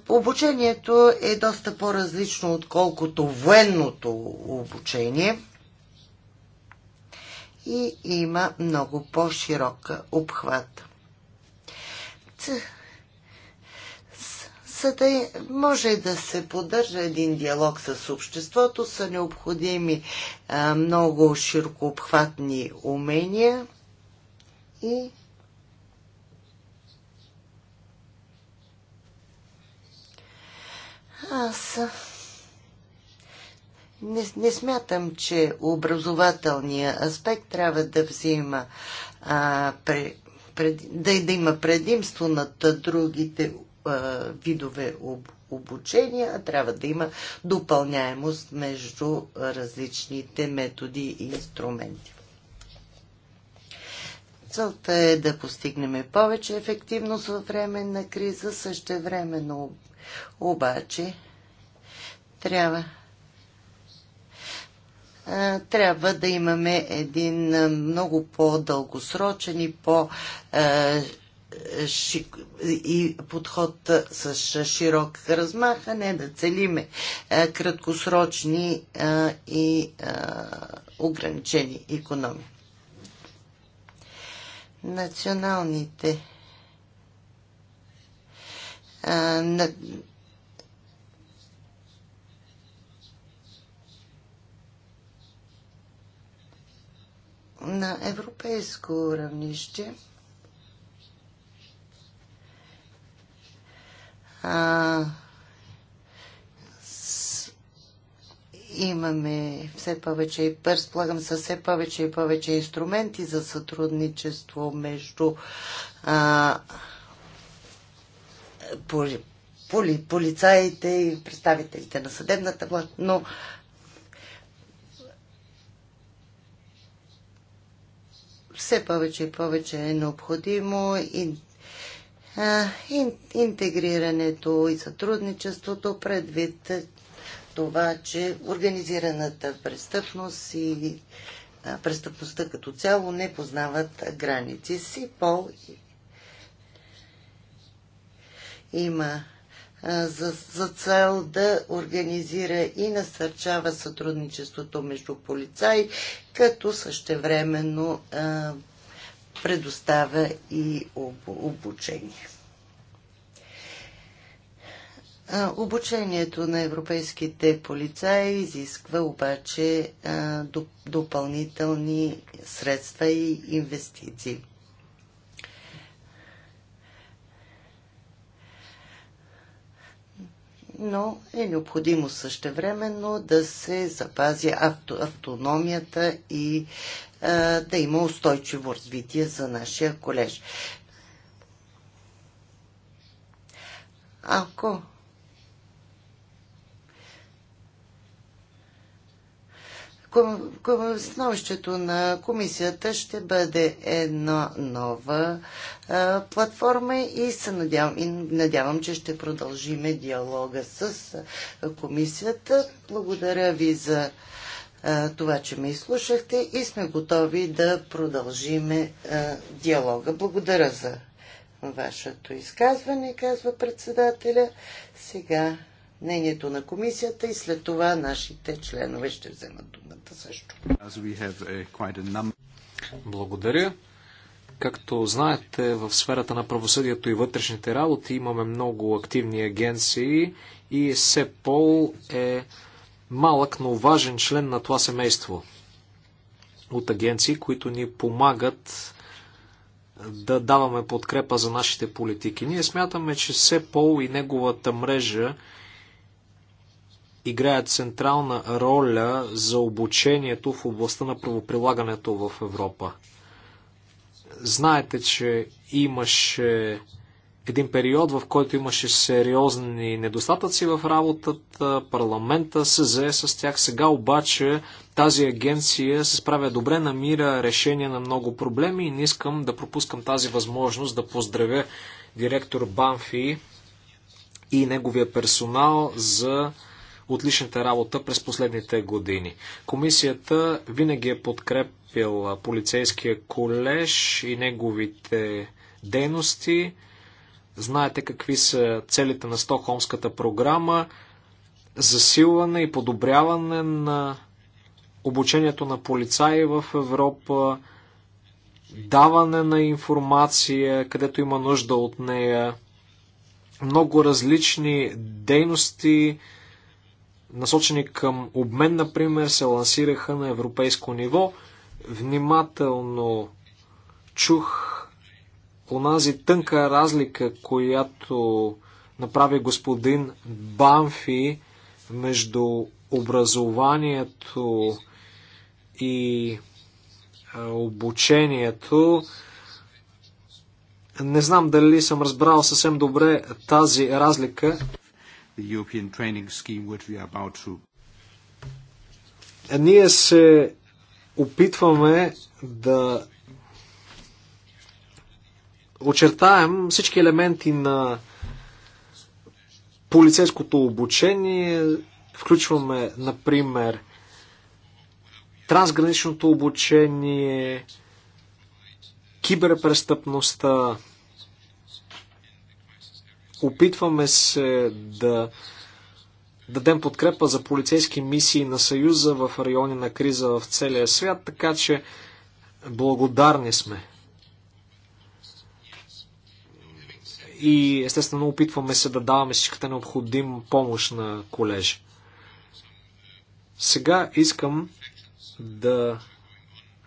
Обучението е доста по-различно, отколкото военното обучение и има много по-широка обхват. За да е, може да се поддържа един диалог с обществото, са необходими много широкообхватни умения и аз не, не смятам, че образователният аспект трябва да взима а, пред, пред, да, да има предимство над другите а, видове об, обучения, а трябва да има допълняемост между различните методи и инструменти. Целта е да постигнем повече ефективност във време на криза, същевременно обаче трябва е, трябва да имаме един е, много по-дългосрочен и по- е, и подход с широк размах, а не да целиме краткосрочни и ограничени економи. Националните на европейско равнище. А, с, имаме все повече и разполагам с все повече и повече инструменти за сътрудничество между а, поли, полицаите и представителите на съдебната власт, но все повече и повече е необходимо и интегрирането и сътрудничеството предвид това, че организираната престъпност и престъпността като цяло не познават граници си. Пол има за, за цел да организира и насърчава сътрудничеството между полицаи, като същевременно а, предоставя и об, обучение. А, обучението на европейските полицаи изисква обаче а, доп, допълнителни средства и инвестиции. но е необходимо същевременно да се запази авто, автономията и а, да има устойчиво развитие за нашия колеж. Ако Становището на комисията ще бъде една нова а, платформа и се надявам, и надявам, че ще продължиме диалога с комисията. Благодаря ви за а, това, че ме изслушахте и сме готови да продължиме а, диалога. Благодаря за вашето изказване, казва председателя. Сега мнението на комисията и след това нашите членове ще вземат думата също. Uh, Благодаря. Както знаете, в сферата на правосъдието и вътрешните работи имаме много активни агенции и СЕПОЛ е малък, но важен член на това семейство от агенции, които ни помагат да даваме подкрепа за нашите политики. Ние смятаме, че СЕПОЛ и неговата мрежа играят централна роля за обучението в областта на правоприлагането в Европа. Знаете, че имаше един период, в който имаше сериозни недостатъци в работата, парламента се зае с тях. Сега обаче тази агенция се справя добре, намира решение на много проблеми и не искам да пропускам тази възможност да поздравя директор Банфи и неговия персонал за отличната работа през последните години. Комисията винаги е подкрепила полицейския колеж и неговите дейности. Знаете какви са целите на Стокхолмската програма засилване и подобряване на обучението на полицаи в Европа, даване на информация, където има нужда от нея, много различни дейности, насочени към обмен, например, се лансираха на европейско ниво. Внимателно чух онази тънка разлика, която направи господин Банфи между образованието и обучението. Не знам дали съм разбрал съвсем добре тази разлика the European training scheme which we are about to. Е, ние се опитваме да очертаем всички елементи на полицейското обучение. Включваме, например, трансграничното обучение, киберпрестъпността, Опитваме се да дадем подкрепа за полицейски мисии на Съюза в райони на криза в целия свят, така че благодарни сме. И естествено опитваме се да даваме всичката необходим помощ на колежи. Сега искам да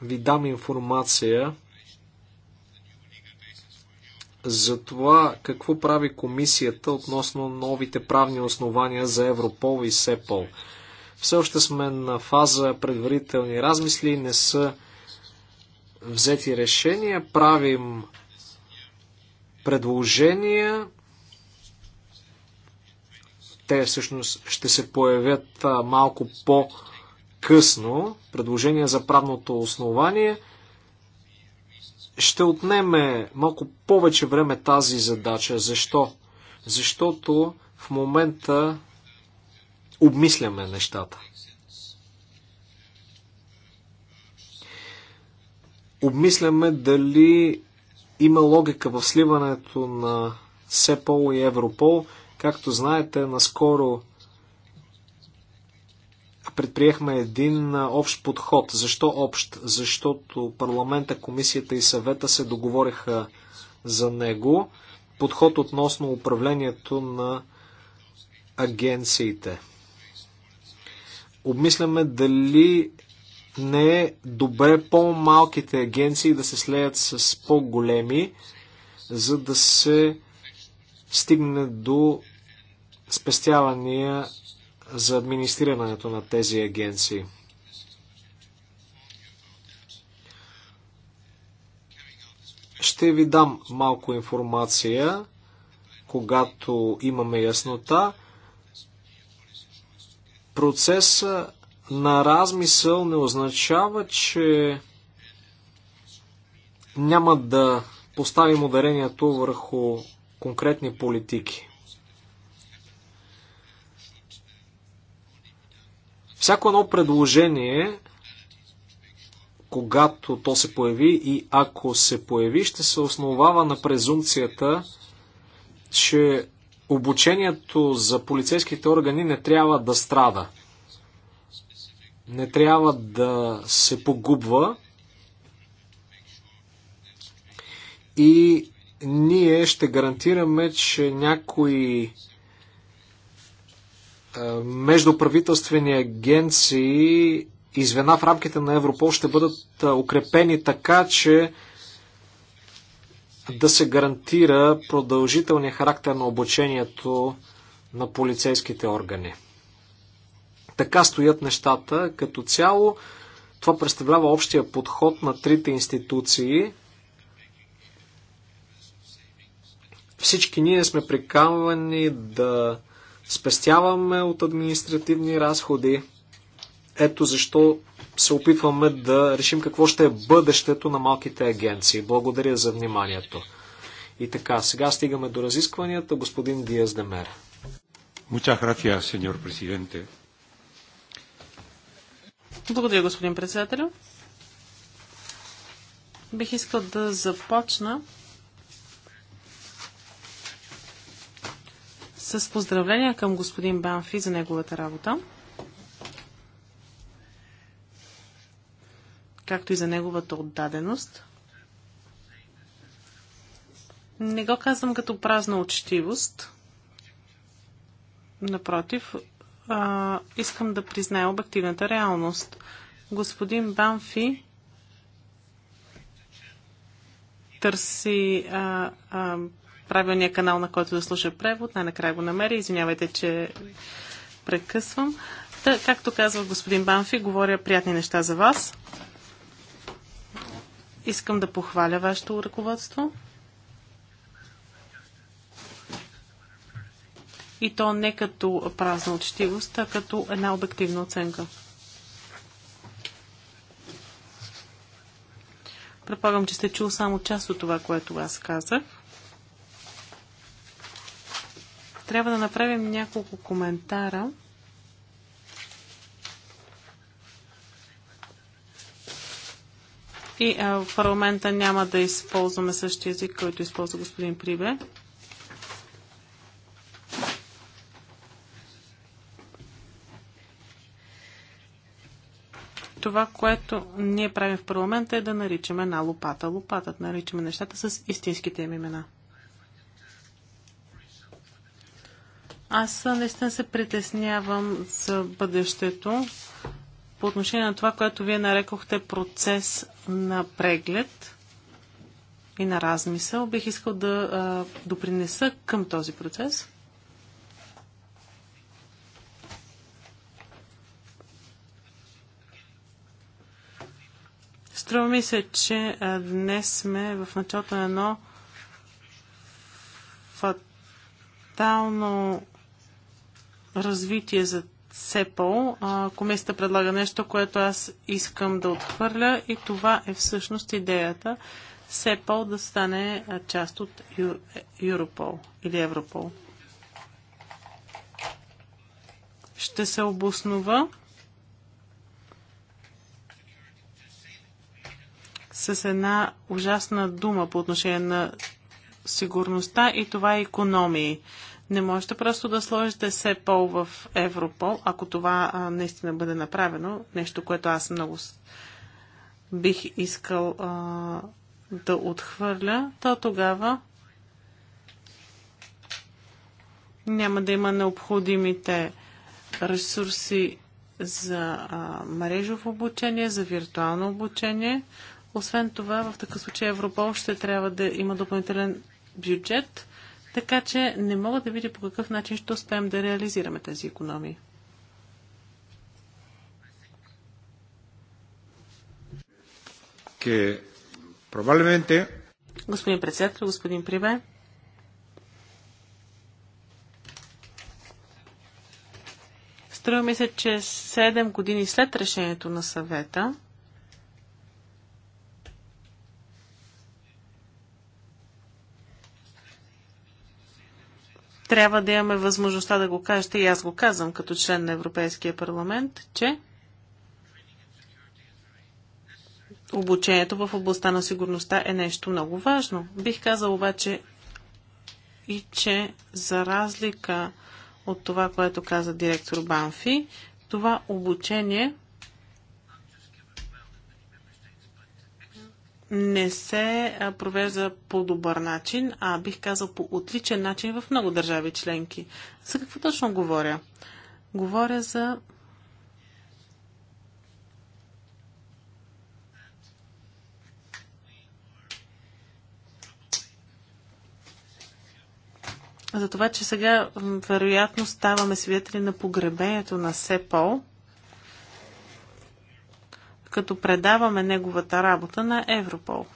ви дам информация за това какво прави комисията относно новите правни основания за Европол и СЕПОЛ. Все още сме на фаза предварителни размисли, не са взети решения, правим предложения. Те всъщност ще се появят малко по-късно. Предложения за правното основание – ще отнеме малко повече време тази задача. Защо? Защото в момента обмисляме нещата. Обмисляме дали има логика в сливането на СЕПОЛ и Европол. Както знаете, наскоро предприехме един общ подход. Защо общ? Защото парламента, комисията и съвета се договориха за него. Подход относно управлението на агенциите. Обмисляме дали не е добре по-малките агенции да се слеят с по-големи, за да се стигне до спестявания за администрирането на тези агенции. Ще ви дам малко информация, когато имаме яснота. Процеса на размисъл не означава, че няма да поставим ударението върху конкретни политики. Всяко едно предложение, когато то се появи и ако се появи, ще се основава на презумцията, че обучението за полицейските органи не трябва да страда. Не трябва да се погубва. И ние ще гарантираме, че някои е, междуправителствени агенции и звена в рамките на Европол ще бъдат е, укрепени така, че да се гарантира продължителния характер на обучението на полицейските органи. Така стоят нещата като цяло. Това представлява общия подход на трите институции. Всички ние сме приканвани да спестяваме от административни разходи. Ето защо се опитваме да решим какво ще е бъдещето на малките агенции. Благодаря за вниманието. И така, сега стигаме до разискванията. Господин Диас Демер. Muchas gracias, señor presidente. Благодаря, господин председател. Бих искал да започна с поздравления към господин Банфи за неговата работа, както и за неговата отдаденост. Не го казвам като празна учтивост. Напротив, а, искам да призная обективната реалност. Господин Банфи търси а, а, правилния канал, на който да слуша превод. Най-накрая го намеря. Извинявайте, че прекъсвам. Та, както казва господин Банфи, говоря приятни неща за вас. Искам да похваля вашето ръководство. И то не като празна учтивост, а като една обективна оценка. Предполагам, че сте чул само част от това, което аз казах. трябва да направим няколко коментара. И а, в парламента няма да използваме същия език, който използва господин Прибе. това, което ние правим в парламента е да наричаме на лопата лопатът. Наричаме нещата с истинските им имена. Аз наистина се притеснявам за бъдещето по отношение на това, което вие нарекохте процес на преглед и на размисъл. Бих искал да а, допринеса към този процес. Струва ми се, че а, днес сме в началото на едно фатално развитие за СЕПОЛ, комисията предлага нещо, което аз искам да отхвърля и това е всъщност идеята СЕПОЛ да стане част от Юропол или Европол. Ще се обоснова с една ужасна дума по отношение на сигурността и това е економии. Не можете просто да сложите СЕПОЛ в Европол, ако това а, наистина бъде направено. Нещо, което аз много бих искал а, да отхвърля, то тогава няма да има необходимите ресурси за а, мрежово обучение, за виртуално обучение. Освен това, в такъв случай Европол ще трябва да има допълнителен бюджет, така че не мога да видя по какъв начин ще успеем да реализираме тези економии. Que, probablemente... Господин председател, господин Прибе. Струва ми се, че 7 години след решението на съвета, трябва да имаме възможността да го кажете, и аз го казвам като член на Европейския парламент, че обучението в областта на сигурността е нещо много важно. Бих казал обаче и че за разлика от това, което каза директор Банфи, това обучение не се провежда по добър начин, а бих казал по отличен начин в много държави членки. За какво точно говоря? Говоря за за това, че сега вероятно ставаме свидетели на погребението на Сепол като предаваме неговата работа на Европол.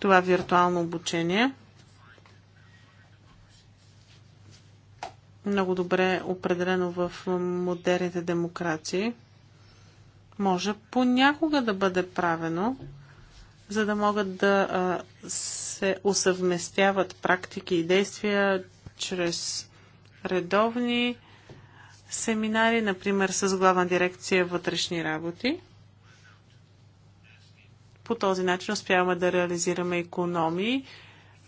Това виртуално обучение много добре определено в модерните демокрации може понякога да бъде правено, за да могат да се усъвместяват практики и действия чрез редовни семинари, например с главна дирекция вътрешни работи. По този начин успяваме да реализираме економии,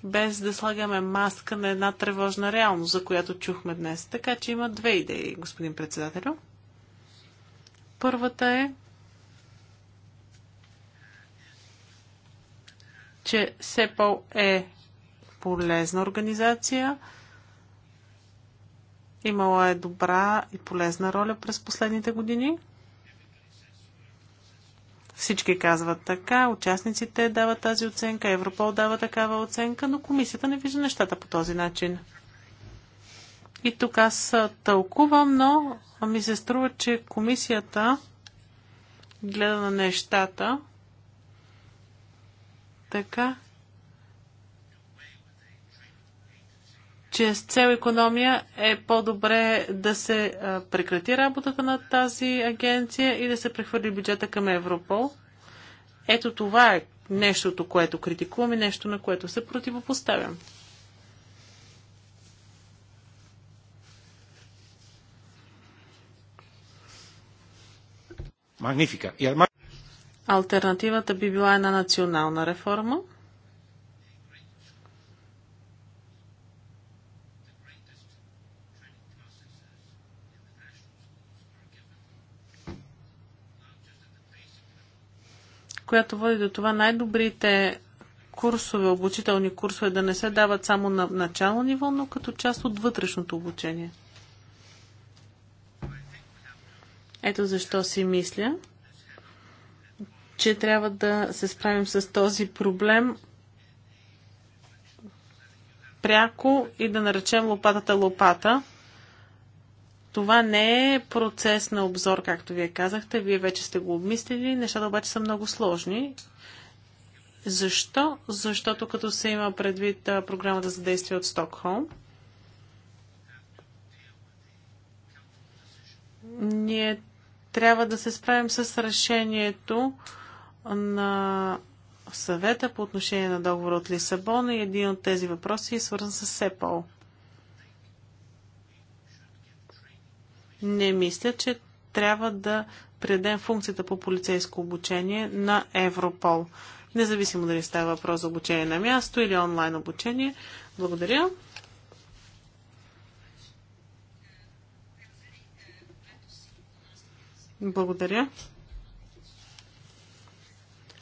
без да слагаме маска на една тревожна реалност, за която чухме днес. Така че има две идеи, господин председател. Първата е, че СЕПО е полезна организация – Имала е добра и полезна роля през последните години. Всички казват така, участниците дават тази оценка, Европол дава такава оценка, но комисията не вижда нещата по този начин. И тук аз тълкувам, но ми се струва, че комисията гледа на нещата така, че с цел економия е по-добре да се прекрати работата на тази агенция и да се прехвърли бюджета към Европол. Ето това е нещото, което критикувам и нещо, на което се противопоставям. Магнифика. Альтернативата би била една национална реформа – която води до това най-добрите курсове, обучителни курсове да не се дават само на начално ниво, но като част от вътрешното обучение. Ето защо си мисля, че трябва да се справим с този проблем пряко и да наречем лопатата лопата. Това не е процес на обзор, както вие казахте. Вие вече сте го обмислили. Нещата обаче са много сложни. Защо? Защото като се има предвид програмата за действие от Стокхолм, ние трябва да се справим с решението на съвета по отношение на договора от Лисабон и един от тези въпроси е свързан с СЕПОЛ. Не мисля, че трябва да предем функцията по полицейско обучение на Европол. Независимо дали става въпрос за обучение на място или онлайн обучение. Благодаря. Благодаря.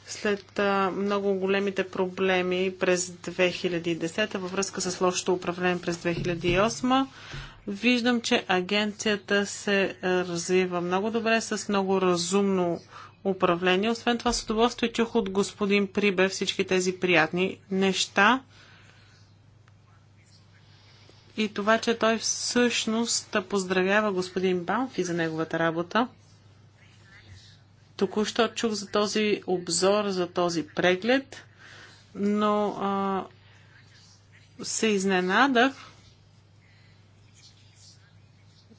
След а, много големите проблеми през 2010 във връзка с лошото управление през 2008, Виждам, че агенцията се развива много добре, с много разумно управление. Освен това, с удоволствие чух от господин Прибе всички тези приятни неща. И това, че той всъщност поздравява господин Банфи за неговата работа. Току-що чух за този обзор, за този преглед, но а, се изненадах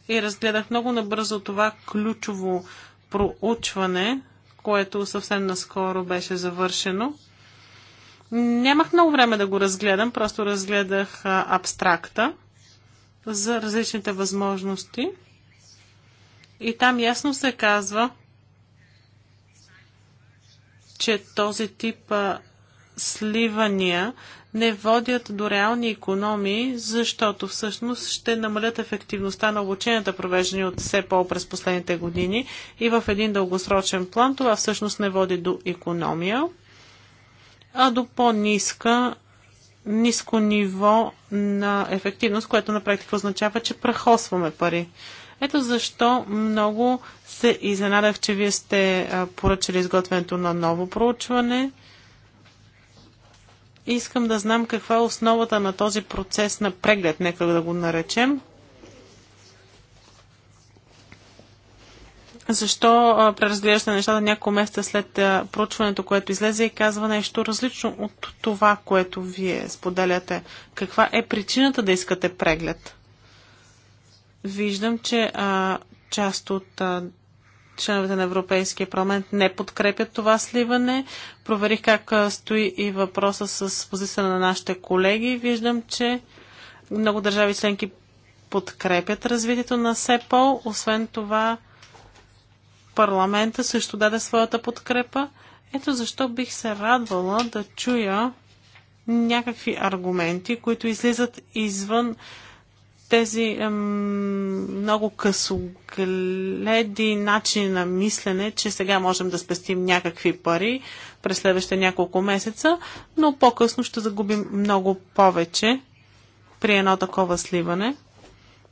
и разгледах много набързо това ключово проучване, което съвсем наскоро беше завършено. Нямах много време да го разгледам, просто разгледах абстракта за различните възможности. И там ясно се казва, че този тип сливания не водят до реални економии, защото всъщност ще намалят ефективността на обученията, провеждани от СЕПО през последните години и в един дългосрочен план това всъщност не води до економия, а до по-ниска ниско ниво на ефективност, което на практика означава, че прахосваме пари. Ето защо много се изненадах, че вие сте поръчали изготвянето на ново проучване Искам да знам каква е основата на този процес на преглед, нека да го наречем. Защо преразглеждате нещата няколко месеца след проучването, което излезе и казва нещо различно от това, което вие споделяте? Каква е причината да искате преглед? Виждам, че а, част от а, членовете на Европейския парламент не подкрепят това сливане. Проверих как стои и въпроса с позицията на нашите колеги. Виждам, че много държави членки подкрепят развитието на СЕПОЛ. Освен това, парламента също даде своята подкрепа. Ето защо бих се радвала да чуя някакви аргументи, които излизат извън тези много късогледи начини на мислене, че сега можем да спестим някакви пари през следващите няколко месеца, но по-късно ще загубим много повече при едно такова сливане.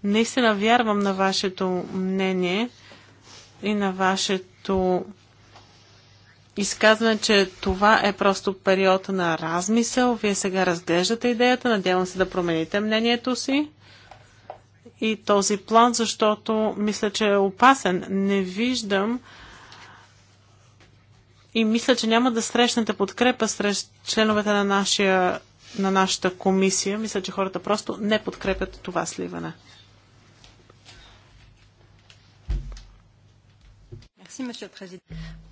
Наистина вярвам на вашето мнение и на вашето изказване, че това е просто период на размисъл. Вие сега разглеждате идеята, надявам се да промените мнението си и този план, защото мисля, че е опасен. Не виждам и мисля, че няма да срещнете подкрепа сред членовете на, нашия, на нашата комисия. Мисля, че хората просто не подкрепят това сливане.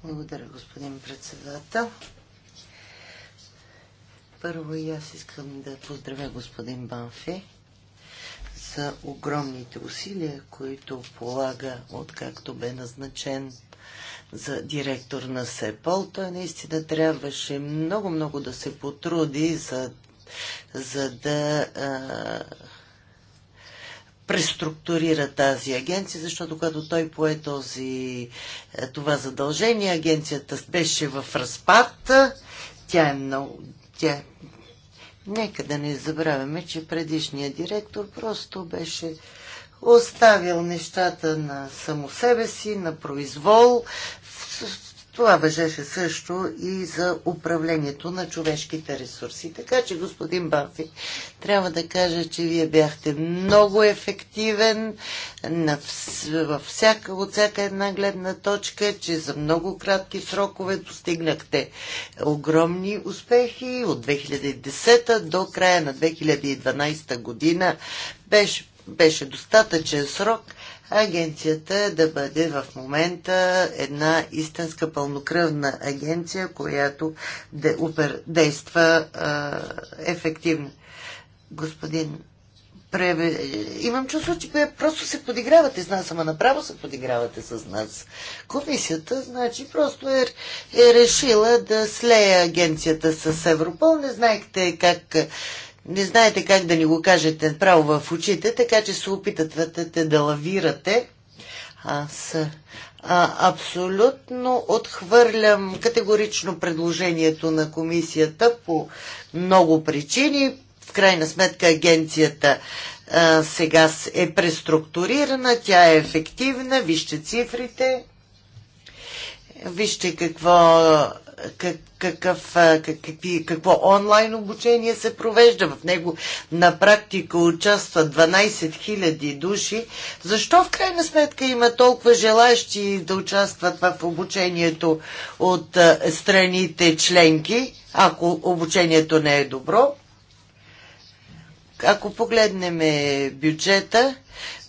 Благодаря, господин председател. Първо и аз искам да поздравя господин Банфи са огромните усилия, които полага, откакто бе назначен за директор на СЕПОЛ. Той наистина трябваше много-много да се потруди, за, за да а, преструктурира тази агенция, защото когато той пое този, е, това задължение, агенцията беше в разпад. Тя е много, тя е Нека да не забравяме, че предишният директор просто беше оставил нещата на само себе си, на произвол, това въжеше също и за управлението на човешките ресурси. Така че, господин Бафи, трябва да кажа, че вие бяхте много ефективен на във всяка, от всяка една гледна точка, че за много кратки срокове достигнахте огромни успехи от 2010 до края на 2012 година. Беше, беше достатъчен срок – агенцията да бъде в момента една истинска пълнокръвна агенция, която де, опер, действа а, ефективно. Господин Преве, имам чувство, че просто се подигравате с нас, ама направо се подигравате с нас. Комисията, значи, просто е, е решила да слея агенцията с Европол. Не знаехте как не знаете как да ни го кажете право в очите, така че се опитате да лавирате. Аз а, абсолютно отхвърлям категорично предложението на комисията по много причини. В крайна сметка агенцията а, сега е преструктурирана, тя е ефективна, вижте цифрите, вижте какво как, какъв, как, какви, какво онлайн обучение се провежда. В него на практика участват 12 000 души. Защо в крайна сметка има толкова желащи да участват в обучението от страните членки, ако обучението не е добро? Ако погледнем е бюджета,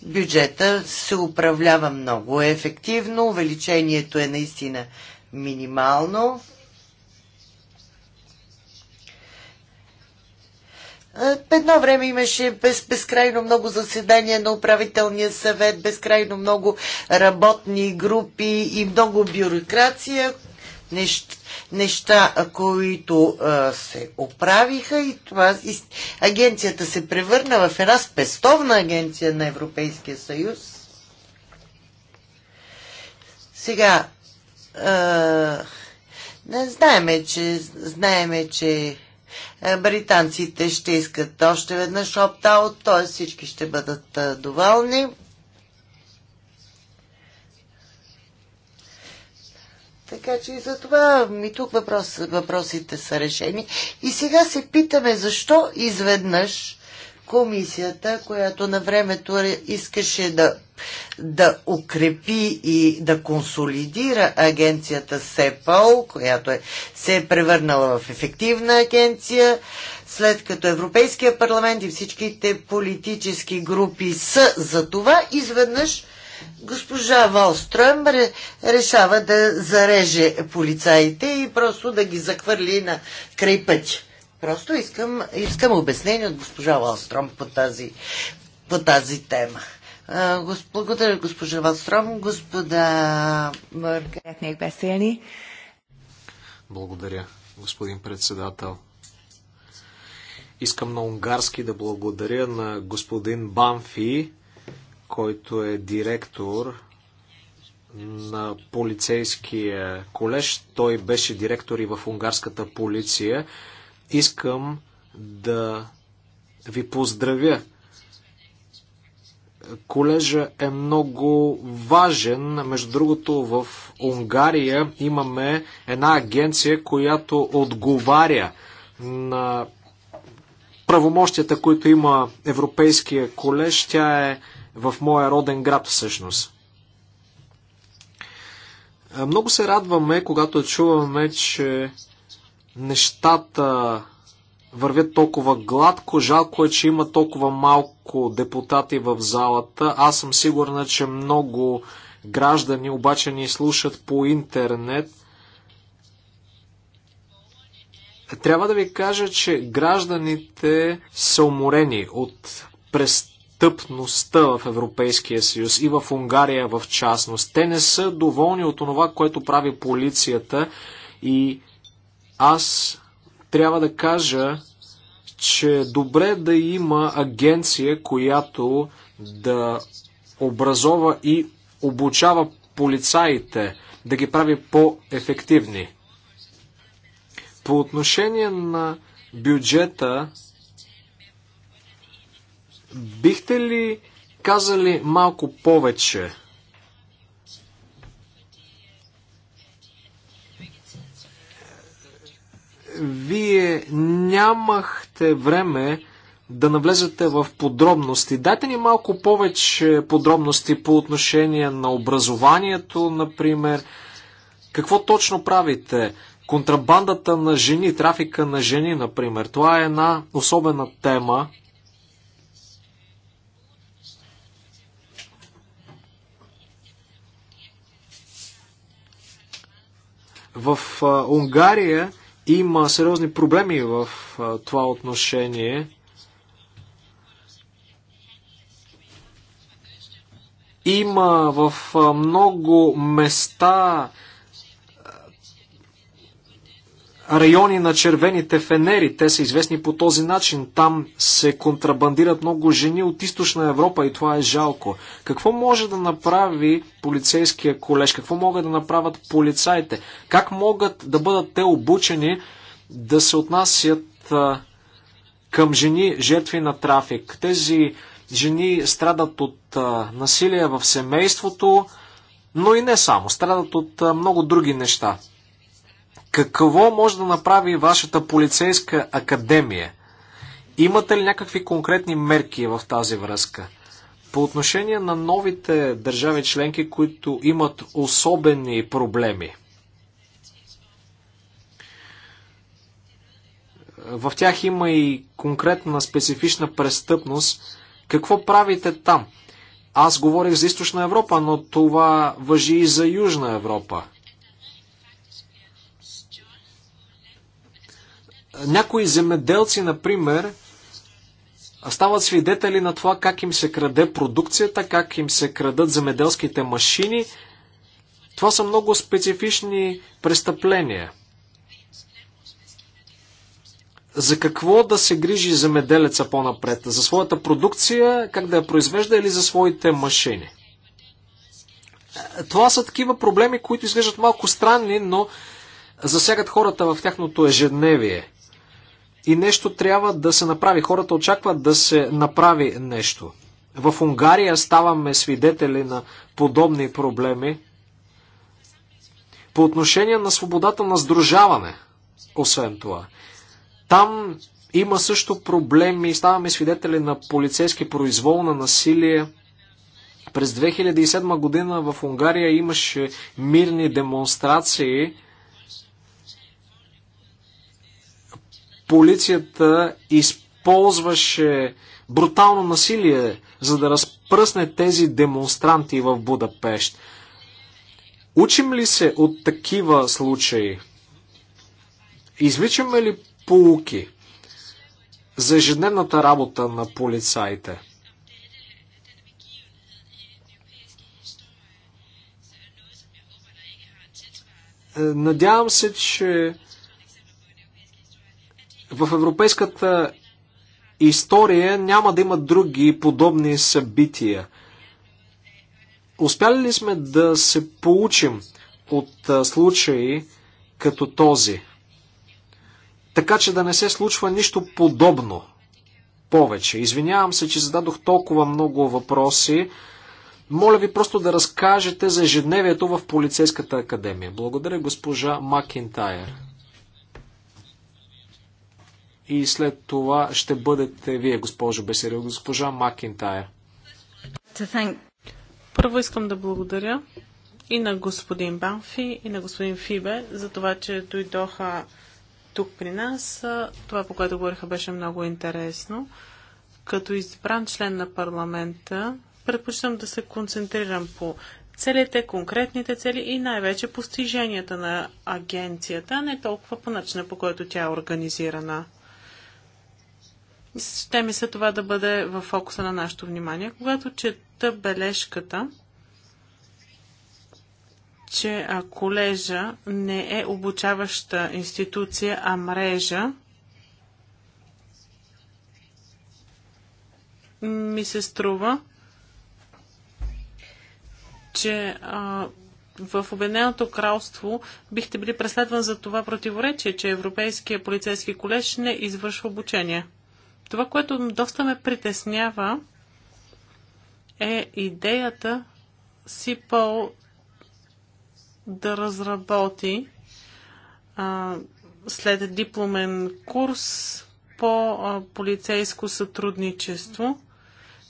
бюджета се управлява много ефективно, увеличението е наистина минимално. Е, едно време имаше без, безкрайно много заседания на управителния съвет, безкрайно много работни групи и много бюрокрация, Неща, неща, които а, се оправиха и това и, агенцията се превърна в една спестовна агенция на Европейския съюз. Сега а, не знаеме, че знаеме, че е, британците ще искат още веднъж опт-аут, т.е. всички ще бъдат е, доволни. Така че и за това и тук въпрос, въпросите са решени. И сега се питаме защо изведнъж комисията, която на времето искаше да, да укрепи и да консолидира агенцията СЕПАЛ, която е, се е превърнала в ефективна агенция, след като Европейския парламент и всичките политически групи са за това, изведнъж госпожа Волстрем решава да зареже полицаите и просто да ги захвърли на край пътя. Просто искам, искам обяснение от госпожа Валстром по тази, по тази тема. Благодаря, госпожа Валстром. Господа Мъргатник е Бесени. Благодаря, господин председател. Искам на унгарски да благодаря на господин Банфи, който е директор на полицейския колеж. Той беше директор и в унгарската полиция. Искам да ви поздравя. Колежа е много важен. Между другото, в Унгария имаме една агенция, която отговаря на правомощията, които има Европейския колеж. Тя е в моя роден град всъщност. Много се радваме, когато чуваме, че нещата вървят толкова гладко. Жалко е, че има толкова малко депутати в залата. Аз съм сигурна, че много граждани обаче ни слушат по интернет. Трябва да ви кажа, че гражданите са уморени от престъпността в Европейския съюз и в Унгария в частност. Те не са доволни от това, което прави полицията и аз трябва да кажа, че е добре да има агенция, която да образова и обучава полицаите, да ги прави по-ефективни. По отношение на бюджета, бихте ли казали малко повече? вие нямахте време да навлезете в подробности. Дайте ни малко повече подробности по отношение на образованието, например. Какво точно правите? Контрабандата на жени, трафика на жени, например. Това е една особена тема. В Унгария има сериозни проблеми в това отношение. Има в много места райони на червените фенери. Те са известни по този начин. Там се контрабандират много жени от източна Европа и това е жалко. Какво може да направи полицейския колеж? Какво могат да направят полицаите? Как могат да бъдат те обучени да се отнасят а, към жени жертви на трафик? Тези жени страдат от а, насилие в семейството, но и не само. Страдат от а, много други неща. Какво може да направи вашата полицейска академия? Имате ли някакви конкретни мерки в тази връзка? По отношение на новите държави членки, които имат особени проблеми, в тях има и конкретна специфична престъпност. Какво правите там? Аз говорих за Източна Европа, но това въжи и за Южна Европа. Някои земеделци, например, стават свидетели на това как им се краде продукцията, как им се крадат земеделските машини. Това са много специфични престъпления. За какво да се грижи земеделеца по-напред? За своята продукция, как да я произвежда или за своите машини? Това са такива проблеми, които изглеждат малко странни, но засягат хората в тяхното ежедневие и нещо трябва да се направи. Хората очакват да се направи нещо. В Унгария ставаме свидетели на подобни проблеми. По отношение на свободата на сдружаване, освен това, там има също проблеми, ставаме свидетели на полицейски произвол, на насилие. През 2007 година в Унгария имаше мирни демонстрации – полицията използваше брутално насилие, за да разпръсне тези демонстранти в Будапешт. Учим ли се от такива случаи? Извличаме ли полуки за ежедневната работа на полицаите? Надявам се, че в европейската история няма да има други подобни събития. Успяли ли сме да се получим от случаи като този? Така че да не се случва нищо подобно повече. Извинявам се, че зададох толкова много въпроси. Моля ви просто да разкажете за ежедневието в полицейската академия. Благодаря госпожа Макинтайр и след това ще бъдете вие, госпожо Бесерил, госпожа Макинтайр. Първо искам да благодаря и на господин Банфи, и на господин Фибе за това, че дойдоха тук при нас. Това, по което говориха, беше много интересно. Като избран член на парламента, предпочитам да се концентрирам по целите, конкретните цели и най-вече постиженията на агенцията, не толкова по начина, по който тя е организирана. Ще ми се това да бъде в фокуса на нашето внимание. Когато чета бележката, че колежа не е обучаваща институция, а мрежа, ми се струва, че в Обединеното кралство бихте били преследван за това противоречие, че Европейския полицейски колеж не извършва обучение. Това, което доста ме притеснява, е идеята СИПОЛ да разработи а, след дипломен курс по а, полицейско сътрудничество.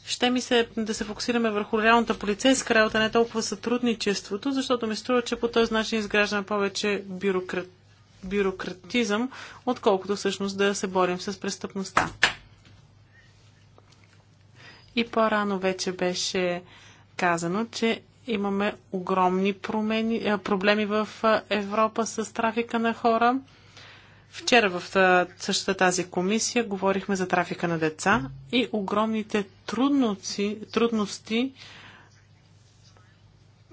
Ще ми се да се фокусираме върху реалната полицейска работа, не толкова сътрудничеството, защото ми струва, че по този начин изграждаме повече бюрократ, бюрократизъм, отколкото всъщност да се борим с престъпността. И по-рано вече беше казано, че имаме огромни промени, е, проблеми в е, Европа с трафика на хора. Вчера в е, същата тази комисия говорихме за трафика на деца и огромните трудности, трудности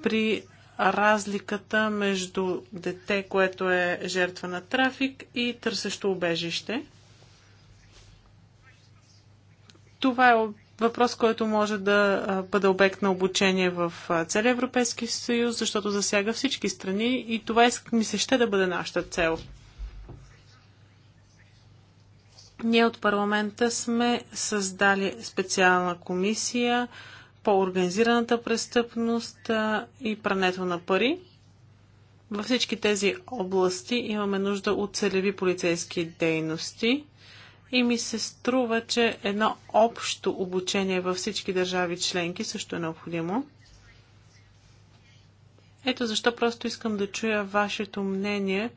при разликата между дете, което е жертва на трафик и търсещо убежище. Това е въпрос, който може да бъде обект на обучение в целия Европейски съюз, защото засяга всички страни и това ми се ще да бъде нашата цел. Ние от парламента сме създали специална комисия по организираната престъпност и прането на пари. Във всички тези области имаме нужда от целеви полицейски дейности и ми се струва, че едно общо обучение във всички държави членки също е необходимо. Ето защо просто искам да чуя вашето мнение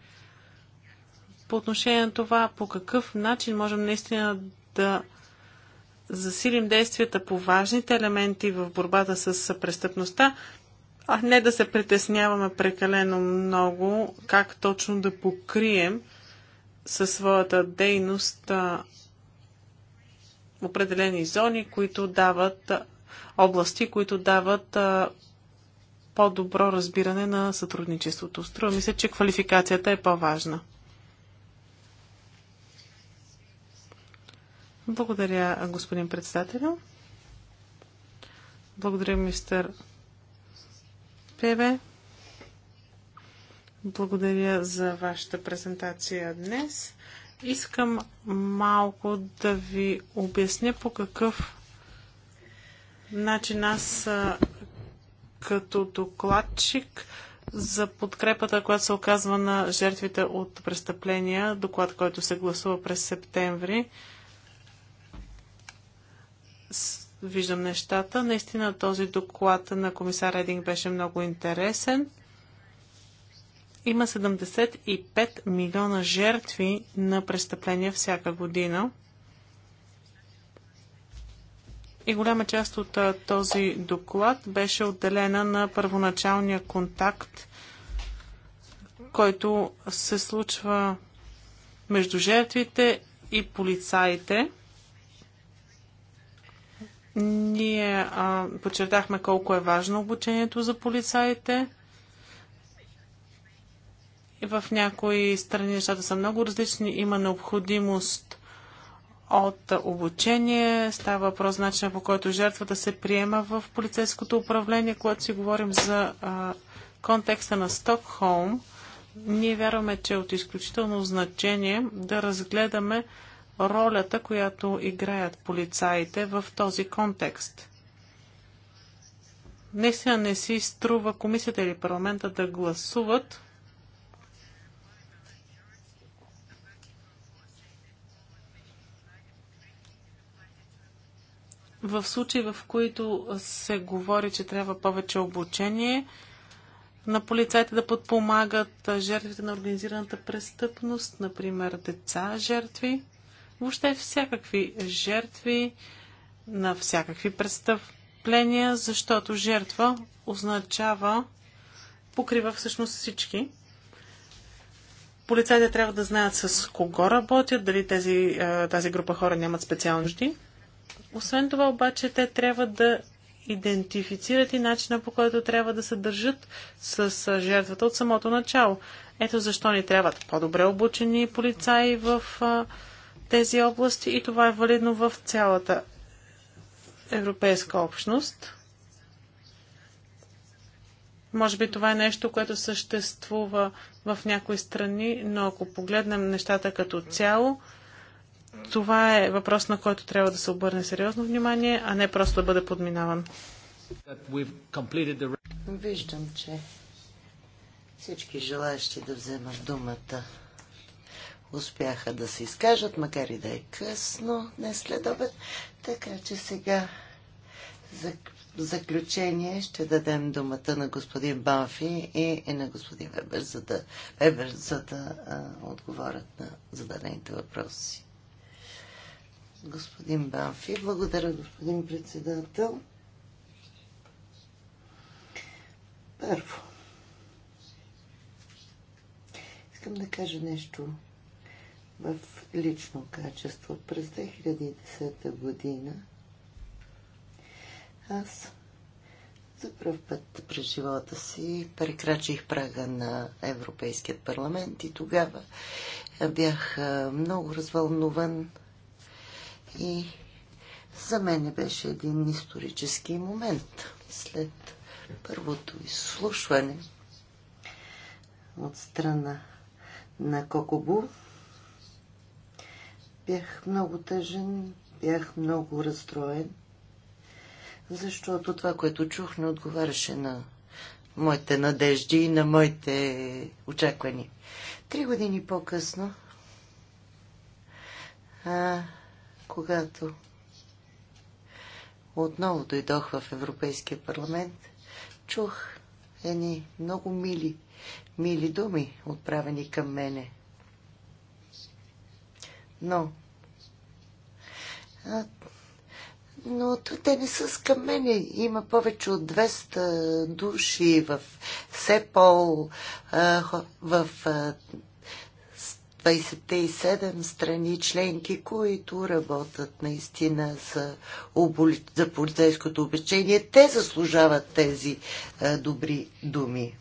по отношение на това по какъв начин можем наистина да засилим действията по важните елементи в борбата с престъпността, а не да се притесняваме прекалено много как точно да покрием със своята дейност определени зони, които дават области, които дават по-добро разбиране на сътрудничеството. Струва ми се, че квалификацията е по-важна. Благодаря, господин председател. Благодаря, мистер Певе. Благодаря за вашата презентация днес. Искам малко да ви обясня по какъв начин аз като докладчик за подкрепата, която се оказва на жертвите от престъпления, доклад, който се гласува през септември. Виждам нещата. Наистина този доклад на комисар Рединг беше много интересен. Има 75 милиона жертви на престъпления всяка година. И голяма част от този доклад беше отделена на първоначалния контакт, който се случва между жертвите и полицаите. Ние а, подчертахме колко е важно обучението за полицаите – в някои страни нещата са много различни. Има необходимост от обучение. Става въпрос начина по който жертвата се приема в полицейското управление. Когато си говорим за а, контекста на Стокхолм, ние вярваме, че е от изключително значение да разгледаме ролята, която играят полицаите в този контекст. Наистина не си струва комисията или парламента да гласуват в случаи, в които се говори, че трябва повече обучение на полицайите да подпомагат жертвите на организираната престъпност, например деца жертви, въобще всякакви жертви на всякакви престъпления, защото жертва означава покрива всъщност всички. Полицайите трябва да знаят с кого работят, дали тези, тази група хора нямат специални нужди. Освен това обаче те трябва да идентифицират и начина по който трябва да се държат с жертвата от самото начало. Ето защо ни трябват по-добре обучени полицаи в а, тези области и това е валидно в цялата европейска общност. Може би това е нещо, което съществува в някои страни, но ако погледнем нещата като цяло, това е въпрос, на който трябва да се обърне сериозно внимание, а не просто да бъде подминаван. The... Виждам, че всички желаящи да вземат думата успяха да се изкажат, макар и да е късно днес след обед. Така че сега за заключение ще дадем думата на господин Банфи и, и на господин Вебер, за да, Вебер, за да а, отговорят на зададените въпроси господин Банфи. Благодаря, господин председател. Първо, искам да кажа нещо в лично качество. През 2010 година аз за първ път през живота си прекрачих прага на Европейският парламент и тогава бях много развълнуван и за мен беше един исторически момент след първото изслушване от страна на Кокобу. Бях много тъжен, бях много разстроен, защото това, което чух, не отговаряше на моите надежди и на моите очаквания. Три години по-късно когато отново дойдох в Европейския парламент, чух едни много мили, мили думи, отправени към мене. Но а, но те не са към мене. Има повече от 200 души в Сепол, в 27 страни членки, които работят наистина за, оболи... за полицейското обучение. Те заслужават тези а, е, добри думи,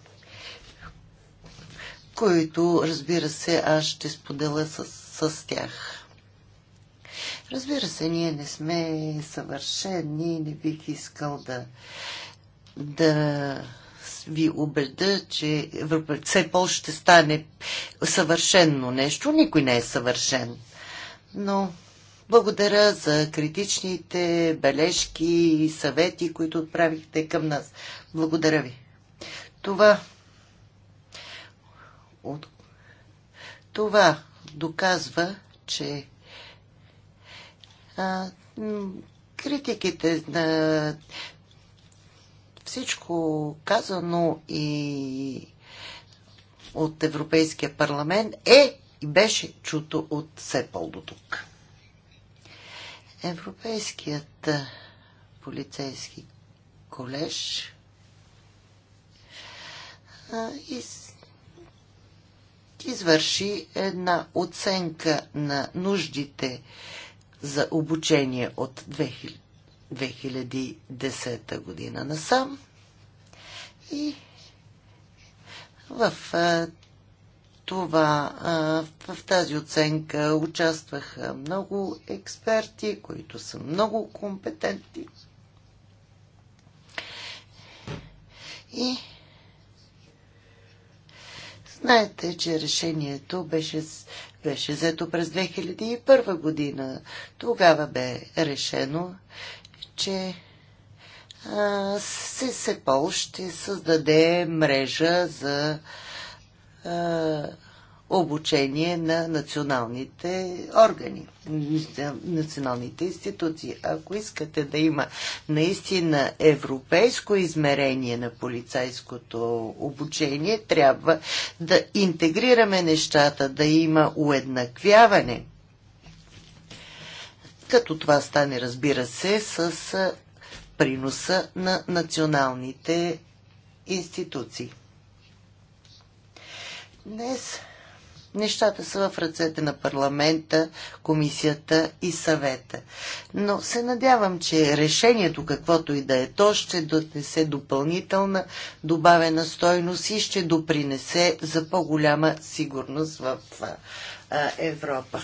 които, разбира се, аз ще споделя с, с тях. Разбира се, ние не сме съвършени, не бих искал да, да ви убеда, че по ще стане съвършенно нещо. Никой не е съвършен. Но благодаря за критичните бележки и съвети, които отправихте към нас. Благодаря ви. Това, от, това доказва, че а, критиките на всичко казано и от Европейския парламент е и беше чуто от Сепол до тук. Европейският полицейски колеж извърши една оценка на нуждите за обучение от 2000 2010 година насам. И в това, в тази оценка участваха много експерти, които са много компетентни. И знаете, че решението беше, беше взето през 2001 година. Тогава бе решено, че сепо ще създаде мрежа за обучение на националните органи, националните институции. Ако искате да има наистина европейско измерение на полицайското обучение, трябва да интегрираме нещата, да има уеднаквяване като това стане, разбира се, с приноса на националните институции. Днес нещата са в ръцете на парламента, комисията и съвета. Но се надявам, че решението, каквото и да е то, ще донесе допълнителна добавена стойност и ще допринесе за по-голяма сигурност в Европа.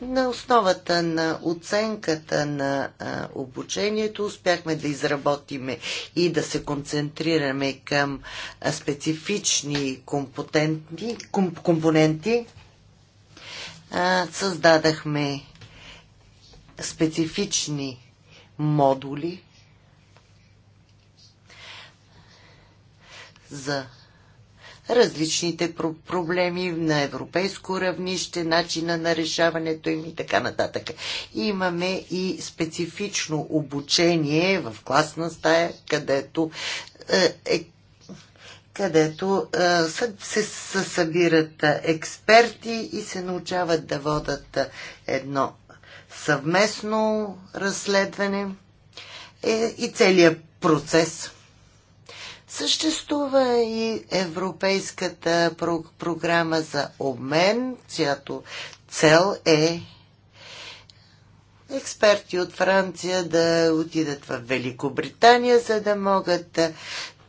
На основата на оценката на обучението успяхме да изработиме и да се концентрираме към специфични компоненти. Създадахме специфични модули за различните про- проблеми на европейско равнище, начина на решаването им и така нататък. Имаме и специфично обучение в класна стая, където е, е където е, се, събират е, експерти и се научават да водат едно съвместно разследване и целият процес. Съществува и Европейската про- програма за обмен, чиято цел е експерти от Франция да отидат в Великобритания, за да могат да,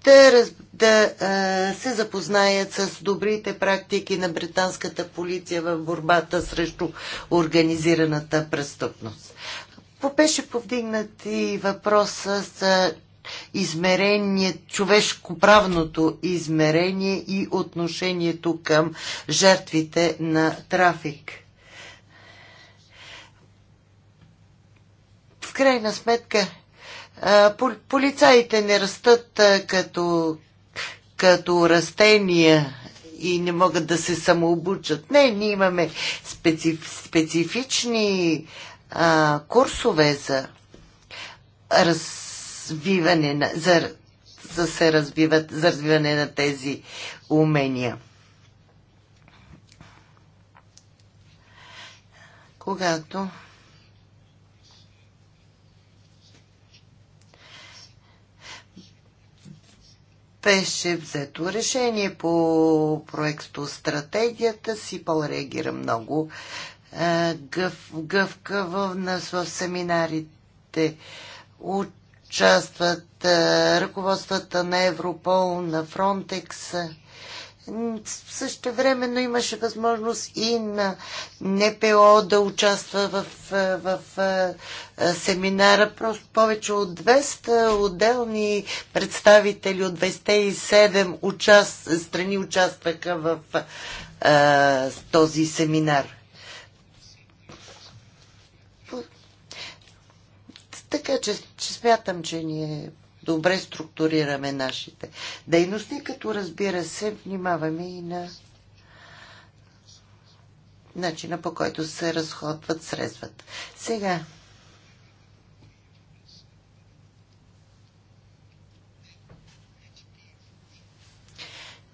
да, да а, се запознаят с добрите практики на британската полиция в борбата срещу организираната престъпност. Беше повдигнат и въпроса за измерение, човешко-правното измерение и отношението към жертвите на трафик. В крайна сметка, полицаите не растат като, като растения и не могат да се самообучат. Не, ние имаме специф, специфични а, курсове за раз, развиване на, за, за се развиват, за развиване на тези умения. Когато беше взето решение по проекто стратегията, Сипал реагира много гъв, в, в, в семинарите. От участват е, ръководствата на Европол, на Фронтекс. Също времено имаше възможност и на НПО да участва в, е, в, в е, семинара. Просто повече от 200 отделни представители от 27 участ... страни участваха в а, този семинар. Така че, че смятам, че ние добре структурираме нашите дейности, като разбира се, внимаваме и на начина по който се разходват средствата. Сега.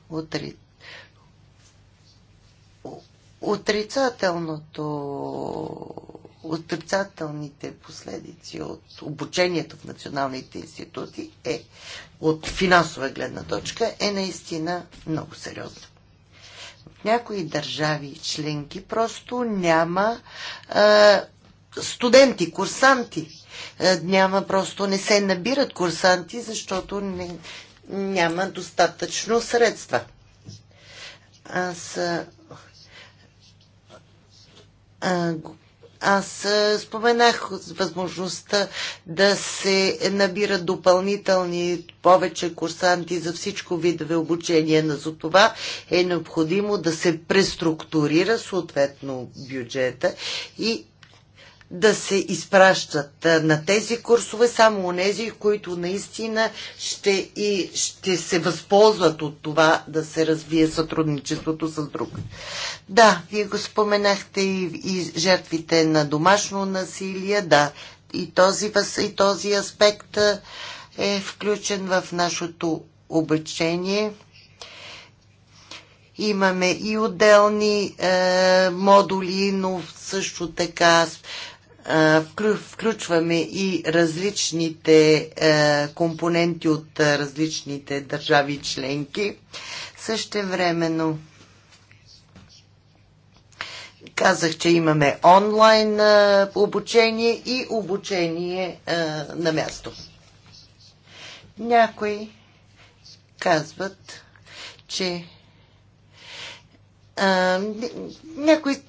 Утре. Отрицателното отрицателните последици от обучението в националните институти е от финансова гледна точка е наистина много сериозно. В някои държави членки просто няма е, студенти, курсанти. Е, няма просто не се набират курсанти, защото не, няма достатъчно средства. Аз е, аз споменах възможността да се набират допълнителни повече курсанти за всичко видове обучение, но за това е необходимо да се преструктурира съответно бюджета и да се изпращат на тези курсове само нези, които наистина ще, и, ще се възползват от това да се развие сътрудничеството с друг. Да, вие го споменахте и, и жертвите на домашно насилие, да, и този, и този аспект е включен в нашето обучение имаме и отделни е, модули, но също така включваме и различните компоненти от различните държави членки. Същевременно казах, че имаме онлайн обучение и обучение на място. Някои казват, че някой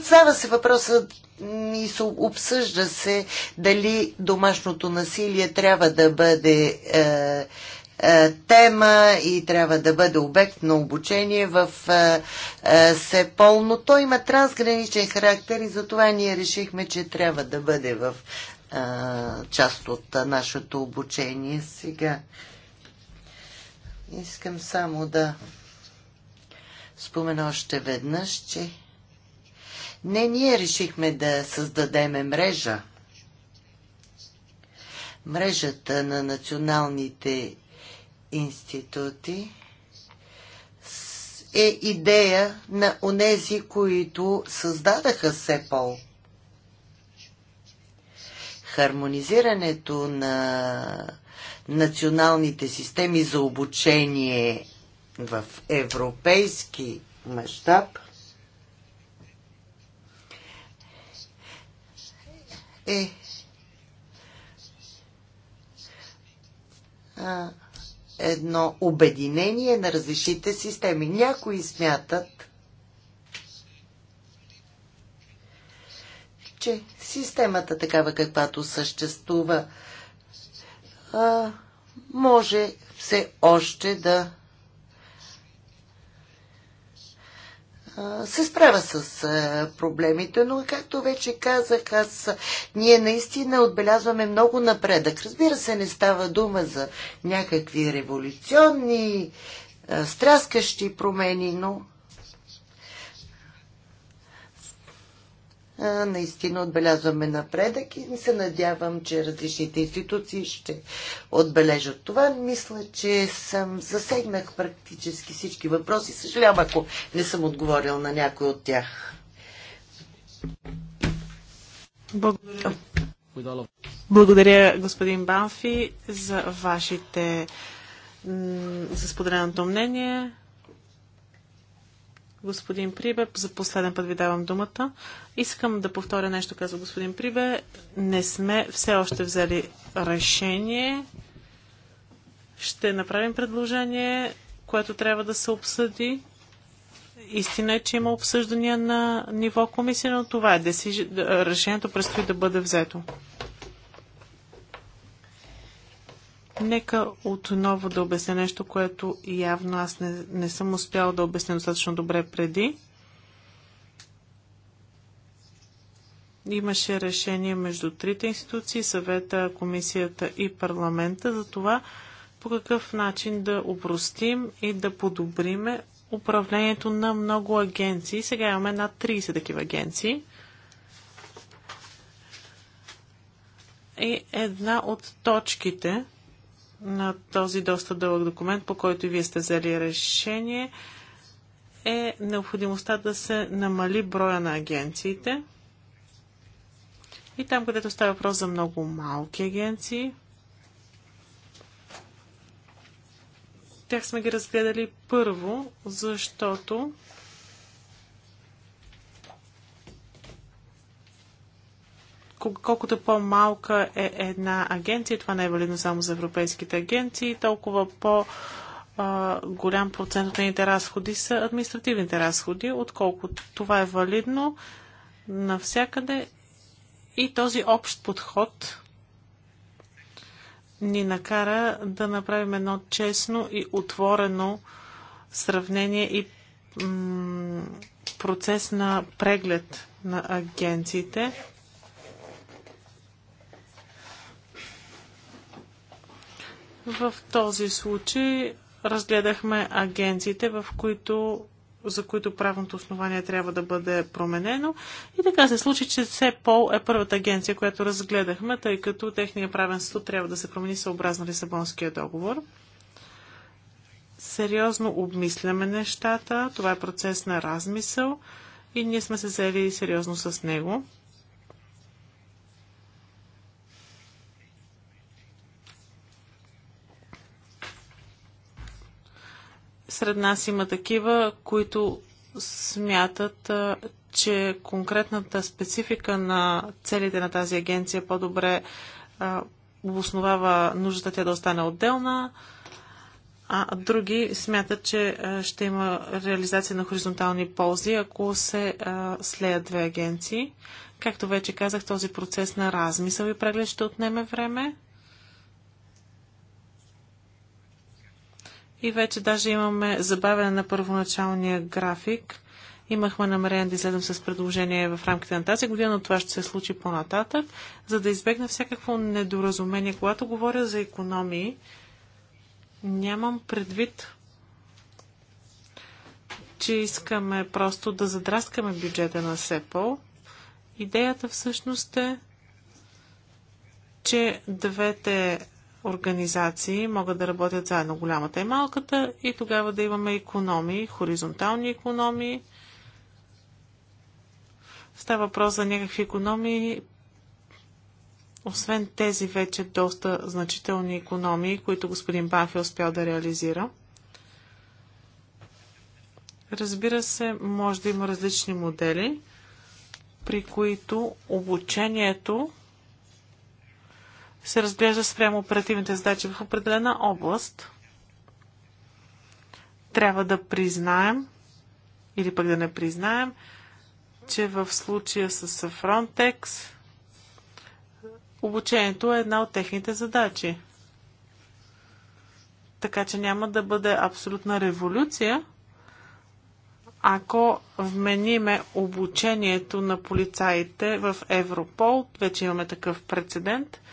съцава се въпроса и се обсъжда се дали домашното насилие трябва да бъде е, е, тема и трябва да бъде обект на обучение в е, е, СЕПОЛ, но то има трансграничен характер и затова ние решихме, че трябва да бъде в е, част от нашето обучение. Сега искам само да спомена още веднъж, че не, ние решихме да създадеме мрежа. Мрежата на националните институти е идея на онези, които създадаха СЕПОЛ. Хармонизирането на националните системи за обучение в европейски мащаб – е едно обединение на различните системи. Някои смятат, че системата такава каквато съществува може все още да се справя с проблемите, но както вече казах, аз, ние наистина отбелязваме много напредък. Разбира се, не става дума за някакви революционни, стряскащи промени, но наистина отбелязваме напредък и се надявам, че различните институции ще отбележат това. Мисля, че съм засегнах практически всички въпроси. Съжалявам, ако не съм отговорил на някой от тях. Благодаря. Благодаря, господин Банфи, за вашите за споделеното мнение. Господин Прибе, за последен път ви давам думата. Искам да повторя нещо, казва господин Прибе. Не сме все още взели решение. Ще направим предложение, което трябва да се обсъди. Истина е, че има обсъждания на ниво комисия, но това е. Решението предстои да бъде взето. Нека отново да обясня нещо, което явно аз не, не съм успял да обясня достатъчно добре преди. Имаше решение между трите институции, съвета, комисията и парламента за това по какъв начин да упростим и да подобриме управлението на много агенции. Сега имаме над 30 такива агенции. И една от точките, на този доста дълъг документ, по който и вие сте взели решение, е необходимостта да се намали броя на агенциите. И там, където става въпрос за много малки агенции, тях сме ги разгледали първо, защото колкото по-малка е една агенция, това не е валидно само за европейските агенции, толкова по- голям процент от нейните разходи са административните разходи, отколкото това е валидно навсякъде и този общ подход ни накара да направим едно честно и отворено сравнение и процес на преглед на агенциите. В този случай разгледахме агенциите, в които, за които правното основание трябва да бъде променено. И така се случи, че СЕПОЛ е първата агенция, която разгледахме, тъй като техния правен статут трябва да се промени съобразно Лисабонския договор. Сериозно обмисляме нещата. Това е процес на размисъл и ние сме се заели сериозно с него. Сред нас има такива, които смятат, че конкретната специфика на целите на тази агенция по-добре обосновава нуждата тя да остане отделна, а други смятат, че ще има реализация на хоризонтални ползи, ако се слеят две агенции. Както вече казах, този процес на размисъл и преглед ще отнеме време. И вече даже имаме забавяне на първоначалния график. Имахме намерение да изследвам с предложение в рамките на тази година, но това ще се случи по-нататък, за да избегна всякакво недоразумение. Когато говоря за економии, нямам предвид, че искаме просто да задраскаме бюджета на СЕПОЛ. Идеята всъщност е, че двете организации могат да работят заедно, голямата и е малката, и тогава да имаме економии, хоризонтални економии. Става въпрос за някакви економии, освен тези вече доста значителни економии, които господин Банфи е успял да реализира. Разбира се, може да има различни модели, при които обучението се разглежда спрямо оперативните задачи в определена област. Трябва да признаем или пък да не признаем, че в случая с Frontex обучението е една от техните задачи. Така че няма да бъде абсолютна революция, ако вмениме обучението на полицаите в Европол, вече имаме такъв прецедент –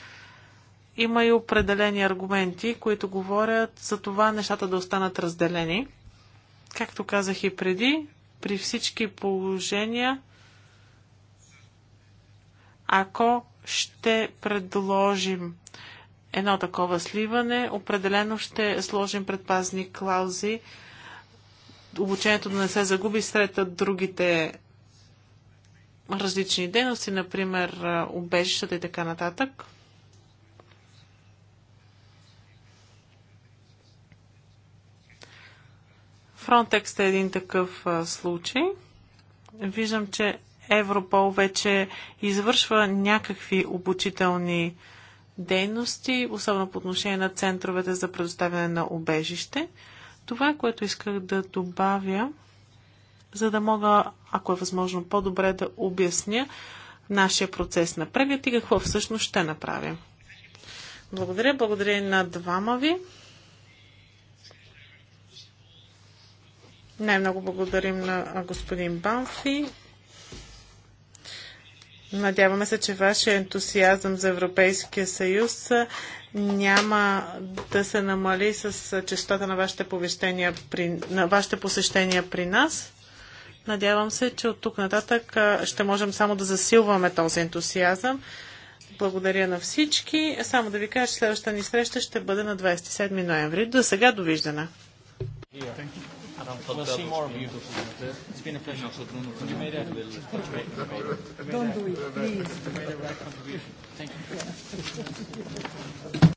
има и определени аргументи, които говорят за това нещата да останат разделени. Както казах и преди, при всички положения, ако ще предложим едно такова сливане, определено ще сложим предпазни клаузи, обучението да не се загуби сред другите различни дейности, например убежищата и така нататък. Frontex е един такъв а, случай. Виждам, че Европол вече извършва някакви обучителни дейности, особено по отношение на центровете за предоставяне на обежище. Това, е което исках да добавя, за да мога, ако е възможно, по-добре да обясня нашия процес на преглед и какво всъщност ще направим. Благодаря, благодаря на двама ви. Най-много благодарим на господин Банфи. Надяваме се, че вашия ентусиазъм за Европейския съюз няма да се намали с честота на вашите, при, на вашите посещения при нас. Надявам се, че от тук нататък ще можем само да засилваме този ентусиазъм. Благодаря на всички. Само да ви кажа, че следващата ни среща ще бъде на 27 ноември. До сега, довиждане! We'll see more of you. It's been a pleasure. You made a Don't do it, please. You made a right contribution. Thank you.